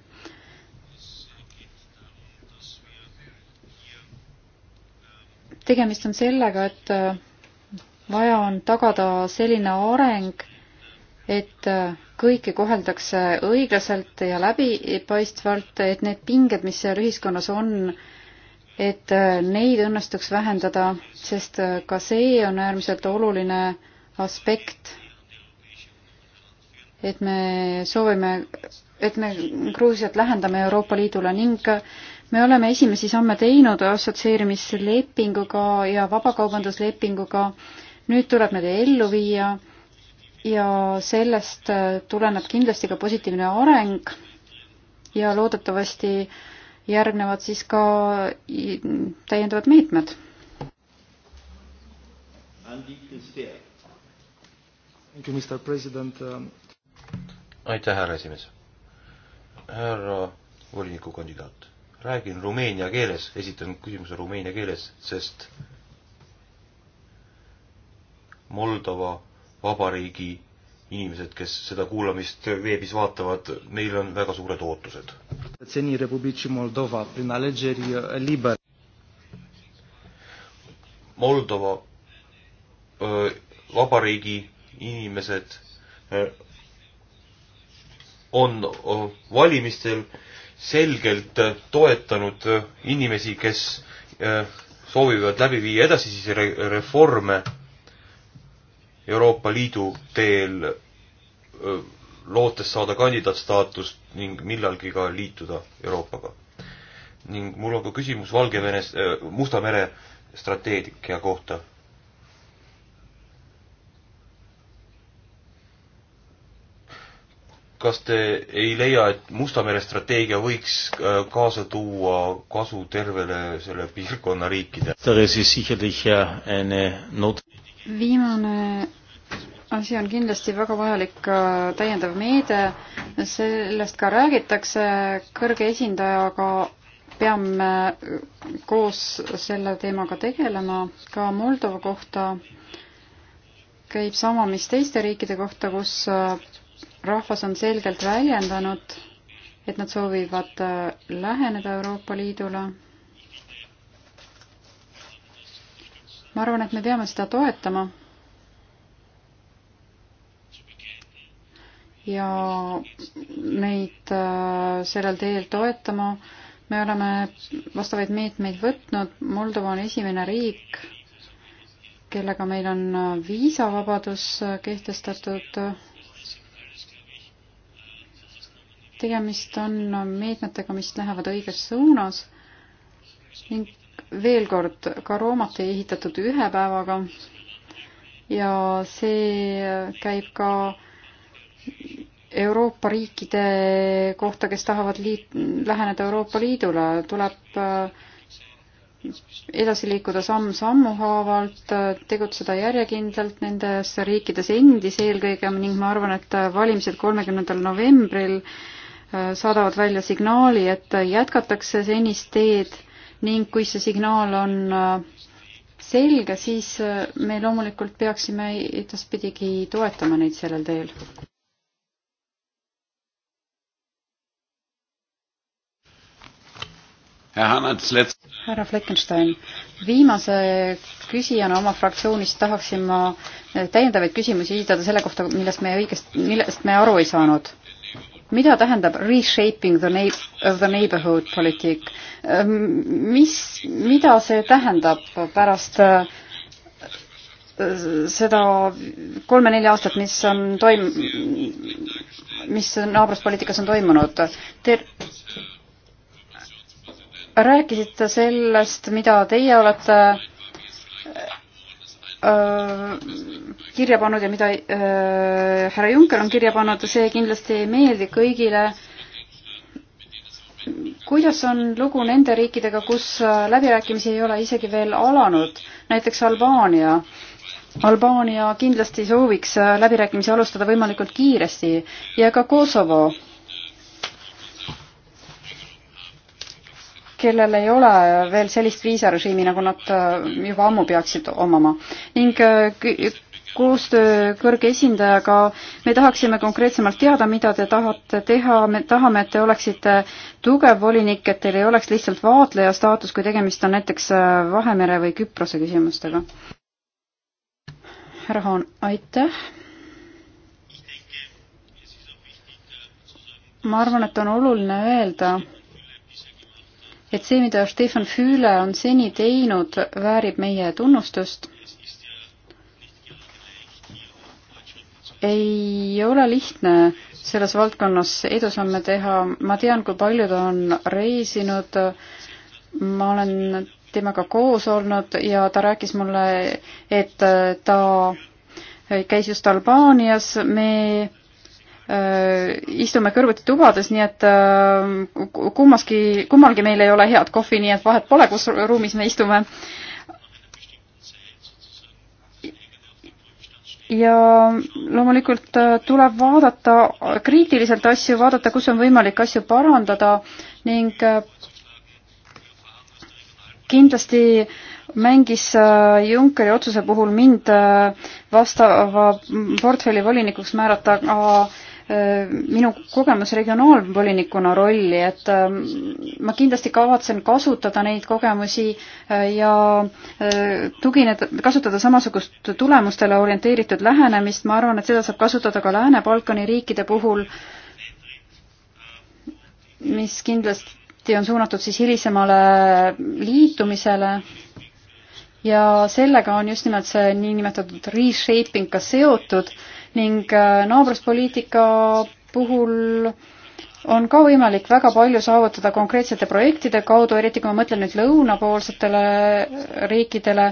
tegemist on sellega, et vaja on tagada selline areng, et äh, kõiki koheldakse õiglaselt ja läbipaistvalt, et need pinged, mis seal ühiskonnas on, et äh, neid õnnestuks vähendada, sest äh, ka see on äärmiselt oluline aspekt, et me soovime, et me Gruusiat lähendame Euroopa Liidule ning me oleme esimesi samme teinud assotsieerimislepinguga ja vabakaubanduslepinguga. nüüd tuleb need ellu viia ja sellest äh, tuleneb kindlasti ka positiivne areng ja loodetavasti järgnevad siis ka täiendavad meetmed. Um, aitäh, härra esimees. härra volinikukandidaat, räägin rumeenia keeles, esitan küsimuse rumeenia keeles, sest Moldova vabariigi inimesed, kes seda kuulamist veebis vaatavad, neil on väga suured ootused. Moldova eh, eh, vabariigi inimesed eh, on valimistel selgelt toetanud inimesi, kes soovivad läbi viia edasisi reforme Euroopa Liidu teel, lootes saada kandidaatstaatust ning millalgi ka liituda Euroopaga. ning mul on ka küsimus Valgevene, Musta mere strateegia kohta. kas te ei leia, et Musta mere strateegia võiks kaasa tuua kasu tervele selle piirkonna riikidele? viimane asi on kindlasti väga vajalik äh, täiendav meede, sellest ka räägitakse, kõrge esindajaga peame äh, koos selle teemaga tegelema, ka Moldova kohta käib sama, mis teiste riikide kohta, kus äh, rahvas on selgelt väljendanud, et nad soovivad läheneda Euroopa Liidule. ma arvan, et me peame seda toetama ja meid äh, sellel teel toetama. me oleme vastavaid meetmeid võtnud, Moldova on esimene riik, kellega meil on äh, viisavabadus äh, kehtestatud. tegemist on meetmetega, mis lähevad õiges suunas ning veel kord, ka Roomat ei ehitatud ühe päevaga ja see käib ka äh, Euroopa riikide kohta, kes tahavad liit-, läheneda Euroopa Liidule, tuleb äh, edasi liikuda samm-sammu haavalt, äh, tegutseda järjekindlalt nendes riikides endis eelkõige ning ma arvan, et äh, valimised kolmekümnendal novembril saadavad välja signaali, et jätkatakse senist teed ning kui see signaal on selge, siis me loomulikult peaksime edaspidigi toetama neid sellel teel. härra Fleckenstein, viimase küsijana oma fraktsioonist tahaksin ma eh, täiendavaid küsimusi esitada selle kohta, millest me õigest, millest me aru ei saanud. mida tähendab reshaping the neigh-, of the neighborhood politik? Ähm, mis, mida see tähendab pärast äh, seda kolme-nelja aastat, mis on toim-, mis naabruspoliitikas on toimunud? Te rääkisite sellest, mida teie olete äh, kirja pannud ja mida äh, härra Juncker on kirja pannud, see kindlasti ei meeldi kõigile. kuidas on lugu nende riikidega, kus läbirääkimisi ei ole isegi veel alanud, näiteks Albaania? Albaania kindlasti sooviks läbirääkimisi alustada võimalikult kiiresti ja ka Kosovo kellel ei ole veel sellist viisarežiimi, nagu nad äh, juba ammu peaksid omama. ning äh, koostöö kõrge esindajaga me tahaksime konkreetsemalt teada, mida te tahate teha, me tahame, et te oleksite tugev volinik, et teil ei oleks lihtsalt vaatleja staatus, kui tegemist on näiteks äh, Vahemere või Küprose küsimustega. härra Haan, aitäh. ma arvan, et on oluline öelda, et see, mida Stefan Füüle on seni teinud, väärib meie tunnustust. ei ole lihtne selles valdkonnas edusamme teha, ma tean, kui palju ta on reisinud, ma olen temaga koos olnud ja ta rääkis mulle, et ta käis just Albaanias, me Äh, istume kõrvuti tubades, nii et äh, kummaski, kummalgi meil ei ole head kohvi, nii et vahet pole, kus ruumis me istume. ja loomulikult äh, tuleb vaadata kriitiliselt asju, vaadata, kus on võimalik asju parandada ning kindlasti mängis Junckeri otsuse puhul mind vastava portfelli volinikuks määrata ka minu kogemus regionaalvolinikuna rolli, et ähm, ma kindlasti kavatsen kasutada neid kogemusi äh, ja äh, tugineda, kasutada samasugust tulemustele orienteeritud lähenemist, ma arvan, et seda saab kasutada ka Lääne-Balkani riikide puhul, mis kindlasti on suunatud siis hilisemale liitumisele ja sellega on just nimelt see niinimetatud reshaping ka seotud ning äh, naabruspoliitika puhul on ka võimalik väga palju saavutada konkreetsete projektide kaudu, eriti kui ma mõtlen nüüd lõunapoolsetele riikidele,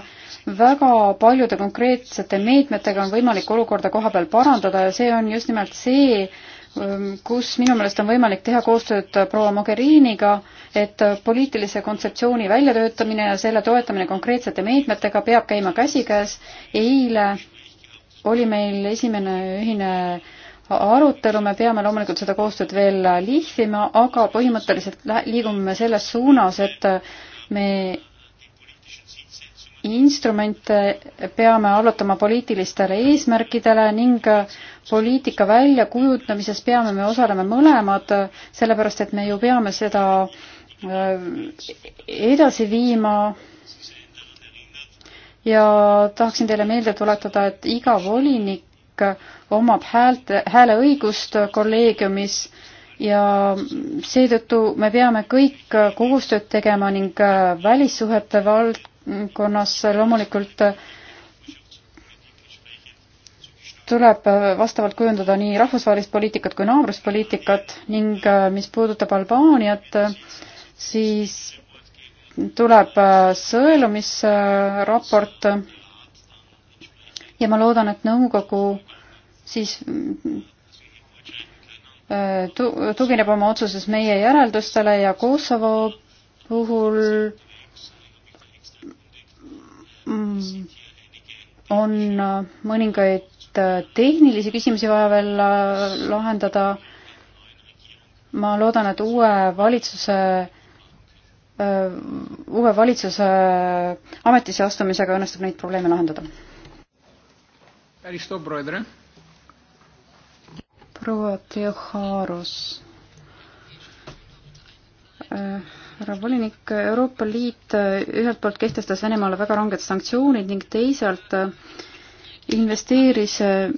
väga paljude konkreetsete meetmetega on võimalik olukorda koha peal parandada ja see on just nimelt see, ähm, kus minu meelest on võimalik teha koostööd proua Mogheriniga, et poliitilise kontseptsiooni väljatöötamine ja selle toetamine konkreetsete meetmetega peab käima käsikäes. eile oli meil esimene ühine arutelu, me peame loomulikult seda koostööd veel lihvima, aga põhimõtteliselt liigume me selles suunas, et me instrumente peame allutama poliitilistele eesmärkidele ning poliitika väljakujundamises peame me osalema mõlemad, sellepärast et me ju peame seda äh, edasi viima ja tahaksin teile meelde tuletada, et iga volinik omab häält, hääleõigust kolleegiumis ja seetõttu me peame kõik koostööd tegema ning välissuhete valdkonnas loomulikult tuleb vastavalt kujundada nii rahvusvahelist poliitikat kui naabruspoliitikat ning mis puudutab Albaaniat, siis tuleb äh, sõelumisraport ja ma loodan, et nõukogu siis äh, tugineb oma otsuses meie järeldustele ja Kosovo puhul mm, on äh, mõningaid tehnilisi küsimusi vaja veel lahendada. ma loodan, et uue valitsuse Äh, uue valitsuse äh, ametisse astumisega õnnestub neid probleeme lahendada. proua Teoharus. Äh, härra volinik, Euroopa Liit ühelt poolt kehtestas Venemaale väga ranged sanktsioonid ning teisalt äh, investeeris äh,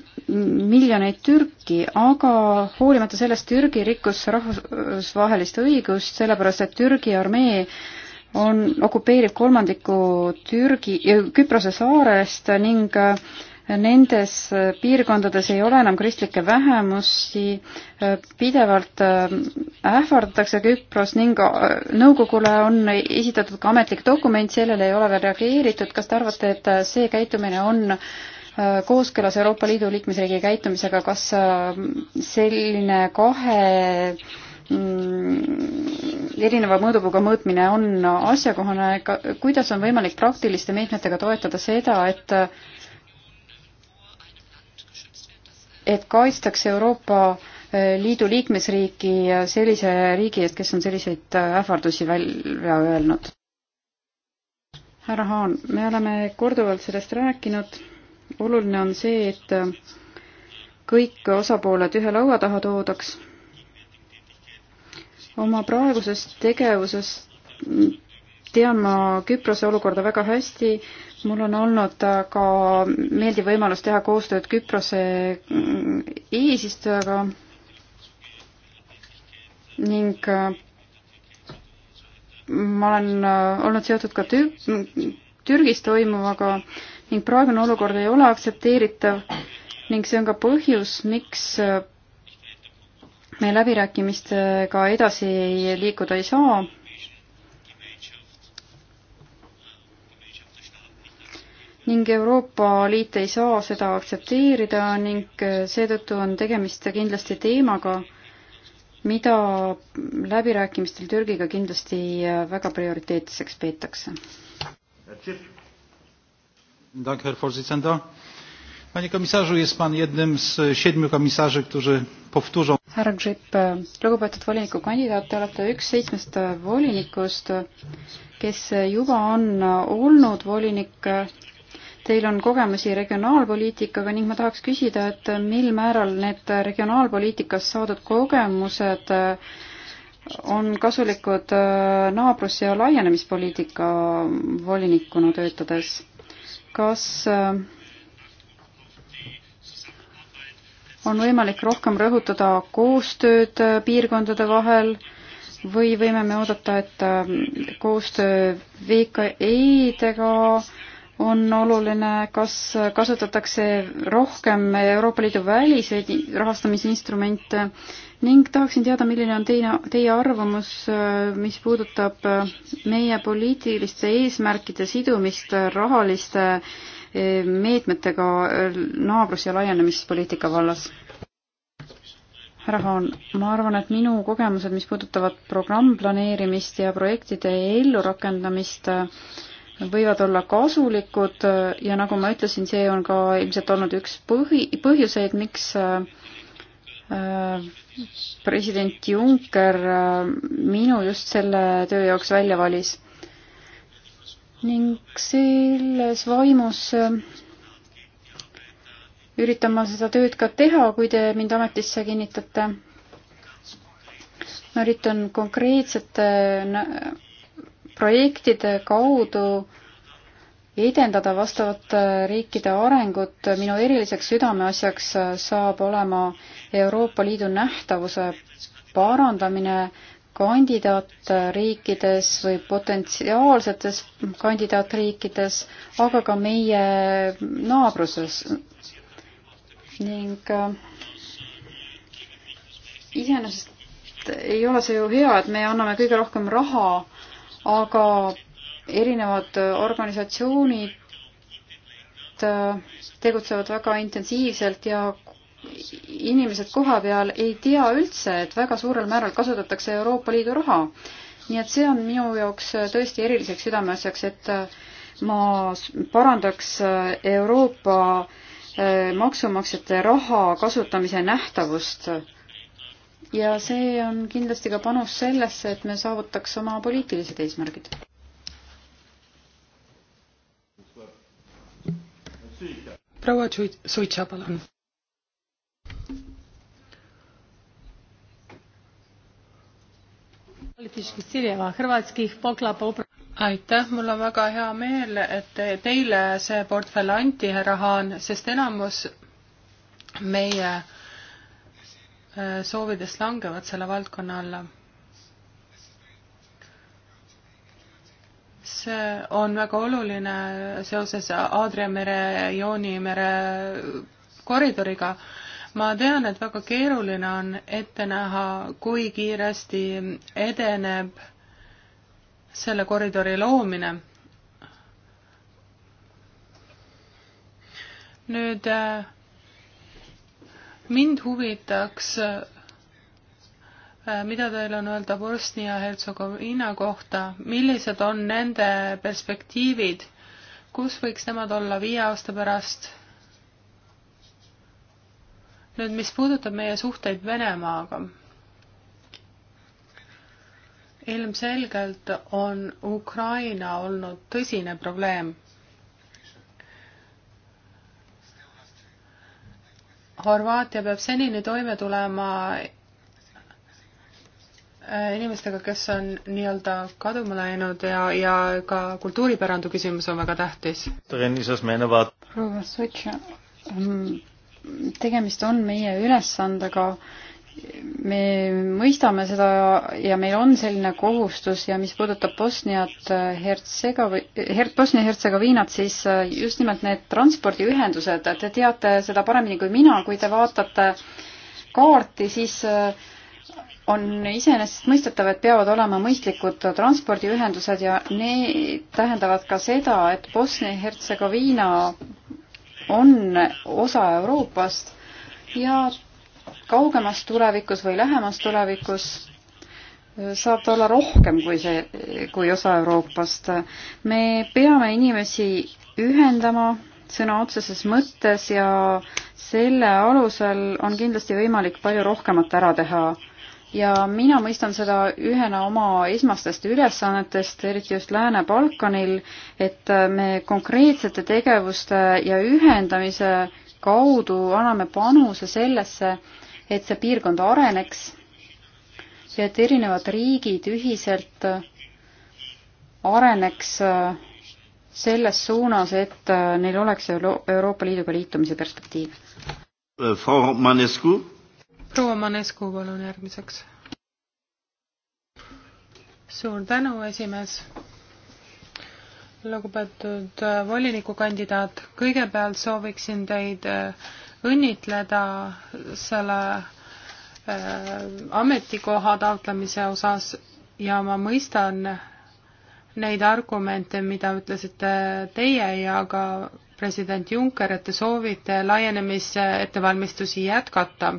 miljoneid Türki, aga hoolimata sellest Türgi rikkus rahvusvahelist õigust, sellepärast et Türgi armee on, okupeerib kolmandiku Türgi, Küprose saarest ning äh, nendes äh, piirkondades ei ole enam kristlikke vähemusi, pidevalt ähvardatakse Küpros ning nõukogule on esitatud ka ametlik dokument, sellele ei ole veel reageeritud, kas te arvate, et see käitumine on äh, kooskõlas Euroopa Liidu liikmesriigi käitumisega, kas äh, selline kahe mm, erineva mõõdupuuga mõõtmine on asjakohane, kuidas on võimalik praktiliste meetmetega toetada seda, et et kaitstakse Euroopa äh, Liidu liikmesriiki sellise riigi eest, kes on selliseid äh, ähvardusi välja öelnud? härra Haan, me oleme korduvalt sellest rääkinud oluline on see, et kõik osapooled ühe laua taha toodaks. oma praeguses tegevuses tean ma Küprose olukorda väga hästi. mul on olnud ka meeldiv võimalus teha koostööd Küprose eesistujaga ning ma olen olnud seotud ka Tür Türgis toimuvaga ning praegune olukord ei ole aktsepteeritav ning see on ka põhjus, miks äh, me läbirääkimistega edasi liikuda ei saa. ning Euroopa Liit ei saa seda aktsepteerida ning äh, seetõttu on tegemist kindlasti teemaga, mida läbirääkimistel Türgiga kindlasti äh, väga prioriteetseks peetakse. That's it herr präsident! panie komisarzu jest pan jednym z siedmiu komisarzy którzy powtórzą härra grzyb lugupeetud volinikukandidaat te olete üks seitsmest volinikust kes juba on olnud volinik teil on kogemusi regionaalpoliitikaga ning ma tahaks küsida et mil määral need regionaalpoliitikas saadud kogemused on kasulikud naabrus ja laienemispoliitika volinikuna töötades kas äh, on võimalik rohkem rõhutada koostööd äh, piirkondade vahel või võime me oodata, et äh, koostöö VKI-dega on oluline, kas kasutatakse rohkem Euroopa Liidu väliseid rahastamisinstrumente ning tahaksin teada, milline on teine, teie arvamus, mis puudutab meie poliitiliste eesmärkide sidumist rahaliste eh, meetmetega naabrus- ja laienemispoliitika vallas? härra Haan, ma arvan, et minu kogemused, mis puudutavad programm planeerimist ja projektide ellurakendamist, võivad olla kasulikud äh, ja nagu ma ütlesin, see on ka ilmselt olnud üks põhi, põhjuseid, miks äh, äh, president Juncker minu just selle töö jaoks välja valis. ning selles vaimus üritan ma seda tööd ka teha, kui te mind ametisse kinnitate. ma üritan konkreetsete projektide kaudu edendada vastavate äh, riikide arengut. minu eriliseks südameasjaks äh, saab olema Euroopa Liidu nähtavuse parandamine kandidaatriikides või potentsiaalsetes kandidaatriikides, aga ka meie naabruses. ning äh, iseenesest ei ole see ju hea, et me anname kõige rohkem raha aga erinevad organisatsioonid äh, tegutsevad väga intensiivselt ja inimesed koha peal ei tea üldse, et väga suurel määral kasutatakse Euroopa Liidu raha. nii et see on minu jaoks äh, tõesti eriliseks südameasjaks, et äh, ma parandaks Euroopa maksumaksjate raha kasutamise nähtavust ja see on kindlasti ka panus sellesse, et me saavutaks oma poliitilised eesmärgid. proua Suitsa, palun. političkih ciljeva hrvatskih poklapa upravo aitäh, mul on väga hea meel, et teile see portfell anti, härra Haan, sest enamus meie äh, Äh, soovidest langevad selle valdkonna alla. see on väga oluline seoses Aadria mere, Jooni mere koridoriga. ma tean, et väga keeruline on ette näha, kui kiiresti edeneb selle koridori loomine. nüüd äh, mind huvitaks, äh, mida teil on öelda Bosnia-Hertsegoviina kohta, millised on nende perspektiivid, kus võiks nemad olla viie aasta pärast? nüüd, mis puudutab meie suhteid Venemaaga ilmselgelt on Ukraina olnud tõsine probleem. Horvaatia peab senini toime tulema äh, inimestega, kes on nii-öelda kaduma läinud ja, ja ka kultuuripärandu küsimus on väga tähtis. proua Sotša, mm, tegemist on meie ülesandega äh, me mõistame seda ja meil on selline kohustus ja mis puudutab Bosniat, Hertsegovi-, Her-, Bosnia-Hertsegoviinat, siis äh, just nimelt need transpordiühendused, te teate seda paremini kui mina, kui te vaatate kaarti, siis äh, on iseenesestmõistetav, et peavad olema mõistlikud transpordiühendused ja need tähendavad ka seda, et Bosnia-Hertsegoviina on osa Euroopast ja kaugemas tulevikus või lähemas tulevikus saab ta olla rohkem kui see, kui osa Euroopast. me peame inimesi ühendama sõna otseses mõttes ja selle alusel on kindlasti võimalik palju rohkemat ära teha. ja mina mõistan seda ühena oma esmastest ülesannetest, eriti just Lääne-Balkanil, et me konkreetsete tegevuste ja ühendamise kaudu anname panuse sellesse, et see piirkond areneks ja et erinevad riigid ühiselt areneks äh, selles suunas, et äh, neil oleks Euro Euroopa Liiduga liitumise perspektiiv. proua äh, Manescu. proua Manescu, palun järgmiseks. suur tänu, esimees. lugupeetud volinikukandidaat, kõigepealt sooviksin teid õnnitleda selle äh, ametikoha taotlemise osas ja ma mõistan neid argumente, mida ütlesite teie ja ka president Juncker, et te soovite laienemise ettevalmistusi jätkata.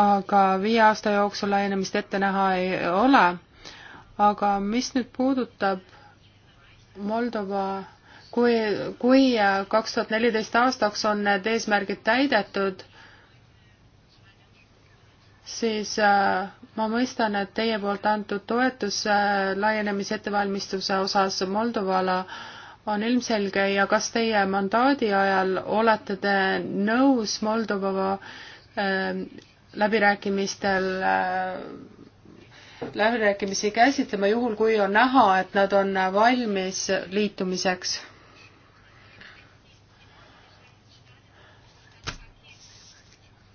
aga viie aasta jooksul laienemist ette näha ei ole. aga mis nüüd puudutab Moldova kui, kui äh, kaks tuhat neliteist aastaks on need eesmärgid täidetud, siis äh, ma mõistan, et teie poolt antud toetus äh, laienemisettevalmistuse osas Moldovale on ilmselge ja kas teie mandaadi ajal olete te nõus Moldova läbirääkimistel läbirääkimisi käsitlema, juhul kui on näha, et nad on valmis liitumiseks?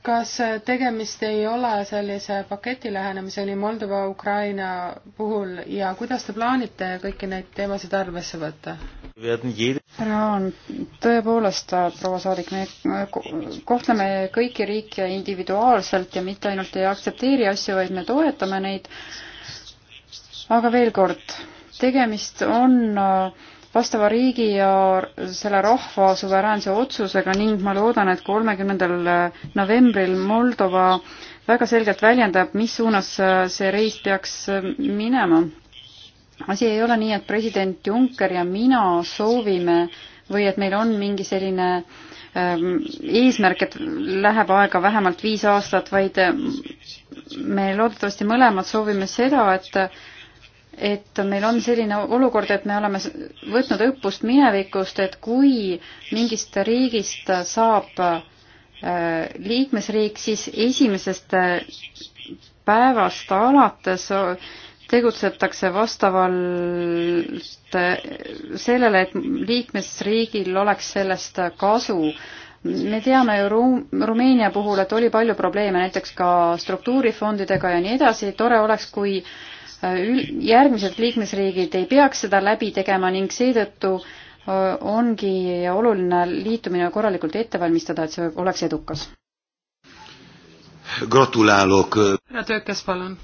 kas tegemist ei ole sellise paketi lähenemiseni Moldova, Ukraina puhul ja kuidas te plaanite kõiki neid teemasid arvesse võtta? härra Aan, tõepoolest, proua saadik, me kohtleme kõiki riike individuaalselt ja mitte ainult ei aktsepteeri asju, vaid me toetame neid. aga veel kord, tegemist on äh, vastava riigi ja selle rahva suveräänse otsusega ning ma loodan, et kolmekümnendal äh, novembril Moldova väga selgelt väljendab, mis suunas äh, see reis peaks äh, minema. asi ei ole nii, et president Juncker ja mina soovime või et meil on mingi selline ähm, eesmärk, et läheb aega vähemalt viis aastat, vaid me loodetavasti mõlemad soovime seda, et et meil on selline olukord, et me oleme võtnud õppust minevikust, et kui mingist riigist saab äh, liikmesriik, siis esimesest äh, päevast alates äh, tegutsetakse vastavalt sellele, et liikmesriigil oleks sellest kasu me teame ju Ruum-, Rumeenia puhul, et oli palju probleeme näiteks ka struktuurifondidega ja nii edasi, tore oleks, kui järgmised liikmesriigid ei peaks seda läbi tegema ning seetõttu ongi oluline liitumine korralikult ette valmistada, et see oleks edukas. gratulálok! härra Töökes, palun!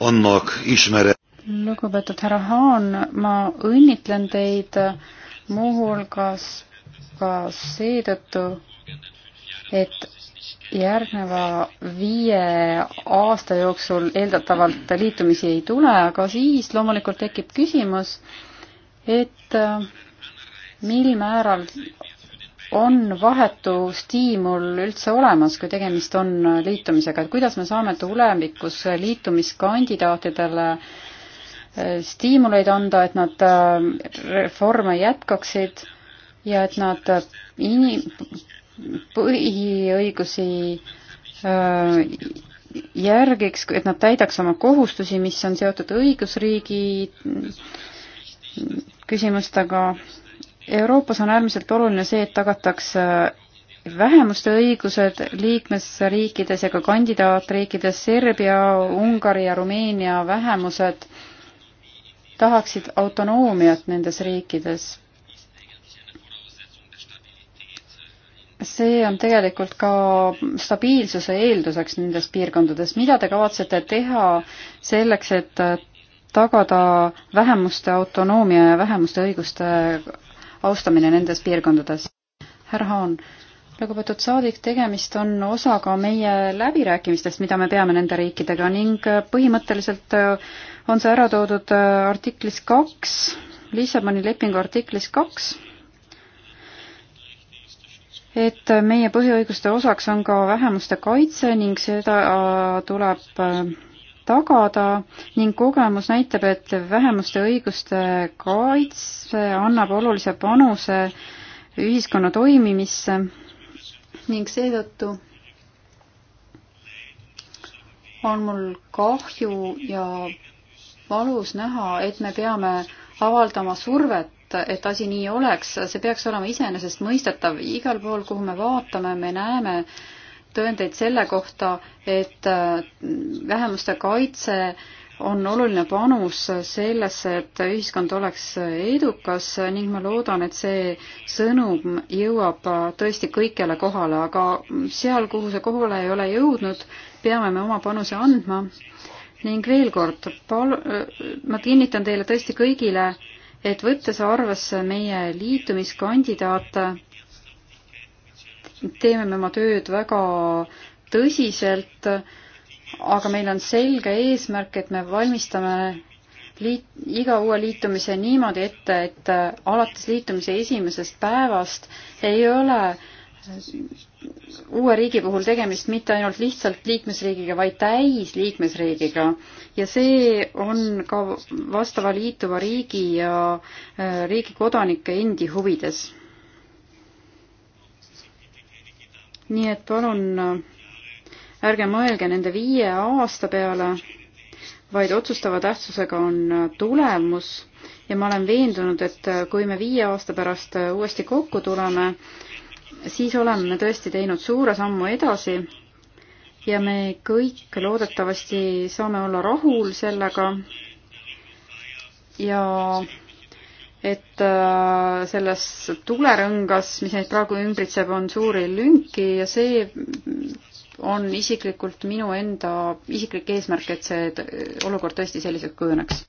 annak ismere-. lugupeetud härra Haan, ma õnnitlen teid muuhulgas ka seetõttu, et järgneva viie aasta jooksul eeldatavalt liitumisi ei tule, aga siis loomulikult tekib küsimus, et äh, mil määral on vahetu stiimul üldse olemas, kui tegemist on liitumisega, et kuidas me saame tulevikus liitumiskandidaatidele äh, stiimuleid anda, et nad äh, reforme jätkaksid ja et nad inim-, põhiõigusi järgiks, et nad täidaks oma kohustusi, mis on seotud õigusriigi küsimustega. Euroopas on äärmiselt oluline see, et tagataks vähemuste õigused liikmesriikides ja ka kandidaatriikides Serbia, Ungari ja Rumeenia vähemused tahaksid autonoomiat nendes riikides see on tegelikult ka stabiilsuse eelduseks nendes piirkondades. mida te kavatsete teha selleks, et tagada vähemuste autonoomia ja vähemuste õiguste austamine nendes piirkondades? härra Haan, lugupeetud saadik, tegemist on osaga meie läbirääkimistest, mida me peame nende riikidega ning põhimõtteliselt on see ära toodud artiklis kaks, Lissaboni lepingu artiklis kaks et meie põhiõiguste osaks on ka vähemuste kaitse ning seda äh, tuleb äh, tagada ning kogemus näitab, et vähemuste õiguste kaitse annab olulise panuse ühiskonna toimimisse ning seetõttu on mul kahju ja valus näha, et me peame avaldama survet et, et asi nii oleks, see peaks olema iseenesestmõistetav, igal pool, kuhu me vaatame, me näeme tõendeid selle kohta, et äh, vähemuste kaitse on oluline panus sellesse, et ühiskond oleks edukas ning ma loodan, et see sõnum jõuab äh, tõesti kõikjale kohale, aga seal, kuhu see kohale ei ole jõudnud, peame me oma panuse andma ning veel kord, pal-, äh, ma kinnitan teile tõesti kõigile, et võttes arvesse meie liitumiskandidaate, teeme me oma tööd väga tõsiselt, aga meil on selge eesmärk, et me valmistame liit, iga uue liitumise niimoodi ette, et alates liitumise esimesest päevast ei ole uue riigi puhul tegemist mitte ainult lihtsalt liikmesriigiga, vaid täisliikmesriigiga ja see on ka vastava liituva riigi ja äh, riigi kodanike endi huvides. nii et palun äh, ärge mõelge nende viie aasta peale, vaid otsustava tähtsusega on äh, tulemus ja ma olen veendunud, et kui me viie aasta pärast uuesti kokku tuleme, siis oleme me tõesti teinud suure sammu edasi ja me kõik loodetavasti saame olla rahul sellega ja et äh, selles tulerõngas, mis neid praegu ümbritseb, on suuri lünki ja see on isiklikult minu enda isiklik eesmärk, et see äh, olukord tõesti selliseks kujuneks.